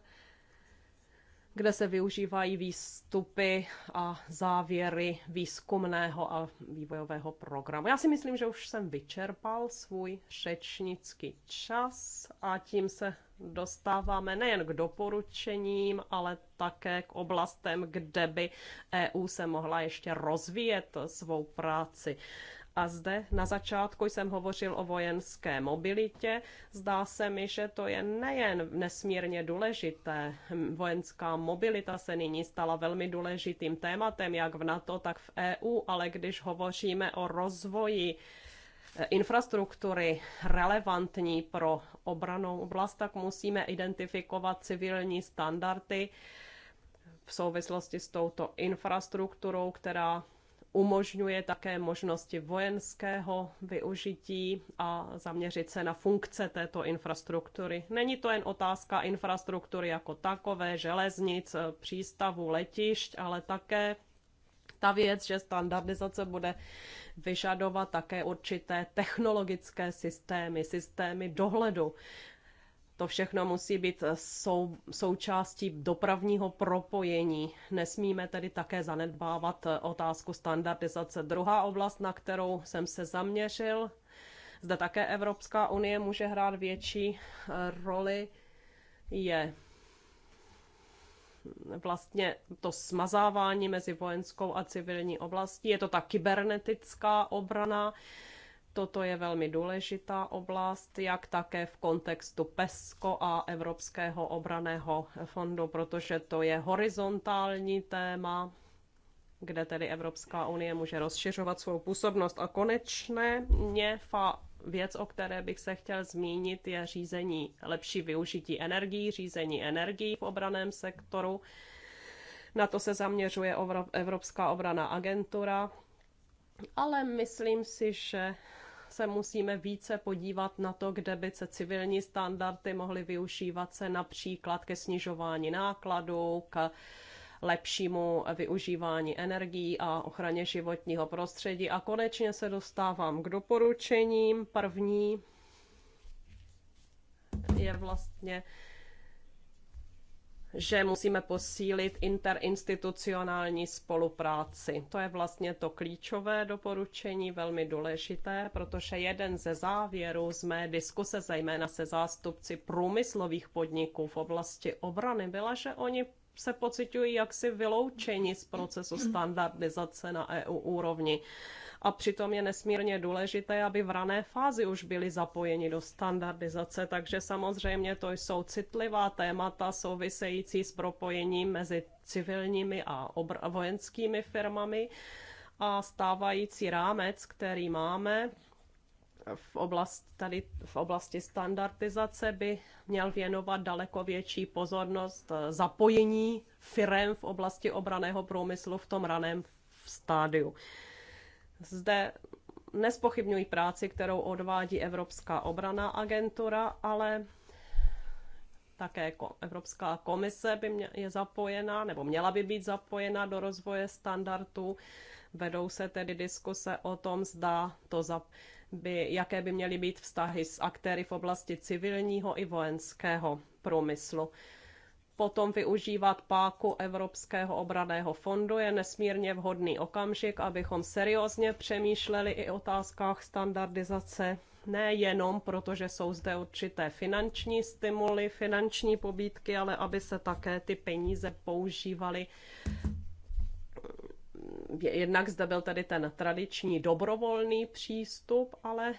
kde se využívají výstupy a závěry výzkumného a vývojového programu. Já si myslím, že už jsem vyčerpal svůj řečnický čas a tím se dostáváme nejen k doporučením, ale také k oblastem, kde by EU se mohla ještě rozvíjet svou práci. A zde na začátku jsem hovořil o vojenské mobilitě. Zdá se mi, že to je nejen nesmírně důležité. Hm, vojenská mobilita se nyní stala velmi důležitým tématem, jak v NATO, tak v EU, ale když hovoříme o rozvoji eh, infrastruktury relevantní pro obranou oblast, tak musíme identifikovat civilní standardy v souvislosti s touto infrastrukturou, která umožňuje také možnosti vojenského využití a zaměřit se na funkce této infrastruktury. Není to jen otázka infrastruktury jako takové, železnic, přístavů, letišť, ale také ta věc, že standardizace bude vyžadovat také určité technologické systémy, systémy dohledu to všechno musí být eh, sou, součástí dopravního propojení. Nesmíme tedy také zanedbávat eh, otázku standardizace. Druhá oblast, na kterou jsem se zaměřil, zde také Evropská unie může hrát větší eh, roli, je vlastně to smazávání mezi vojenskou a civilní oblastí. Je to ta kybernetická obrana, Toto je velmi důležitá oblast, jak také v kontextu PESCO a Evropského obraného fondu, protože to je horizontální téma, kde tedy Evropská unie může rozšiřovat svou působnost. A konečně mě fa věc, o které bych se chtěl zmínit, je řízení, lepší využití energií, řízení energií v obraném sektoru. Na to se zaměřuje Evropská obrana agentura, ale myslím si, že se musíme více podívat na to, kde by se civilní standardy mohly využívat se například ke snižování nákladů, k lepšímu využívání energií a ochraně životního prostředí. A konečně se dostávám k doporučením. První je vlastně že musíme posílit interinstitucionální spolupráci. To je vlastně to klíčové doporučení, velmi důležité, protože jeden ze závěrů z mé diskuse, zejména se zástupci průmyslových podniků v oblasti obrany, byla, že oni se pocitují jaksi vyloučeni z procesu standardizace na EU úrovni a přitom je nesmírně důležité, aby v rané fázi už byli zapojeni do standardizace, takže samozřejmě to jsou citlivá témata související s propojením mezi civilními a vojenskými firmami a stávající rámec, který máme, v, oblast, tady v oblasti standardizace by měl věnovat daleko větší pozornost eh, zapojení firem v oblasti obraného průmyslu v tom raném stádiu. Zde nespochybňují práci, kterou odvádí Evropská obrana agentura, ale také jako Evropská komise by mě, je zapojena, nebo měla by být zapojena do rozvoje standardů. Vedou se tedy diskuse o tom, zda to za, by, jaké by měly být vztahy s aktéry v oblasti civilního i vojenského průmyslu potom využívat páku Evropského obraného fondu je nesmírně vhodný okamžik, abychom seriózně přemýšleli i o otázkách standardizace, nejenom protože jsou zde určité finanční stimuly, finanční pobídky, ale aby se také ty peníze používaly jednak zde byl tedy ten tradiční dobrovolný přístup, ale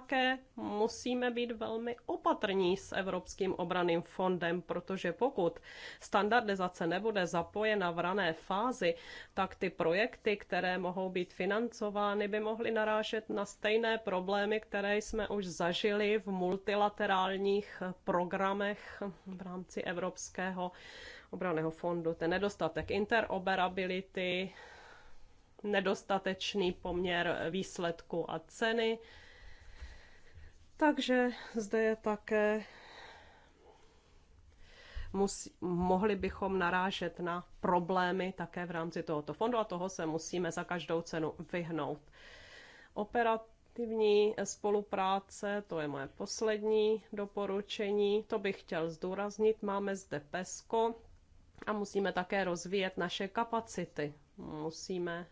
také musíme být velmi opatrní s Evropským obraným fondem, protože pokud standardizace nebude zapojena v rané fázi, tak ty projekty, které mohou být financovány, by mohly narážet na stejné problémy, které jsme už zažili v multilaterálních programech v rámci Evropského obraného fondu. Ten nedostatek interoperability, nedostatečný poměr výsledku a ceny, takže zde je také musí, mohli bychom narážet na problémy také v rámci tohoto fondu a toho se musíme za každou cenu vyhnout. Operativní spolupráce, to je moje poslední doporučení, to bych chtěl zdůraznit. Máme zde PESCO a musíme také rozvíjet naše kapacity. Musíme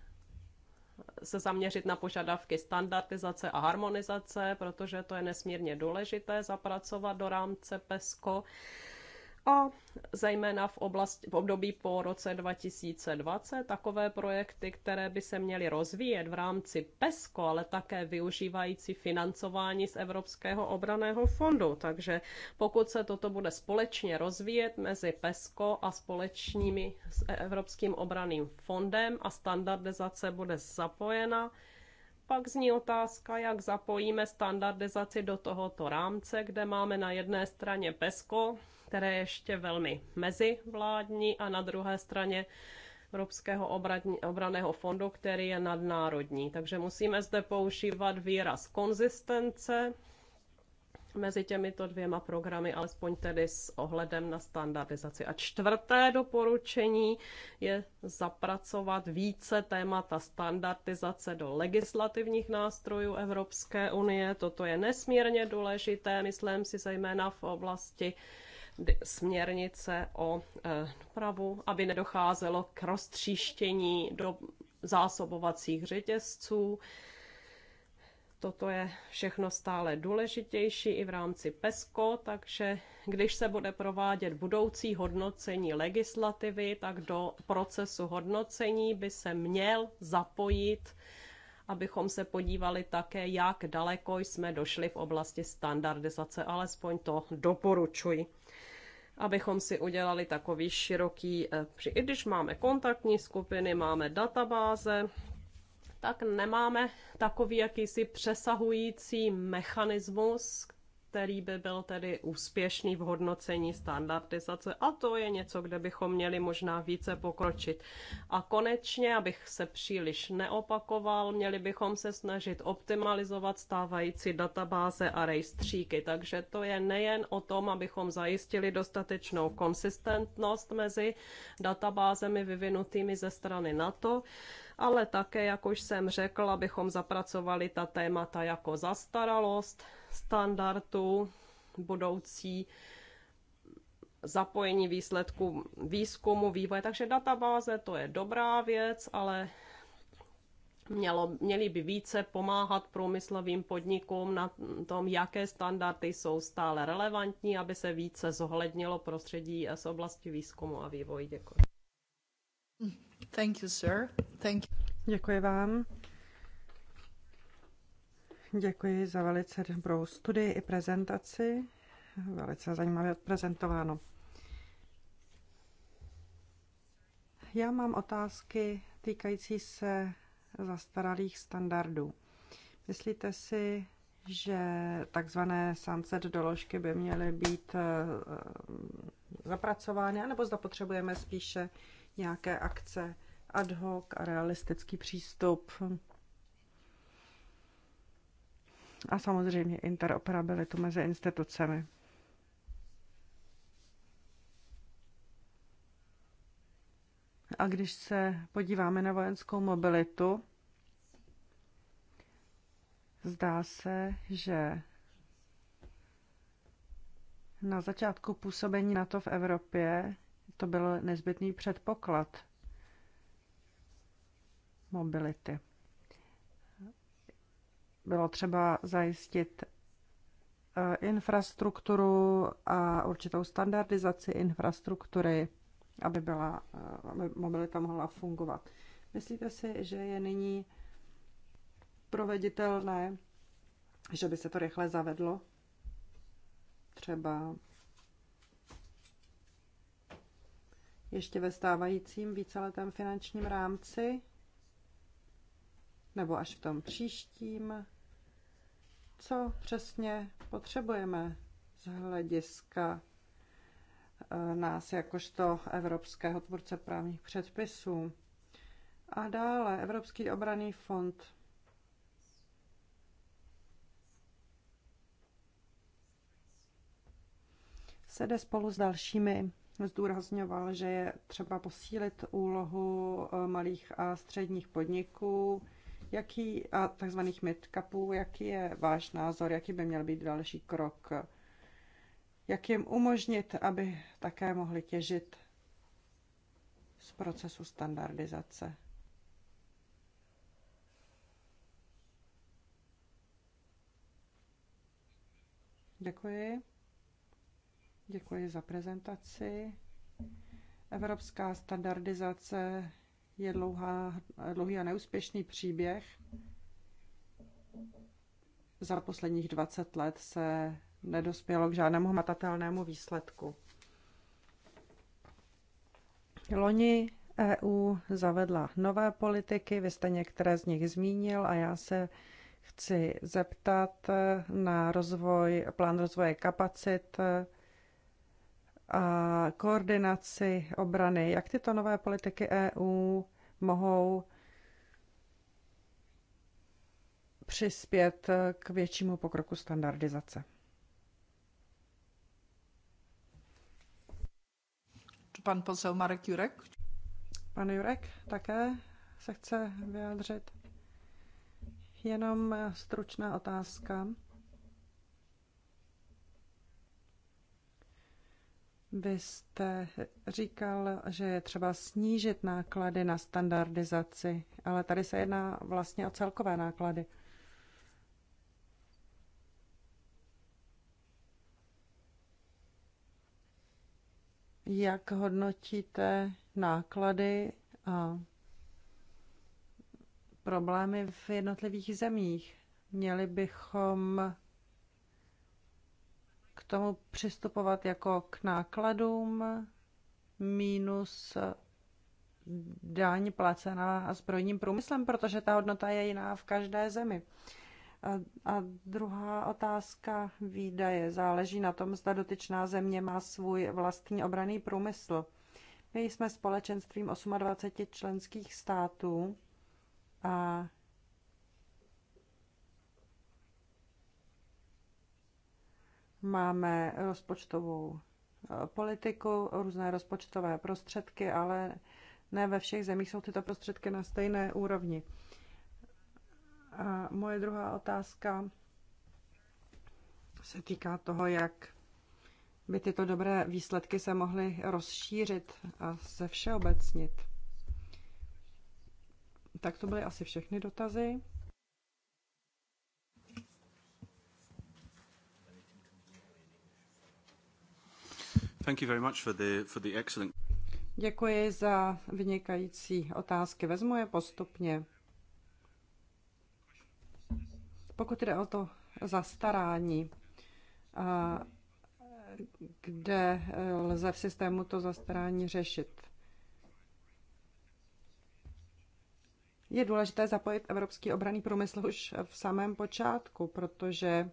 se zaměřit na požadavky standardizace a harmonizace, protože to je nesmírně důležité zapracovat do rámce PESCO a zejména v, oblasti, v období po roce 2020 takové projekty, které by se měly rozvíjet v rámci PESCO, ale také využívající financování z Evropského obraného fondu. Takže pokud se toto bude společně rozvíjet mezi PESCO a společnými s e- Evropským obraným fondem a standardizace bude zapojena, pak zní otázka, jak zapojíme standardizaci do tohoto rámce, kde máme na jedné straně PESCO, které je ještě velmi mezivládní a na druhé straně Evropského obraného fondu, který je nadnárodní. Takže musíme zde používat výraz konzistence mezi těmito dvěma programy, alespoň tedy s ohledem na standardizaci. A čtvrté doporučení je zapracovat více témata standardizace do legislativních nástrojů Evropské unie. Toto je nesmírně důležité, myslím si zejména v oblasti směrnice o e, dopravu, aby nedocházelo k roztříštění do zásobovacích řetězců. Toto je všechno stále důležitější i v rámci PESCO, takže když se bude provádět budoucí hodnocení legislativy, tak do procesu hodnocení by se měl zapojit abychom se podívali také, jak daleko jsme došli v oblasti standardizace. Alespoň to doporučuji abychom si udělali takový široký, eh, i když máme kontaktní skupiny, máme databáze, tak nemáme takový jakýsi přesahující mechanismus, který by byl tedy úspěšný v hodnocení standardizace a to je něco, kde bychom měli možná více pokročit. A konečně, abych se příliš neopakoval, měli bychom se snažit optimalizovat stávající databáze a rejstříky. Takže to je nejen o tom, abychom zajistili dostatečnou konsistentnost mezi databázemi vyvinutými ze strany NATO, ale také, jak už jsem řekl, abychom zapracovali ta témata jako zastaralost, standardu budoucí zapojení výsledků výzkumu, vývoje. Takže databáze to je dobrá věc, ale mělo, měly by více pomáhat průmyslovým podnikům na tom, jaké standardy jsou stále relevantní, aby se více zohlednilo prostředí z oblasti výzkumu a vývoje. Děkuji. Thank you, sir. Thank you. Děkuji vám. Děkuji za velice dobrou studii i prezentaci. Velice zajímavě odprezentováno. Já mám otázky týkající se zastaralých standardů. Myslíte si, že takzvané sunset doložky by měly být eh, zapracovány, anebo zda potřebujeme spíše nějaké akce ad hoc a realistický přístup? a samozřejmě interoperabilitu mezi institucemi. A když se podíváme na vojenskou mobilitu, zdá se, že na začátku působení NATO v Evropě to byl nezbytný předpoklad mobility bylo třeba zajistit eh, infrastrukturu a určitou standardizaci infrastruktury, aby, byla, eh, aby mobilita mohla fungovat. Myslíte si, že je nyní proveditelné, že by se to rychle zavedlo? Třeba ještě ve stávajícím víceletém finančním rámci? nebo až v tom příštím, co přesně potřebujeme z hlediska eh, nás jakožto evropského tvůrce právních předpisů. A dále Evropský obraný fond. Sede spolu s dalšími zdůrazňoval, že je třeba posílit úlohu eh, malých a středních podniků, Jaký, a takzvaných midcapů, jaký je váš názor, jaký by měl být další krok? Jak jim umožnit, aby také mohli těžit z procesu standardizace? Děkuji. Děkuji za prezentaci. Evropská standardizace je dlouhá, dlouhý a neúspěšný příběh. Za posledních 20 let se nedospělo k žádnému hmatatelnému výsledku. Loni EU zavedla nové politiky, vy jste některé z nich zmínil a já se chci zeptat na rozvoj, plán rozvoje kapacit a koordinaci obrany. Jak tyto nové politiky EU mohou přispět k většímu pokroku standardizace. Pan posel Marek Jurek. Pan Jurek také se chce vyjádřit. Jenom stručná otázka. Vy jste říkal, že je třeba snížit náklady na standardizaci, ale tady se jedná vlastně o celkové náklady. Jak hodnotíte náklady a problémy v jednotlivých zemích? Měli bychom tomu přistupovat jako k nákladům minus daň placená zbrojním průmyslem, protože ta hodnota je jiná v každé zemi. A druhá otázka výdaje záleží na tom, zda dotyčná země má svůj vlastní obraný průmysl. My jsme společenstvím 28 členských států a Máme rozpočtovou eh, politiku, různé rozpočtové prostředky, ale ne ve všech zemích jsou tyto prostředky na stejné úrovni. A moje druhá otázka se týká toho, jak by tyto dobré výsledky se mohly rozšířit a se všeobecnit. Tak to byly asi všechny dotazy. Thank you very much for the, for the excellent... Děkuji za vynikající otázky. Vezmu je postupně. Pokud jde o to zastarání, kde eh, lze v systému to zastarání řešit. Je důležité zapojit evropský obraný průmysl už v samém počátku, protože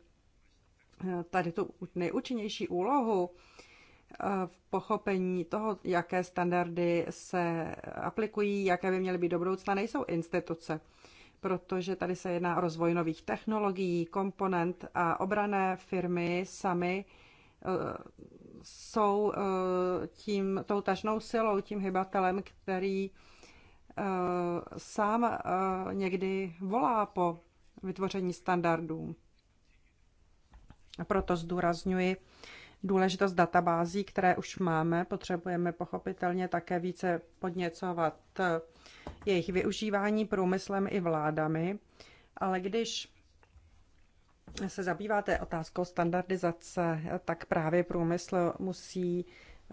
eh, tady tu nejúčinnější úlohu Eh, v pochopení toho, jaké standardy se aplikují, jaké by měly být do budoucna, nejsou instituce, protože tady se jedná o rozvoj nových technologií, komponent a obrané firmy sami eh, jsou eh, tím, tou tažnou silou, tím hybatelem, který sám někdy volá po vytvoření standardů. Proto zdůrazňuji, důležitost databází, které už máme. Potřebujeme pochopitelně také více podněcovat eh, jejich využívání průmyslem i vládami. Ale když se zabýváte otázkou standardizace, tak právě průmysl musí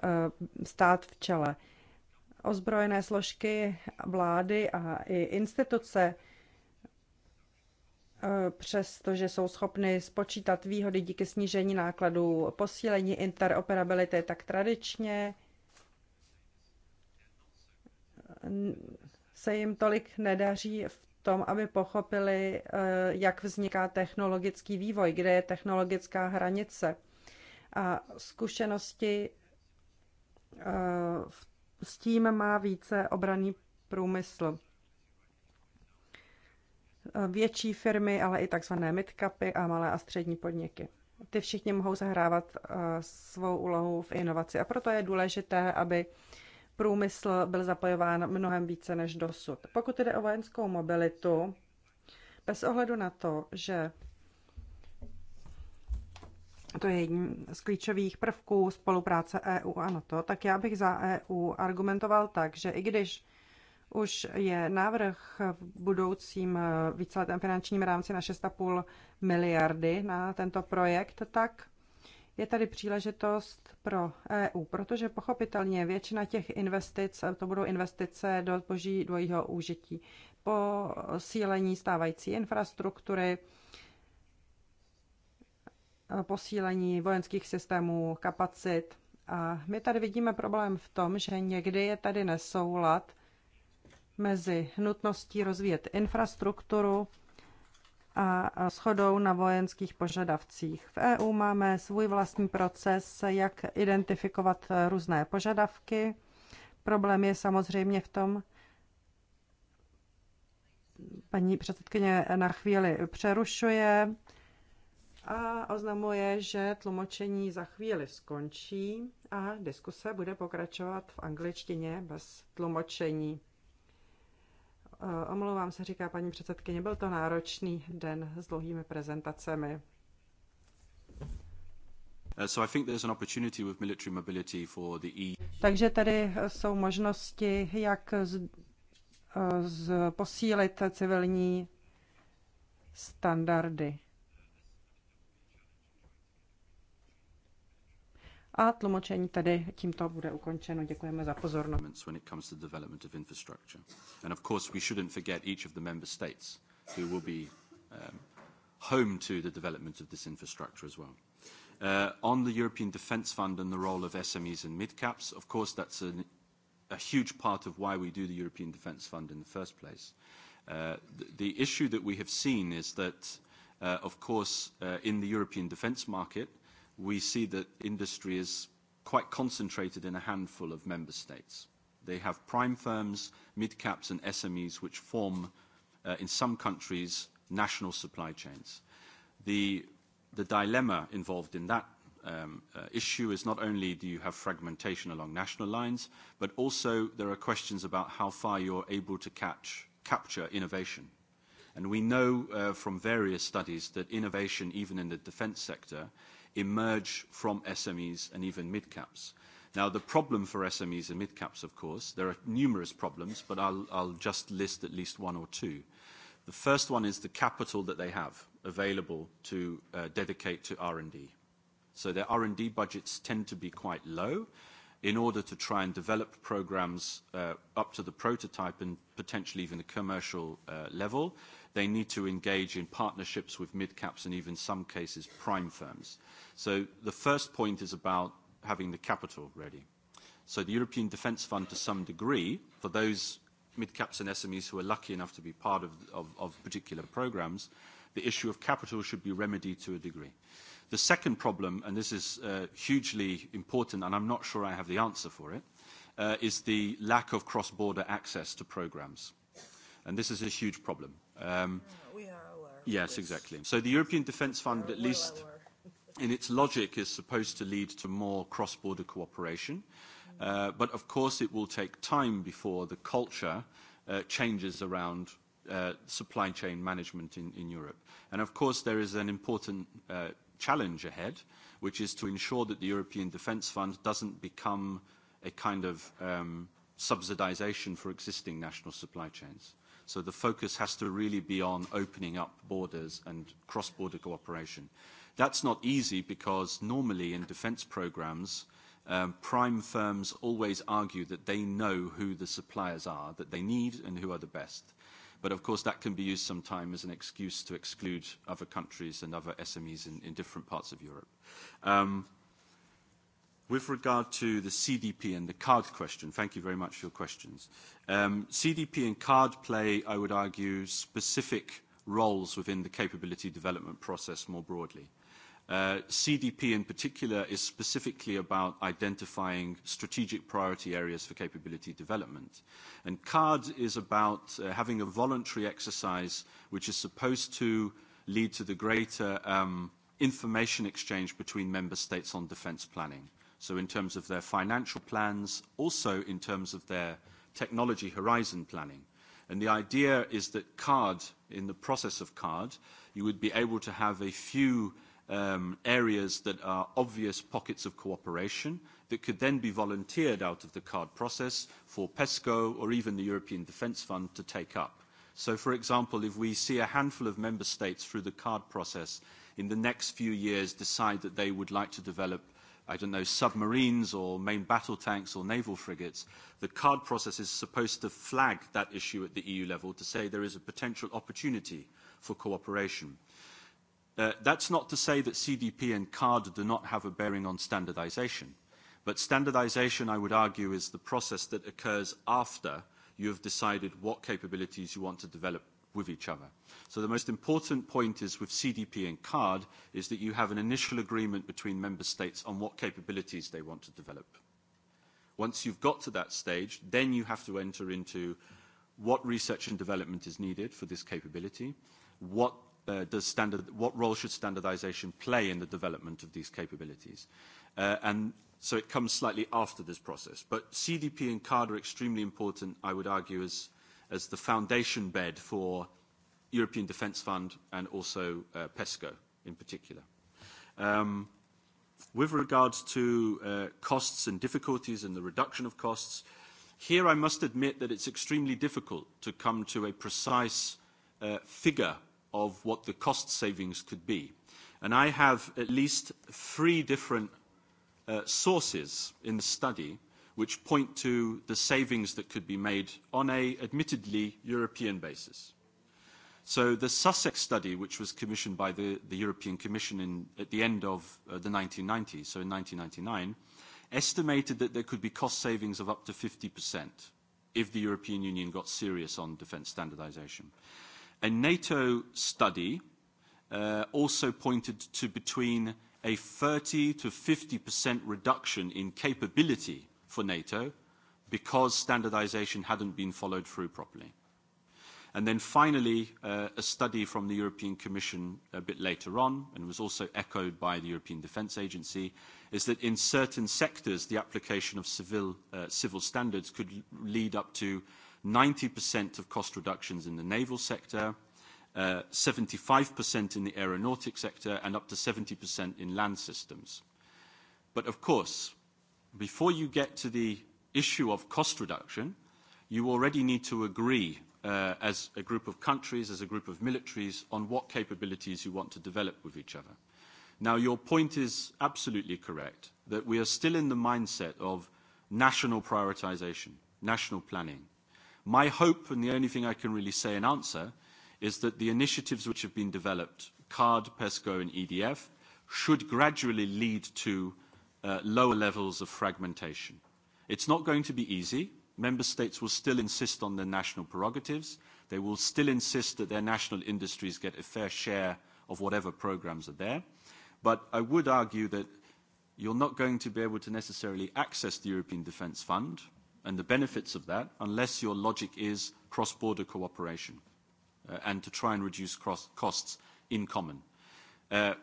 eh, stát v čele. Ozbrojené složky vlády a i instituce Eh, přestože jsou schopny spočítat výhody díky snížení nákladů, posílení interoperability, tak tradičně eh, se jim tolik nedaří v tom, aby pochopili, eh, jak vzniká technologický vývoj, kde je technologická hranice. A zkušenosti s tím má více obraný průmysl. Eh, větší firmy, ale i takzvané midcapy a malé a střední podniky. Ty všichni mohou zahrávat eh, svou úlohu v inovaci a proto je důležité, aby průmysl byl zapojován mnohem více než dosud. Pokud jde o vojenskou mobilitu, bez ohledu na to, že to je jedním z klíčových prvků spolupráce EU a NATO, tak já bych za EU argumentoval tak, že i když už je návrh v budoucím eh, víceletém finančním rámci na 6,5 miliardy na tento projekt, tak je tady příležitost pro EU, protože pochopitelně většina těch investic, eh, to budou investice do zboží dvojího užití, posílení stávající infrastruktury, eh, posílení vojenských systémů, kapacit. A my tady vidíme problém v tom, že někdy je tady nesoulad mezi nutností rozvíjet infrastrukturu a shodou na vojenských požadavcích. V EU máme svůj vlastní proces, jak identifikovat různé požadavky. Problém je samozřejmě v tom, paní předsedkyně na chvíli přerušuje a oznamuje, že tlumočení za chvíli skončí a diskuse bude pokračovat v angličtině bez tlumočení. Eh, omlouvám se, říká paní předsedkyně, byl to náročný den s dlouhými prezentacemi. Eh, e Takže tady eh, jsou možnosti, jak z, z posílit civilní standardy. a tlumočení tedy tímto bude ukončeno. Děkujeme za pozornost. Um, home to the development of this infrastructure as well. Uh, on the European Defence Fund and the role of SMEs and mid-caps, of course, that's an, a huge part of why we do the European Defence Fund in the first place. Uh, the, the issue that we have seen is that, uh, of course, uh, in the European defence market, we see that industry is quite concentrated in a handful of member states. They have prime firms, mid-caps, and SMEs, which form, uh, in some countries, national supply chains. The, the dilemma involved in that um, uh, issue is not only do you have fragmentation along national lines, but also there are questions about how far you're able to catch, capture innovation. And we know uh, from various studies that innovation, even in the defense sector, emerge from SMEs and even mid-caps. Now, the problem for SMEs and mid-caps, of course, there are numerous problems, but I'll, I'll just list at least one or two. The first one is the capital that they have available to uh, dedicate to R&D. So their R&D budgets tend to be quite low in order to try and develop programs uh, up to the prototype and potentially even the commercial uh, level they need to engage in partnerships with mid-caps and even some cases prime firms. So the first point is about having the capital ready. So the European Defence Fund to some degree, for those mid-caps and SMEs who are lucky enough to be part of, particular programs, the issue of capital should be remedied to a degree. The second problem, and this is uh, hugely important, and I'm not sure I have the answer for it, uh, is the lack of cross-border access to programs. And this is a huge problem. Um, we are aware. Yes, exactly. So the European Defence Fund, at least in its logic, is supposed to lead to more cross-border cooperation. Uh, but of course, it will take time before the culture uh, changes around uh, supply chain management in, in Europe. And of course, there is an important uh, challenge ahead, which is to ensure that the European Defence Fund doesn't become a kind of um, subsidization for existing national supply chains. So the focus has to really be on opening up borders and cross-border cooperation. That's not easy because normally in defense programs, um, prime firms always argue that they know who the suppliers are that they need and who are the best. But of course, that can be used sometimes as an excuse to exclude other countries and other SMEs in, in different parts of Europe. Um, With regard to the CDP and the card question, thank you very much for your questions. Um, CDP and card play, I would argue, specific roles within the capability development process more broadly. Uh, CDP in particular is specifically about identifying strategic priority areas for capability development. And CARD is about uh, having a voluntary exercise which is supposed to lead to the greater um, information exchange between member states on defense planning. So in terms of their financial plans, also in terms of their technology horizon planning. And the idea is that CARD, in the process of CARD, you would be able to have a few um, areas that are obvious pockets of cooperation that could then be volunteered out of the CARD process for PESCO or even the European Defence Fund to take up. So, for example, if we see a handful of member states through the CARD process in the next few years decide that they would like to develop i don't know, submarines or main battle tanks or naval frigates, the card process is supposed to flag that issue at the EU level to say there is a potential opportunity for cooperation. Uh, that's not to say that CDP and CARD do not have a bearing on standardization, but standardization, I would argue, is the process that occurs after you have decided what capabilities you want to develop with each other. So the most important point is with CDP and CARD is that you have an initial agreement between member states on what capabilities they want to develop. Once you've got to that stage, then you have to enter into what research and development is needed for this capability, what uh, does standard, what role should standardization play in the development of these capabilities? Uh, and so it comes slightly after this process. But CDP and CARD are extremely important, I would argue, as as the foundation bed for European Defence Fund and also uh, PESCO in particular. Um, with regards to uh, costs and difficulties and the reduction of costs, here I must admit that it's extremely difficult to come to a precise uh, figure of what the cost savings could be. And I have at least three different uh, sources in the study which point to the savings that could be made on a admittedly European basis. So the Sussex study, which was commissioned by the, the European Commission in, at the end of uh, the 1990s, so in 1999, estimated that there could be cost savings of up to 50% if the European Union got serious on defence standardisation. A NATO study uh, also pointed to between a 30 to 50% reduction in capability for NATO because standardization hadn't been followed through properly. And then finally, uh, a study from the European Commission a bit later on, and was also echoed by the European Defence Agency, is that in certain sectors, the application of civil, uh, civil standards could lead up to 90% of cost reductions in the naval sector, uh, 75% in the aeronautic sector, and up to 70% in land systems. But of course, before you get to the issue of cost reduction, you already need to agree uh, as a group of countries, as a group of militaries, on what capabilities you want to develop with each other. Now, your point is absolutely correct that we are still in the mindset of national prioritization, national planning. My hope, and the only thing I can really say in answer, is that the initiatives which have been developed, CARD, PESCO, and EDF, should gradually lead to Uh, lower levels of fragmentation. It's not going to be easy. Member states will still insist on their national prerogatives. They will still insist that their national industries get a fair share of whatever programs are there. But I would argue that you're not going to be able to necessarily access the European Defence Fund and the benefits of that unless your logic is cross-border cooperation uh, and to try and reduce costs in common. Uh,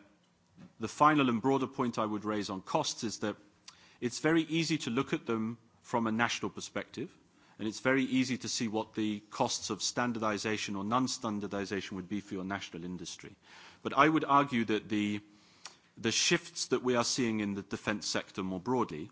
the final and broader point I would raise on costs is that it's very easy to look at them from a national perspective, and it's very easy to see what the costs of standardization or non-standardization would be for your national industry. But I would argue that the, shifts that we are seeing in the defense sector more broadly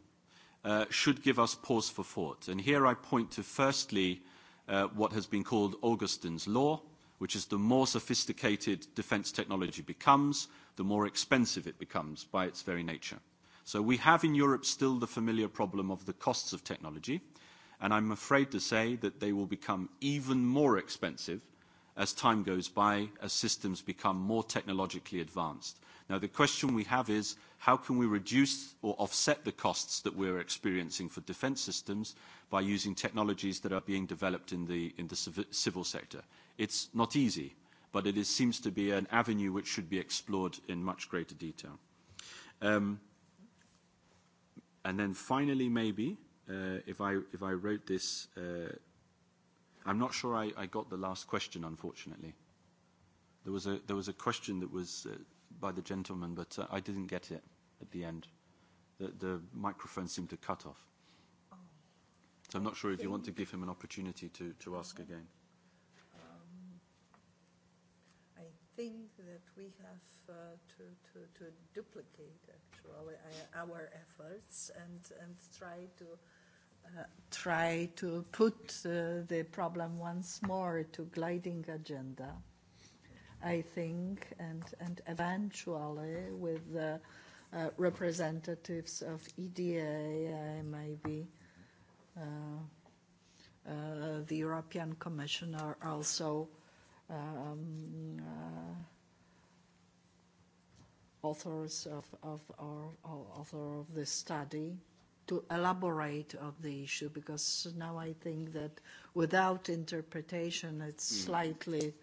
uh, should give us pause for thought. And here I point to firstly uh, what has been called Augustin's Law, which is the more sophisticated defence technology becomes, the more expensive it becomes by its very nature. So we have in Europe still the familiar problem of the costs of technology, and I'm afraid to say that they will become even more expensive as time goes by, as systems become more technologically advanced. Now, the question we have is, how can we reduce or offset the costs that we're experiencing for defense systems by using technologies that are being developed in the, in the civil sector? It's not easy, but it is, seems to be an avenue which should be explored in much greater detail. Um, and then finally, maybe, uh, if, I, if I wrote this, uh, I'm not sure I, I got the last question, unfortunately. There was a, there was a question that was uh, by the gentleman, but uh, I didn't get it at the end. The, the microphone seemed to cut off. So I'm not sure if you want to give him an opportunity to, to ask again. think that we have uh, to, to, to duplicate actually our efforts and, and try to uh, try to put uh, the problem once more to gliding agenda. I think, and, and eventually with the uh, representatives of EDA, uh, maybe uh, uh, the European Commissioner also um, uh, authors of, of, or, or author of the study to elaborate on the issue because now I think that without interpretation it's mm. slightly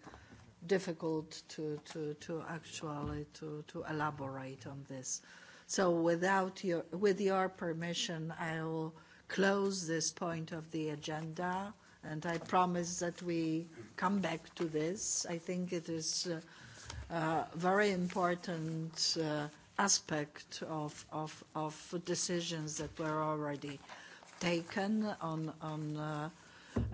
difficult to, to, to actually to, to elaborate on this. So without your, with your permission, I'll close this point of the agenda and I promise that we come back to this. I think it is a, a very important uh, aspect of, of, of decisions that were already taken on, on uh,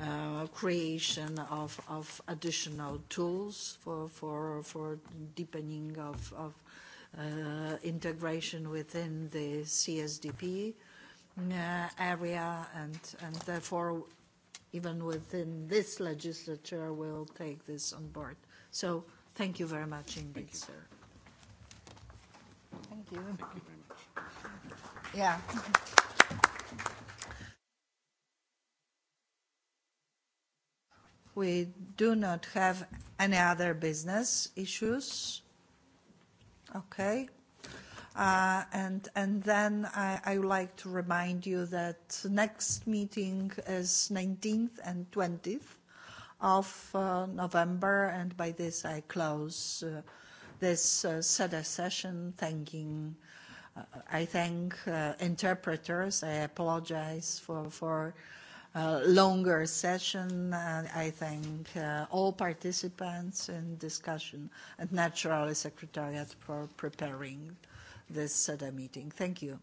uh, creation of, of additional tools for, for, for deepening of, of uh, integration within the CSDP uh, area, and, and therefore even within this legislature, will take this on board. So thank you very much indeed, thank you. sir. Thank you. Thank you very much. Yeah. We do not have any other business issues. Okay. Uh, and, then I, would like to remind you that next meeting is 19th and 20th of uh, November, and by this I close uh, this SEDA session, thanking. I thank interpreters. I apologize for, for longer session. I thank all participants in discussion, and naturally, Secretariat for preparing this SEDA uh, meeting. Thank you.